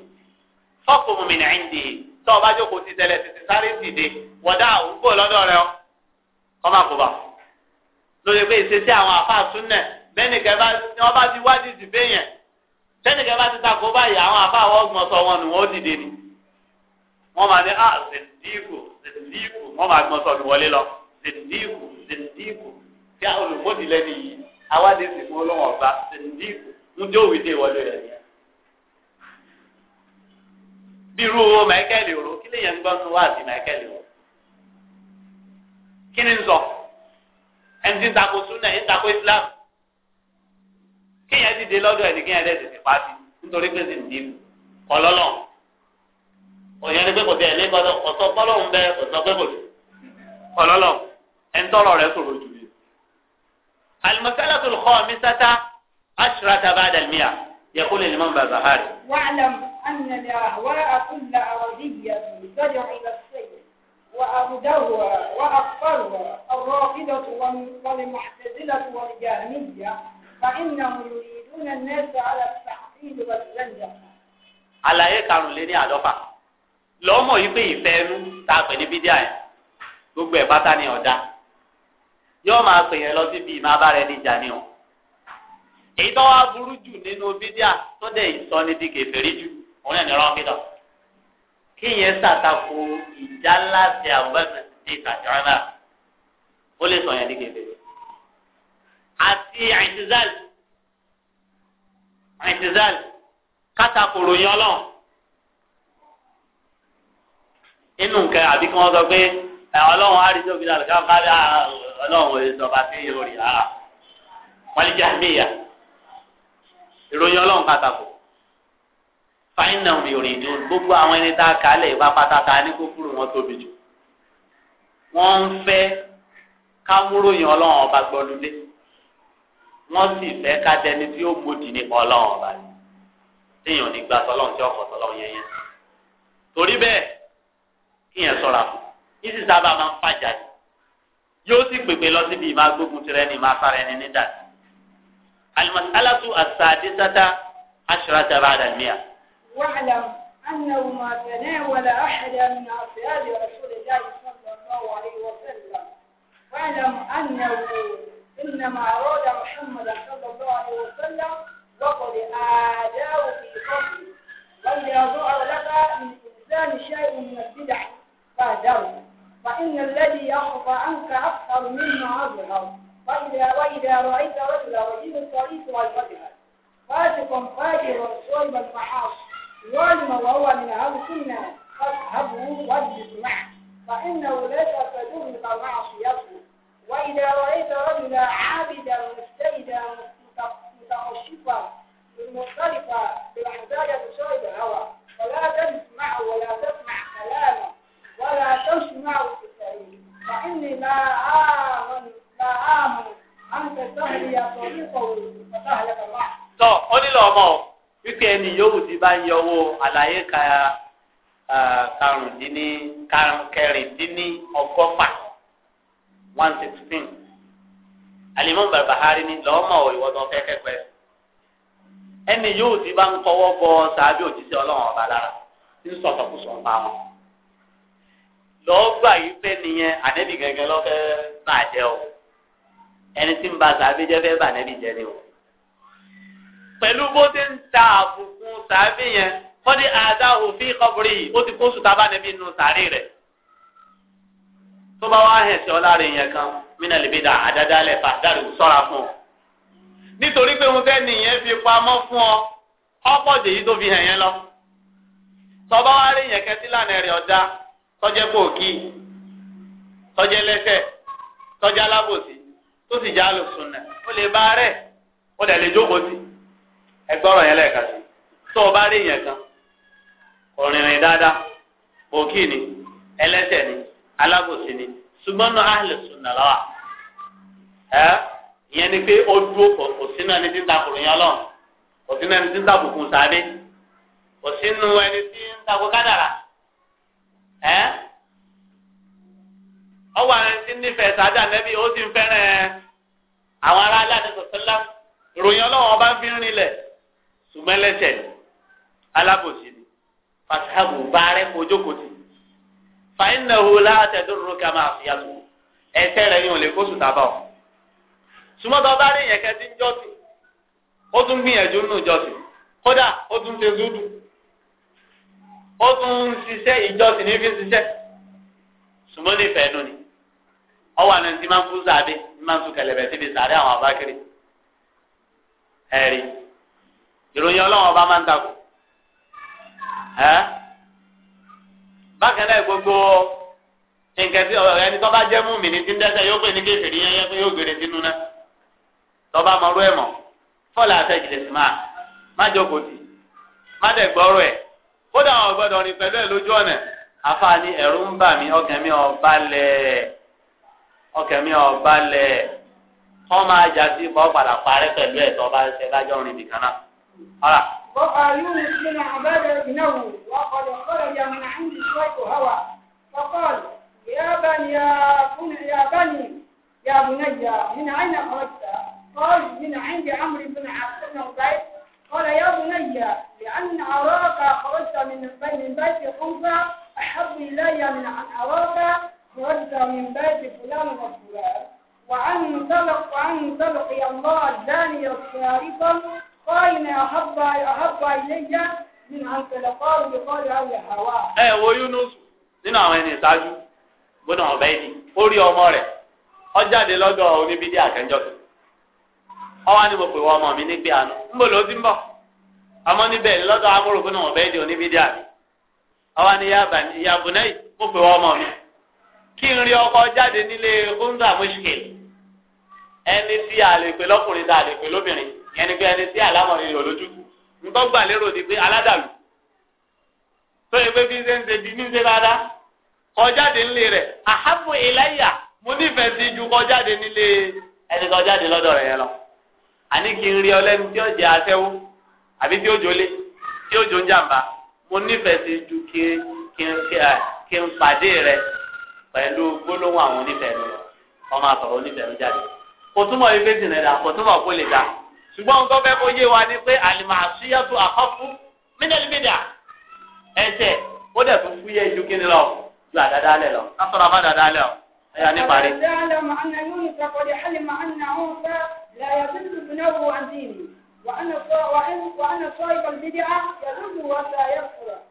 fọ́ọ̀kùnrin mi náà ń dè é tó o bá jókòó ti tẹ̀lẹ̀ tètè sáré dìde wọ̀dà àwùgbò lọ́dọ̀ rẹ o kọ́ kó bá lórí pé ìṣesí àwọn àfáà súnẹ̀ bẹ́ẹ̀ ni kẹ́ bá ti wádìí dìbẹ́ yẹn tẹ́nì kẹ́ bá ti ta kó báyìí àwọn àbá ọgbọ̀n sọ wọn nù wọ́n dìde ni wọ́n máa ní ah zèdíìkù zèdíìkù wọ́n máa gbọ́n sọ ní wọlé lọ zèdíìkù zèdíìkù tí a olùmọ̀dìlẹ́ ni yìí awádé sì fún ọlọ́wọ́n ọba zèdíìkù ń dé òwe dé ìwọlé rẹ̀ ni. bí irú owó Michael ro kí lè yẹn ń gbọ́ nu wá sí Michael ro kí ni ń sọ ẹni tí ń takò sunna ẹni ń takò Islam. kéèyàn ti dé lọ́dọ̀ ẹ̀ ní kéèyàn ti pa pàṣẹ nítorí pé zindin ọlọ́lọ́ òyìn ẹni pé kò tẹ̀ kọ́tọ́ ọ̀sọ́ fọlọ́hún bẹ́ ọ̀sọ́ pé kò tẹ̀lé ọlọ́lọ́ ẹni tọ́lọ̀ rẹ̀ sọ̀rọ̀ jù lé. alimọ̀sálàtò lùkọ́ mi sátá aṣọra ta bá tàbá àdàlmíà yẹ kó lè ní mọ́n bàbá hàrì. wàhálàm ànàlẹ́ àwọn àkúndà àwọn ìyá ìtọ́jú ìlà sẹ́yìn وأردوها وأكثرها الرافضة فإنهم يريدون الناس على التحصيل والزنجة àlàyé karùnléní àdọ́fà lọ́mọ yìí pé ìfẹ́ ẹnu tá a pè ní bídíà yẹn gbogbo ẹ̀ pátá ni ọ̀dà yóò máa pè yẹn lọ síbi ìmọ̀ abára ni o èyí tó wá burú jù nínú bídíà tó dẹ̀ ìsọnidìgè fèrè jù òun náà ní ọ̀rọ̀ kí yẹn ṣàtakò ìjà ńlá ti àwọn ẹ̀sìn ti ìtàjọ́ náà ó lè sọ yẹn ní kébé àti àìsízàl àìsízàl kátàkùrù yín ọlọ́run inú nǹkan àbí kí wọ́n sọ pé ọlọ́run á rí tóbi náà ká bá dá ọlọ́run òye sọba sí ìròyìn rárá wọ́n lè jẹ́ àmìyà ìròyìn ọlọ́run kátàkùrù fáyín náà mi gbogbo àwọn ẹni tá a kà ìwà pátákà ní kúkúrú wọn tóbi jù wọ́n ń fẹ́ ká ọlọ́run ọba gbọ́dúndé wọ́n sì fẹ́ ká dẹni tí ó gbòdì nípa ọlọ́run ọba ni téèyàn ní gba tọlọ́run tí ọkọ̀ tọlọ́run yẹn yẹn torí bẹ́ẹ̀ kíyẹn sọ̀ra fún yìí sábà máa ń fàjà ni yóò sì pèpè lọ síbi ìmá gbógun tirẹ̀ ni ìmá sára ẹni ní dàtí alimasalatu asaadisata ashrata ba'da miya. wàhálà annahu ma tanawala ahadan min ashabi rasulillahi sallallahu alaihi wa sallam wàhálà annahu. إنما أراد محمد صلى الله عليه وسلم وقد آداه في قبره وإذا ظهر لك من الإنسان شيء من البدع فاهدره فإن الذي يخفى عنك أكثر مما أظهر فإذا وإذا رأيت رجلا رجل الطريق والفجر فاسق فاجر صلب المحاصي ظالم وهو من أهل السنة فاذهبوا واجلس معه فإنه ليس تدور مع bá ń yọwọ́ àlàyé ka karùndínní kẹrìndínní ọgọ́fà one sixteen alimọ́n barbahari ni lọ́mọ ìwọ́dọ̀ ẹni yóò ti bá ń tọwọ́ bọ sàábì òjíṣẹ́ ọlọ́run ọba lára ń sọ̀tọ̀kùsọ̀ ọba wọn pé nìyẹn gẹ́gẹ́ lọ́fẹ́ bàjẹ́ o ẹni tí ń ba jẹ́ fẹ́ o. pẹ̀lú bó ti ń ta àbùkù sàbí yẹn ní àdá òfin kọ́bùrì ó ti kóṣù tá a bá níbi inú sàárì rẹ̀ tó bá wá hẹ̀ sí kan mínà lè da àdádálẹ̀ fà dárí sọ́ra fún ọ nítorí pé mo fẹ́ nìyẹn fi pamọ́ fún ọ dèyí lọ rí yẹn kẹtí lánàá lẹsẹ alábòsí tó sì já lòsùn náà ó lè bá ẹgbọ́rọ̀ yẹn lẹ́ẹ̀kan sí tó o bá rí yẹn kan òrìnrìn dáadáa òkì ni ẹlẹ́sẹ̀ ni ni ṣùgbọ́n náà ahlẹ̀ sùnà ẹ ìyẹn ni pé o dúró òsínú ẹni tí yẹn lọ ẹni tí ń takùkùn sáré òsínú ẹni tí ti ń àwọn àti ọba ń fi ṣùgbọ́n lẹ́sẹ̀ ni alábòsí ni fàtàbù bàárẹ̀ ojókòtì fàyínàwó látẹ̀dúró ká máa fi yàtọ̀ ẹ̀sẹ̀ rẹ̀ yóò lè kó sùn tábà ọ̀ sùmọ́tò bá rí yẹn kẹ́tí ń jọ́sìn ó tún gbìyànjú nù jọ́sìn kódà ó tún ṣe zúdù ó tún ń ṣiṣẹ́ ìjọsìn ní fi ń ṣiṣẹ́ sùmọ́ ni ọwọ́ àná ti máa ń fún sàbẹ̀ máa ń tún kẹlẹ̀bẹ̀ síbi sàárẹ̀ àwọn abákiri ẹ̀rí ìròyìn ọlọ́wọ́n bá máa ń takò ẹ́ bákan náà gbogbo nǹkan tí ẹni tó bá jẹ́ mú mi ní ti ń dẹ́sẹ̀ yóò pè ní kéferì yẹn yẹn pé yóò gbèrè sínú náà tó bá mọ̀rú ẹ̀ mọ̀ fọ́ọ̀lù àtẹ̀jìlẹ̀ sì máa má jókòó tì má dẹ̀ gbọ́rọ̀ ẹ̀ kódà àwọn gbọ́dọ̀ rìn pẹ̀lú ẹ̀ lójú ọ̀nà àfààní ẹ̀rù ń bà mí ọkàn mi ọ̀bá lẹ̀ ọkàn mi ọ̀bá lẹ̀ kọ́ máa jà sí ìfọ̀ padà parẹ́ pẹ̀lú ẹ̀ tó bá ṣe lájọ́ rìn nìkan náà. وقع يونس بن عبادة ابنه وقد خرج من عند شوية هوى فقال يا بني يا بني يا بني من أين خرجت؟ قال من عند عمرو بن عبد بن عبيد قال يا بني لأن أراك خرجت من بين بيت خمسة أحب إلي من أن أراك خرجت من بيت فلان وفلان وعن وأن تلقي الله الزاني الشارفه قائنا أحب أحب إلي من أن تلقاه بقول أو هواه. ẹ wo Yunus nínú àwọn ẹni ìṣáájú gbọ́dọ̀ ọbẹ yìí ó rí oníbídí àkẹjọ ọ wá ní mo pè wọ ọmọ mi àná ń bò ń lọdọ náà ọbẹ oníbídí ọ wá ní náà ọmọ mi kí n rí ọkọ jáde nílé ẹni tí a lè yẹn ni bí ẹni tí àlámọ̀rí rẹ̀ lójú nǹkan gbà lérò ni pé aládàlú tó yẹ pé bí ṣe ń ṣe di ní ṣe dáadáa kọjáde ńlé rẹ̀ àhábò ìláyà mo nífẹ̀ẹ́ sí ju kọjáde nílé ẹni kọjáde lọ́dọ̀ rẹ̀ yẹn lọ àní kí n rí ọ lẹ́nu tí ó jẹ́ aṣẹ́wó àbí tí ó jólé tí ó jó ń jàǹbá mo nífẹ̀ẹ́ sí ju kí kí n pàdé rẹ̀ pẹ̀lú gbólóhùn àwọn onífẹ̀ẹ́ lọ ọmọ àtọ̀rọ̀ onífẹ̀ẹ́ lọ jáde kò túmọ̀ ife sì rẹ̀ dà kò túmọ̀ kó lè dà ṣùgbọ́n tó fẹ́ kó yé wa ni pé àlìmàṣíyàtò àkọ́kú mílíọ̀nùmídà ẹ̀jẹ̀ ó dẹ̀ tó fúyẹ́ ju kí ni lọ ju àdáda lẹ̀ lọ lásọ̀rọ̀ àbá dáadáa lẹ̀ ọ ẹ̀yà ní parí.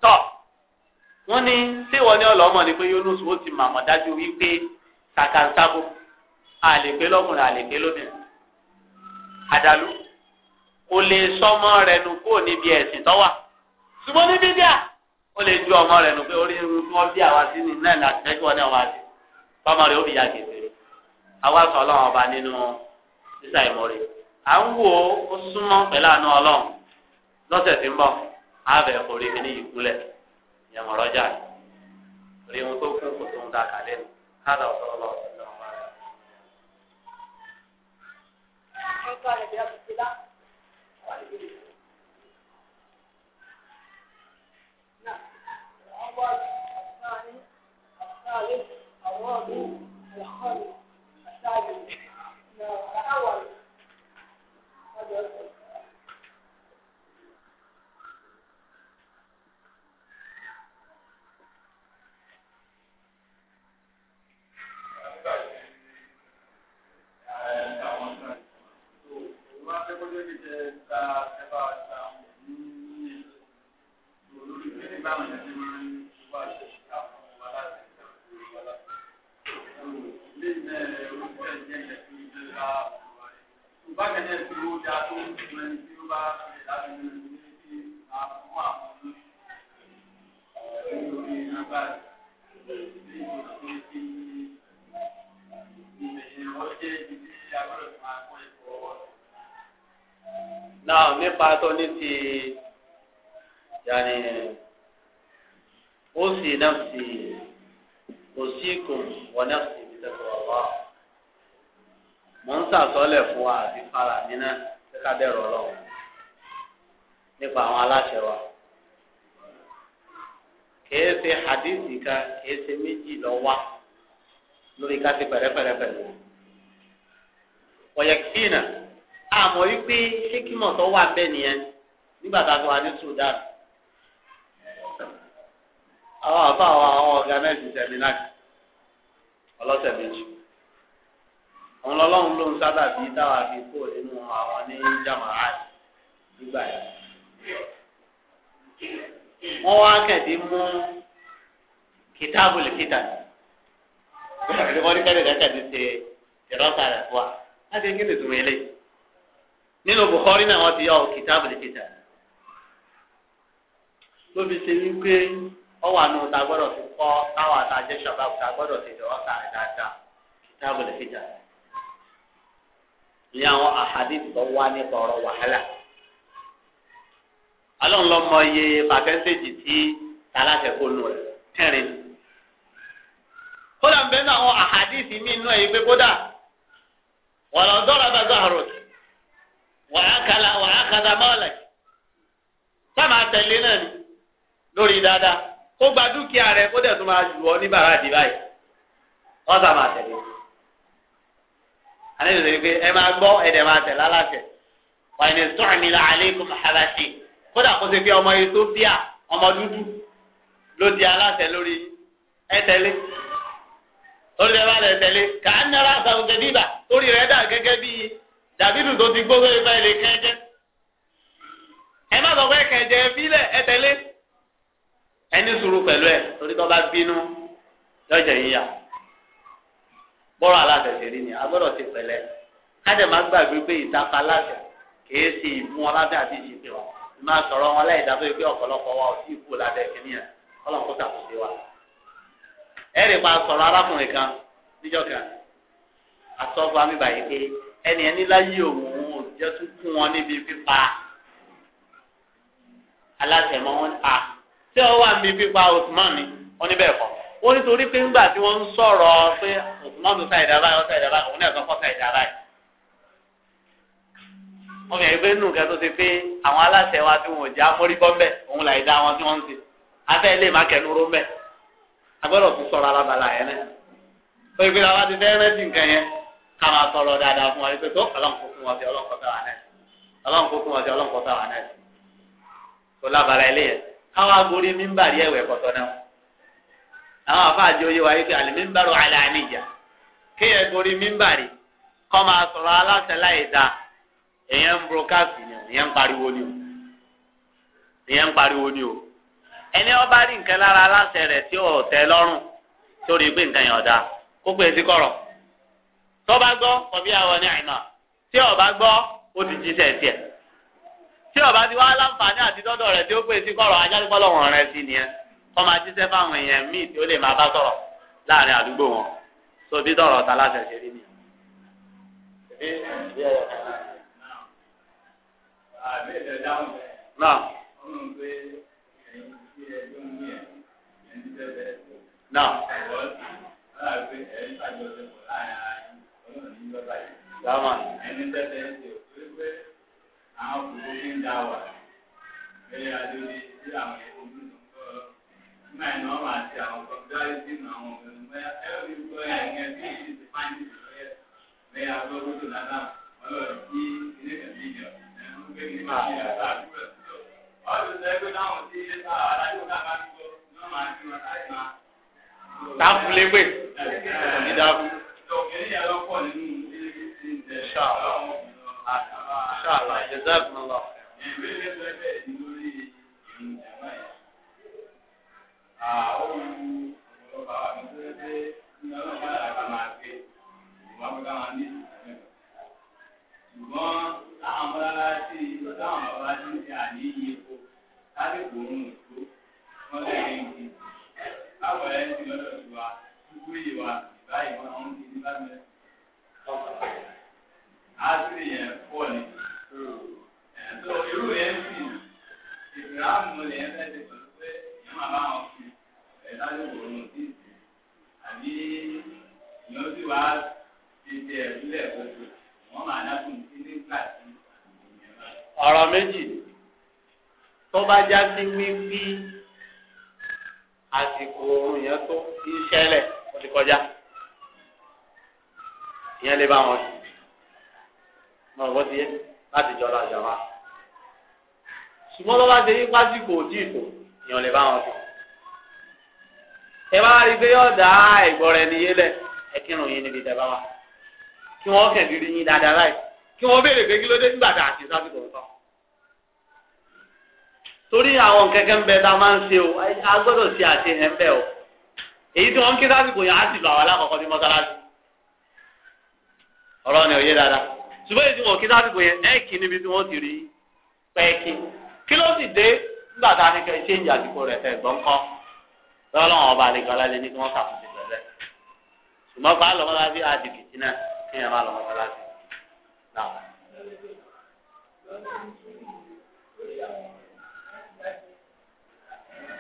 tọ́ wọ́n ní tí wọ́n ní ọlọ́mọ ni pé Yunus ó ti màmọ́ dájú wípé kàkà ń sábò àlèpé lọ́kùnrin àlèpé lóbìnrin àdàlú. o lè sọmọ rẹ̀ nù kó níbi ẹ̀sìn tó ṣùgbọ́n o lè ju ọmọ rẹ̀ nù pé orí irun tí wọ́n bí àwa sí ni náà láti fẹ́ kí wọ́n náà fọmọ ó ya àwa sọ ọlọ́run ọba nínú sísá ìmọ̀re à ń wò ó súnmọ́ pẹ̀lú àánú ọlọ́run lọ́sẹ̀ tí ń bọ̀ الأول الثاني الثالث الرابع الخامس السادس الأول Thank you. bákan náà tí ó dáa tó ń tún ẹni tí ó bá ṣẹlẹ̀ láti ní ìlú ní ti àwọn àwọn olóṣèlú lórí agbára ní ìgbìmọ̀ tó ń fi ìgbìmọ̀ ọjọ́ ìdílé agbọ́dọ̀ tó máa kọ́ ẹ̀kọ́ ọ̀rọ̀. náà nípa tó ní ti yàní ó sì náà sì kò sí kò wọ́n náà sì fi tẹ̀sán wá. mọ̀ ń sàsọ́lẹ̀ fún wa àti fara mi náà ká bẹ̀rù nípa àwọn wa. ṣe hadithi ṣe méjì lọ wá lórí ká ti pẹ̀rẹ́pẹ̀rẹ́ pẹ̀lú. ọ̀yẹ̀kìtìnà àmọ́ wípé ṣé kí wà bẹ́ẹ̀ nìyẹn nígbà a sọ wa ní Sudan àwọn àbá àwọn ọ̀gá náà ti ọlọ́sẹ̀ méjì. òun lọ́lọ́run ló ń sábà bí táwa fi kó nínú àwọn ní jàmàrà nígbà yẹn. wọ́n wá kẹ̀dí mú ní wọ́n ní ṣe ìrọ́ta rẹ̀ fún wa láti kí ni tùmí nínú náà wọ́n ti yọ ṣe wípé gbọ́dọ̀ kọ́ gbọ́dọ̀ rẹ̀ dáadáa ní àwọn àhàdìsì tó wá nípa ọ̀rọ̀ wàhálà. alóhùn mọ iye pàtẹ́ńtéèjì tí taláṣẹ rẹ̀ kẹrin. kódà ń bẹ́ẹ̀ ní àwọn mí inú ẹ̀ yìí pé kódà wà lọ dọ́ra bá wà á wà á mọ́ọ̀lẹ̀ ni lórí dáadáa kó gba dúkìá kó dẹ̀ tó máa jù ní bàrá àdìbáyé wọ́n alẹ́ lè pe ẹ máa gbọ́ ẹ̀dẹ̀ máa tẹ̀ lálàtẹ̀ wàyẹn sọ̀rọ̀mí la aleikum halasi kódà kó ṣe pé ọmọ Ethiopia ọmọ dúdú ló di aláṣẹ lórí ẹ tẹ̀lé lórí ẹ bá lẹ tẹ̀lé kà á nara àtàwọn jẹ̀díbà lórí rẹ̀ dà gẹ́gẹ́ bí dàbídù tó ti gbógbó ẹ báyìí lè kẹ́jẹ́ ẹ má sọ pé kẹ̀jẹ́ fílẹ̀ ẹ tẹ̀lé ẹni sùúrù pẹ̀lú ẹ torí tó bá bínú lọ́jọ́ yìí yá bọ́rọ̀ aláṣẹṣe rí ni a gbọ́dọ̀ ti pẹ̀lẹ́ kájẹ̀ má gbàgbé pé ìtafà aláṣẹ kìí ṣe ìmú wọn lábẹ́ àti ìṣìṣẹ́ wọn má sọ̀rọ̀ wọn láì dábẹ́ pé ọ̀pọ̀lọpọ̀ wa ò sí ìkú lábẹ́ kìíní ẹ̀ ọlọ́run kó ṣàkóso wa. ẹ̀rì pa sọ̀rọ̀ arákùnrin kan níjọ́ kan asọ́gbà mi báyìí pé ẹni ẹni láyé òun ò jẹ́ tún kún wọn níbi pípa aláṣẹ mọ́ wọn à ṣé ọ wà níbi pípa Usman ni wọn ó ní torí pé ńgbà tí wọ́n ń sọ̀rọ̀ pé òkúmọ́nù sáìdá báyìí ọ̀sáìdá báyìí òun náà sọ fọ́sáìdá báyìí. wọ́n fìyà pé nù kẹ́tọ́ ti pé àwọn aláṣẹ wa tí wọn ò jẹ́ amórí bọ́m̀bẹ̀ òun là ìdá wọn tí wọ́n ń ṣe afẹ́ ilé má ró mẹ́ agbọ́dọ̀ tún sọ̀rọ̀ alábàlà yẹn náà. ó yẹ pé àwa ti fẹ́rẹ́ sí àwọn afáàjì oyè wáyé pé àlùmíńbàrò àlàníjà kéèyàn gorí mímbàrì kọ́ máa sọ̀rọ̀ aláṣẹ láì da èèyàn ń brokásì ni èèyàn ń pariwo ni o èèyàn ń pariwo ni o ẹni ọba rí nǹkan lára aláṣẹ rẹ̀ tí ò tẹ́ lọ́rùn tó rí pé nǹkan yẹn ọ̀dà kó pè é sí kọ̀rọ̀ tó bá gbọ́ kọ̀bí àwọn ní àìmọ̀ tí ó gbọ́ ó ti jí ti wá láǹfààní wọ́n máa fáwọn èèyàn míì tí ó lè máa bá sọ̀rọ̀ láàrin àdúgbò wọn so bí tọ̀rọ̀ ta láṣẹ ṣe rí ni. náà. náà. dáhùn. ń ṣe òkú pé àwọn kòkó ń sí àwọn ẹ̀kọ́ náà ní ọ̀rọ̀ àti àwọn kọ̀ọ̀dá ìdí nà àwọn ọ̀gbìn bẹ́ẹ̀ ẹ̀rọ ìgbọ́ ẹ̀yìn bí ìdí ti máa ń yí ìrọ̀lẹ́ bẹ́ẹ̀ agbọ́gbọ́dọ̀ dáadáa ọlọ́run kí ilé kẹ̀mí ìjọ ẹ̀rọ gbé ní máa ń yàrá àdúgbò ẹ̀sọ́ ọdún sẹ́gbẹ́ náà ti ṣe ta alájọ káàkiri àdúgbò náà máa ń fi wọn láì máa. táàbù légbè ìdáàbù. ọ̀gbìn yẹn lọ́pọ̀ nínú ilé kí ti ń àwọn. Ah, ní pípí àsìkò oorun yẹn tó ń ṣẹlẹ̀ ó ti kọjá ìyẹn lè bá wọn sùn mọ̀ ọ́ bó ti yẹ láti jọra ìjọba ṣùgbọ́n lọ́ba ṣe yí pásíkò òjì ìtò èèyàn lè bá wọn sùn. ẹ bá rí i pé yóò dá ẹ̀gbọ́n rẹ níyé lẹ̀ ẹ kírun yín níbi ìjọba wa kí wọ́n kẹ̀ dídí yín dáadáa láì kí wọ́n béèrè pé kí ló dé nígbà tá a ti sásìkò nǹkan. torí àwọn kẹ̀kẹ́ ń bẹ tá a máa ń ṣe o a gbọ́dọ̀ ṣe àṣe o èyí tí wọ́n ké lásìkò yẹn á sì lọ àwọn alákọ̀ọ́kọ́ ní mọ́sálásí ọ̀rọ̀ ni òye dada ṣùgbọ́n èyí tí wọ́n ké lásìkò yẹn ẹ̀ kí níbi tí wọ́n ti rí pẹ́ẹ́kì kí ló sì dé nígbà tá a ní kẹ́ ọba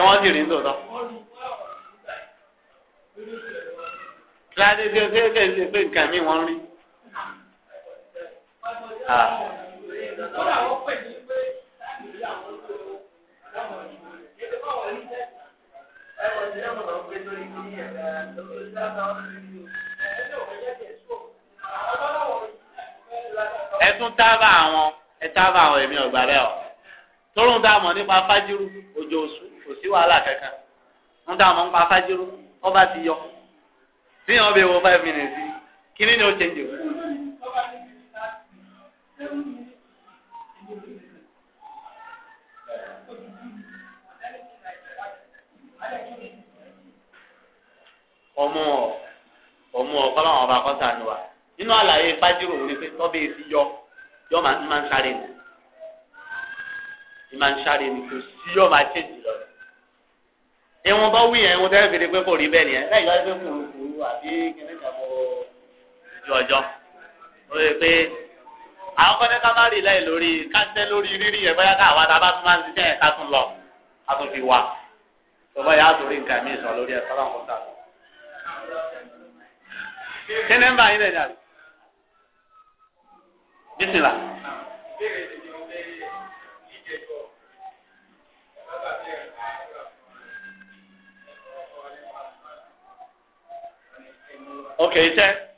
ṣé wọ́n sì rí nítòótọ́. kíláàdé tí o ṣe ṣe pé nǹkan mi wọ́n rí. ẹ tún tábà àwọn ẹ tábà àwọn èmi ọgbà rẹ ọ tó lóun dá nípa fájírù ọjọ́ kò sí wàhálà kankan ń dá àwọn ọmọ afájúrú ọba ti yọ bí wọn bẹ wọ five minutes yìí kí ni ó change o. ọmọ ọ ọmọ ọ kọlọ́wọ́n ọba kọ́sà ni wa nínú àlàyé fájúrò ni pé tọ́bẹ̀ èsì yọ yọ máa ń sáré ni ìmọ̀ ń sáré ni kò sí yọ máa change lọ ìwọn bá wí yẹn ìwọn tẹ́lẹ̀ fèrè pé kò rí bẹ́ẹ̀ nìyẹn láì láì pé kò rú àbí kìnnìkan mọ́ ìjọ ọjọ́ ó lè pé àwọn kọ́ni ká má rí láì lórí káńtẹ́ lórí rírì yẹn bóyá káwa tá a bá tún máa ń ṣiṣẹ́ yẹn ká tún lọ ká tún fi wá tó bá yà nǹkan mi sọ lórí ẹ̀ sọ́dọ̀ nǹkan tàbí. kí ni ń bá yín lẹ́yìn àbí? bísí OK，再。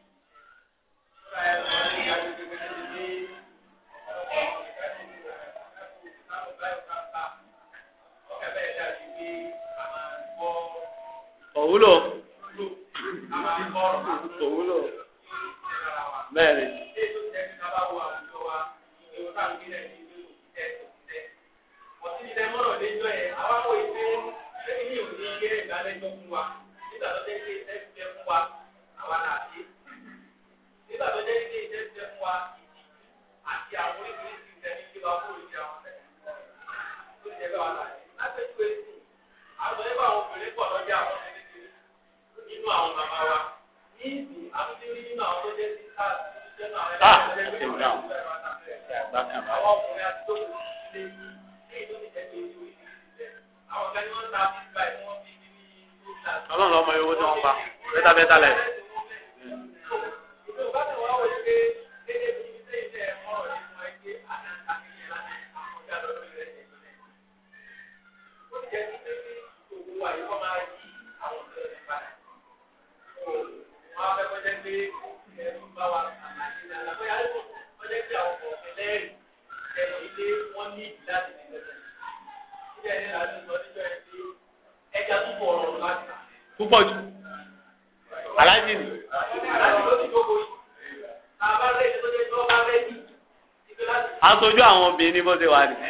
ní de ṣe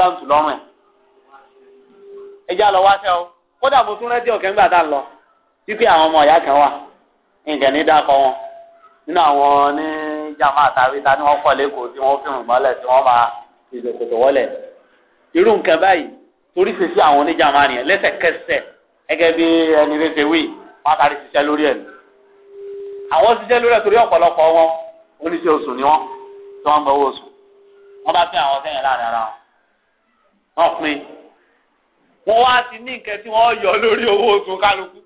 báǹtù lọ́rùn ẹ̀ ẹjẹ́ àlọ́ wáṣẹ́ o kódà mo tún rẹ́díò kẹ́ńgbà tá a lọ títí àwọn ọmọ ìyá kan wà nǹkan ní dákọ̀ wọn nínú àwọn ní jàmbá àtàríta ni wọ́n kọ́ lẹ́kọ̀ọ́ tí wọ́n fìrùn mọ́lẹ̀ tí wọ́n máa ìdòkòtò wọlẹ̀ irú nǹkan báyìí torí ṣe sí àwọn oníjàmbá nìyẹn lẹ́sẹ̀kẹsẹ̀ gẹ́gẹ́ bí ẹni rẹ̀ ṣe wí wọ́n kárí ṣiṣẹ́ lórí ẹ̀ àwọn ṣiṣẹ́ lórí ẹ̀ torí ọ̀pọ̀lọpọ̀ wọn oníṣẹ́ oṣù ni wọ́n tí wọ́n ń owó oṣù wọ́n bá fẹ́ àwọn sẹ́yìn láàrin ara wọn ọ̀pin wọ́n wá ti ní nǹkan tí wọ́n yọ lórí owó oṣù kálukú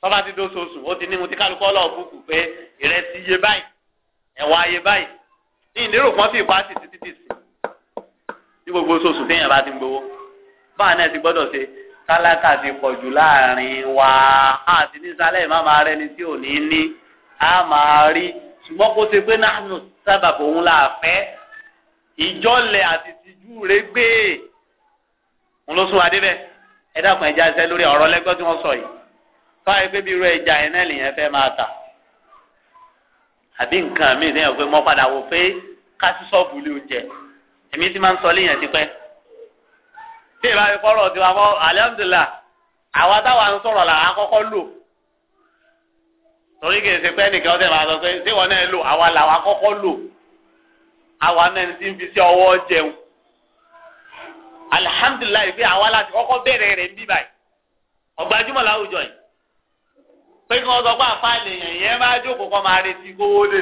tọ́ba ti dóṣooṣù ó ti ní mo ti kálukú ọlọ́ọ̀bùkù pé ìrẹsì iye báyìí ẹ̀wà iye báyìí ní ìlérò kan fi ìpá sí títí títí ní gbogbo oṣooṣù téèyàn bá ti ń gbowó báà náà ti gbọ́dọ̀ ṣe tálákà ti pọ̀ jù láàrin wa àti nísàlẹ̀ má máa rẹni tí ò ní ní á máa rí ṣùgbọ́n kó ṣe pé náà sábàbò òun là fẹ́ ìjọlẹ̀ àti tìjú rẹ̀ gbé ń lọ sún adé bẹ́ẹ̀ ẹ dákun ẹja ẹsẹ lórí ọ̀rọ̀ lẹ́gbọ́n tí wọ́n sọ yìí fáwọn ẹgbẹ́ bíi irú ẹja yẹn náà lèyẹn fẹ́ máa tà àbí nǹkan míì lẹ́yìn pé mo padà wò pé kásí sọ́ọ̀bù ilé oúnjẹ èmi ti máa ń sọ léyìn tipẹ́ tí ìbá mi kọ́rọ̀ tiwa mọ́ alihamudulila àwa táwa ń sọ̀rọ̀ là á kọ́kọ́ lò torí kìí ṣe pé ẹnìkan ọ̀sẹ̀ máa sọ pé ṣé wọn náà lò àwa làwa kọ́kọ́ lò àwa náà ní ti ń fi sí ọwọ́ jẹun alihamdulilayi pé àwa láti kọ́kọ́ bẹ̀rẹ̀ rẹ̀ ń bí báyìí ọ̀gbájúmọ̀ láwùjọ yìí pé kí wọ́n sọ pé àfa lèèyàn yẹn máa jókòó kọ́ máa retí kówó lè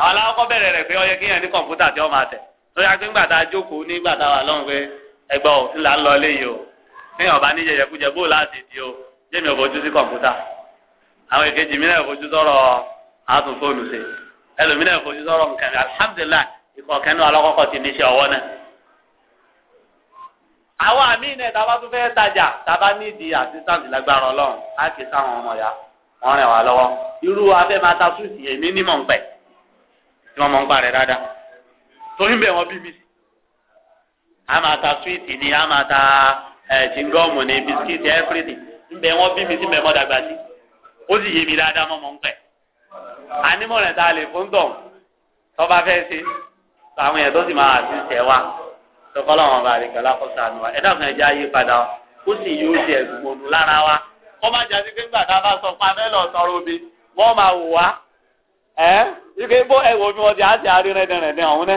àwọn aláwọ̀kọ́ bẹ̀rẹ̀ rẹ̀ pé ó yẹ kéèyàn ní kọ̀ǹpútà tí wọ́n máa tẹ̀ lórí agbé ńgbà tá a jókòó nígbà tá a wà lọ́hùn pé ẹgbẹ́ ò ńlá ń lọ léyìí o kéèyàn bá ní jẹjẹkújẹ bó láti di o jẹ́mi ò fojú sí kọ̀ǹpútà àwọn èkejì mi náà fojú sọ̀rọ̀ àtún fóònù ṣe ẹlòmínà ìfojú sọ̀rọ̀ nǹkan mi alihamudulilayi ìkọ̀kẹ́ náà ọlọ́kọ̀kọ̀ ti ní í ṣe ọwọ́ náà. àwọn àmì ìnẹ̀ tábà tún fẹ́ẹ́ tajà tábà nídìí àtìsáǹtì lágbára ọlọ́run á kì í sáwọn ọmọ ya wọ́n rìn wá lọ́wọ́ irú afẹ́ máa ta súùtì èmi nímọ̀ ń tí wọ́n mọ̀ ń parẹ́ dáadáa torí bẹ́ẹ̀ wọ́n bí mi a máa ta súùtì ni a máa ta jingọ́ọ̀mù ni bisikíìtì ẹ́fírìtì ń bẹ́ẹ̀ wọ́n bí mi sí mẹ́mọ́ ó sì yé mi dáadáa mọ́ mọ́ ànímọ̀ràn tá a lè fún tọ̀ tọ́ba fẹ́ ṣe àwọn èèyàn tó sì máa àti ṣẹ̀ wa tọkọ́lọ́ wọn bá a lè kẹ́ lákòóso àná wa ẹ̀dá kan jẹ́ àyè padà ó sì yóò ṣe ẹ̀sùn gbòòdù lára wa wọ́n má jà sí pé nígbà tá a bá sọ pa mẹ́lọ̀ tọrọ omi wọ́n máa wò wá ẹ́ ike bó ẹ wo bí wọ́n ti á ti arí ọ̀hún náà wọ́n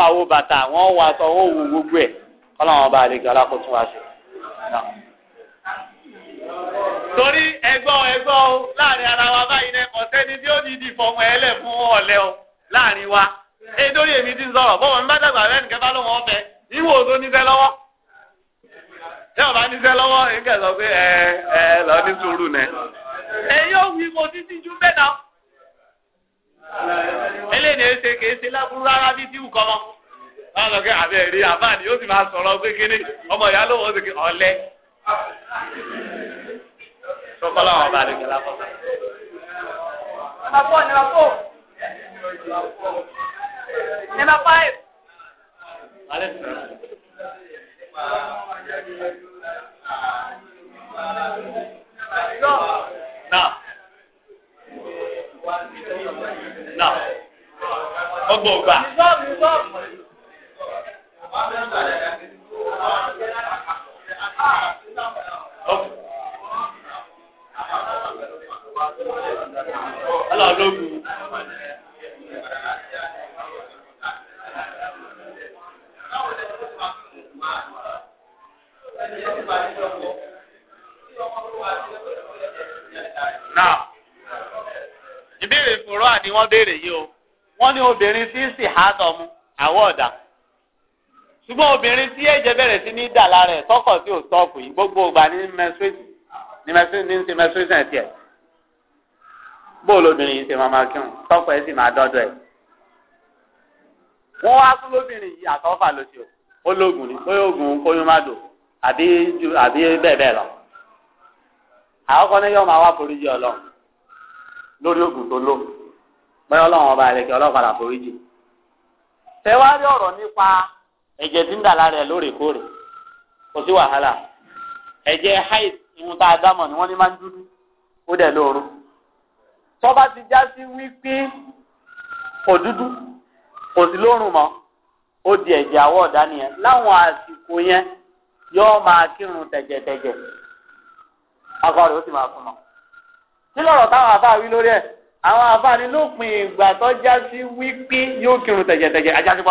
máa wo bàtà wọ́n wọ aṣọ wọ́n wo gbogbo ẹ̀ kọ́lọ́ wọn bá a lákòóso wa ṣe. torí ẹgbọ́ ẹgbọ́ o láàrin ara wa báyìí náà ọ̀sẹ́ni tí ó ní fọmọ ẹlẹ́ fún ọ̀lẹ́ o láàrin wa ẹ lórí èmi ti ń sọ̀rọ̀ bọ́wọ́ ń bá dàgbà bá lọ́wọ́ ọba níṣẹ́ lọ́wọ́ sọ pé ẹ ẹ lọ ní sùúrù nẹ. ẹ yóò wí mo ju bẹ́ẹ̀ náà ẹ ṣe lábúrú rárá bí tí mọ́ tọkọlọ àwọn balẹ̀ kẹlẹ́ afọ́fà. Number four, number four. Number five. Alẹ́ sọ̀rọ̀. Lọ. Nà. Nà. ọlọ́ọ̀lọ́gùn. ìbéèrè fòró àní wọ́n béèrè yìí o Wọn ní obìnrin tí ń sì há tọmú àwọ̀ ọ̀dà ṣùgbọ́n obìnrin tí ẹ̀jẹ̀ bẹ̀rẹ̀ sí ní dà lára ẹ̀ tọkọ̀ tí ò yìí gbogbo ní mẹsìn ní ti mẹsìn sẹ̀ tiẹ̀ bóòlù obìnrin yìí ṣe máa máa kírun tọ́pọ̀ ẹ̀ sì máa dọ́dọ̀ ẹ̀ wọ́n wá fún lóbìnrin yìí àtọ́fà ló ṣe ó lóògùn ní ó yóògùn kóyún má dò àbí ju àbí bẹ́ẹ̀ bẹ́ẹ̀ lọ àkọ́kọ́ ní yọ́ọ́ máa wá foríjì ọlọ́run lórí ògùn tó lò bẹ́ẹ̀ ọlọ́run ọba ẹ̀rẹ̀kẹ́ ọlọ́run padà foríjì tẹ́wárí ọ̀rọ̀ nípa ẹ̀jẹ̀ tí ń dà lára ẹ̀ lóòrèkóòrè kò sí wàhálà ẹ̀jẹ̀ haid ìwọ̀n tá a dámọ̀ ni wọ́n ní máa ń dúdú ó dẹ̀ lóoru tọ́ba ti já sí wípé kò dúdú kò sí lóorùn mọ́ ó di ẹ̀jẹ̀ àwọ̀ ọ̀dá láwọn àsìkò yẹn yóò máa kírun tẹ̀jẹ̀tẹ̀jẹ̀ akọ rẹ̀ ó sì máa fún mọ́ kí lọ́rọ̀ táwọn afáà wí lórí ẹ̀ àwọn afáà ní lópin ìgbà tó já sí wípé yóò kírun tẹ̀jẹ̀tẹ̀jẹ̀ ajá sí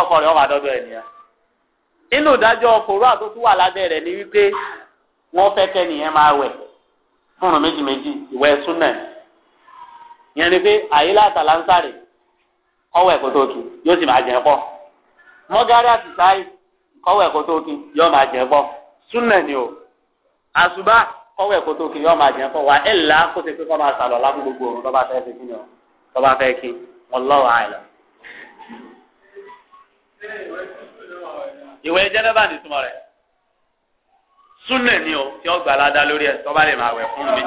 rẹ̀ ni wípé wọ́n fẹ́ kẹ́ nìyẹn máa wẹ̀ fúnra méjì méjì yẹn ni pé àyè látàlá ń sáré kọ́wọ́ tó kí yóò sì máa jẹ́ pọ̀ mọ́gárí àti sáì kọ́wọ́ ẹ̀kọ́ tó kí ni o àṣùbá kọ́wọ́ ẹ̀kọ́ tó kí yóò máa jẹ́ pọ̀ wà là kó ti kọ́ máa sàlọ̀ lábú gbogbo òun fẹ́ fi kí ni o fẹ́ kí ìwé súnà ni o tí ó gbà ládá lórí ẹ tó bá lè máa wẹ̀ fún mi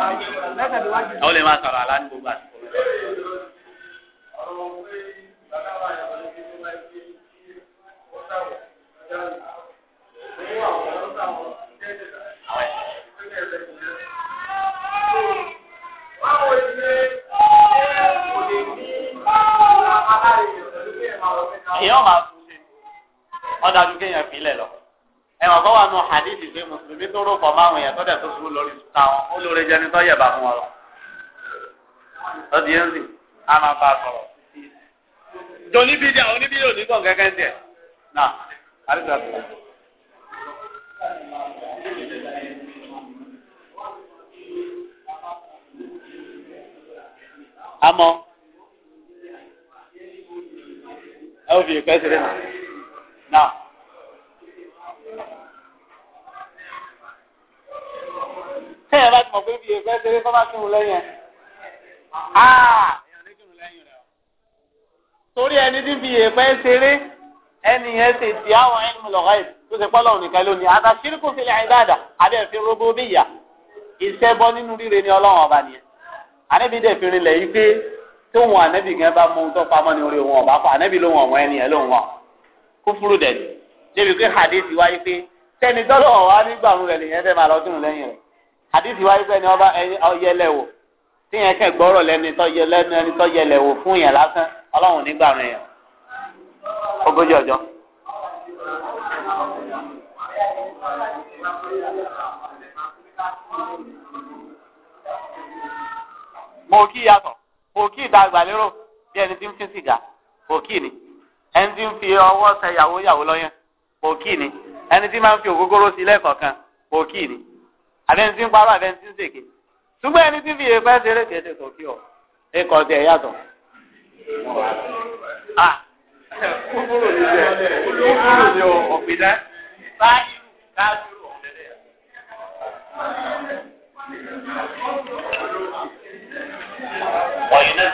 ó lè máa sọ̀rọ̀ àlá ní gbogbo àsìkò. èèyàn máa tún ṣe ọ̀dà yẹn fi lẹ̀ lọ. ẹ̀wọ̀n kọ́ wà nù hadithi pé mùsùlùmí tó rò fọ́mọ́ àwọn èèyàn dẹ̀ tó sùn lórí ìta wọn jẹ́ ní bá fún lọ. yẹn sì á máa bá a sọ̀rọ̀. jọ̀ní bíi díà oníbí yóò ní kàn kẹ́kẹ́ díẹ̀. náà tó. ẹ ò fi ìpẹ́ sílẹ̀ náà. tẹ́ ẹ bá ti mọ̀ pé bí ẹgbẹ́ ṣeré kọ́ bá tún un lẹ́yìn ẹ̀. Ah! torí ẹni tí bí ẹgbẹ́ ṣeré ẹni yẹn ṣe ti àwọn ẹni mi lọ́ọ́ ẹ̀ tó ṣe pọ́lọ́ nìkan lónìí àtà ṣírìkù fi lẹ́yìn dáadáa adé fi robo bíyà iṣẹ́ bọ́ nínú rírẹ ni ọlọ́run ọba nìyẹn ànẹ́bí dẹ̀ fi rinlẹ̀ yìí pé tóun ànẹ́bí gan bá mú tó pamọ́ ní orí òun ọ̀bá pa ànẹ́bí lóun ọ̀wọ́ ẹni ẹ̀ lóun wọn kúfúrú dẹ̀ ni débi pé hadith wáyé pé sẹ́ni tọ́lọ̀ wá nígbà rẹ̀ lèyẹn fẹ́ máa lọ́dún lẹ́yìn rẹ̀ àdìsí wáyé pé ẹni ọba ọyẹlẹ wò tí yẹn kẹ gbọ́rọ̀ lẹ́ni tọ́yẹ lẹ́nu ẹni tọ́yẹ lẹ̀ wò fún yẹn lásán ọlọ́run nígbà rẹ̀ yẹn ogójì ọjọ́. mo kí yàtọ̀ mo kí ìdàgbà lérò bí ẹni tí ń fi sìgá mo kí ni ẹni tí ń fi ọwọ́ sẹ yàwó yàwó lọ́yàn mo kí ni ẹni tí máa ń fi ògógóró sí lẹ́ẹ̀kọ̀ọ̀kan mo kí ni àbẹ́ntí ń parọ́ àbẹ́ntí ń ṣèké ṣùgbọ́n ẹni tí fi èèpẹ́ ṣeré kéde kò kí ọ ẹkọ ọtí ẹ yàtọ̀. kúkúrò ní ẹ kúkúrò ní ọ̀gbìnà báyìí káàdì ọ̀gbẹ̀rẹ̀. ọ̀yìn náà.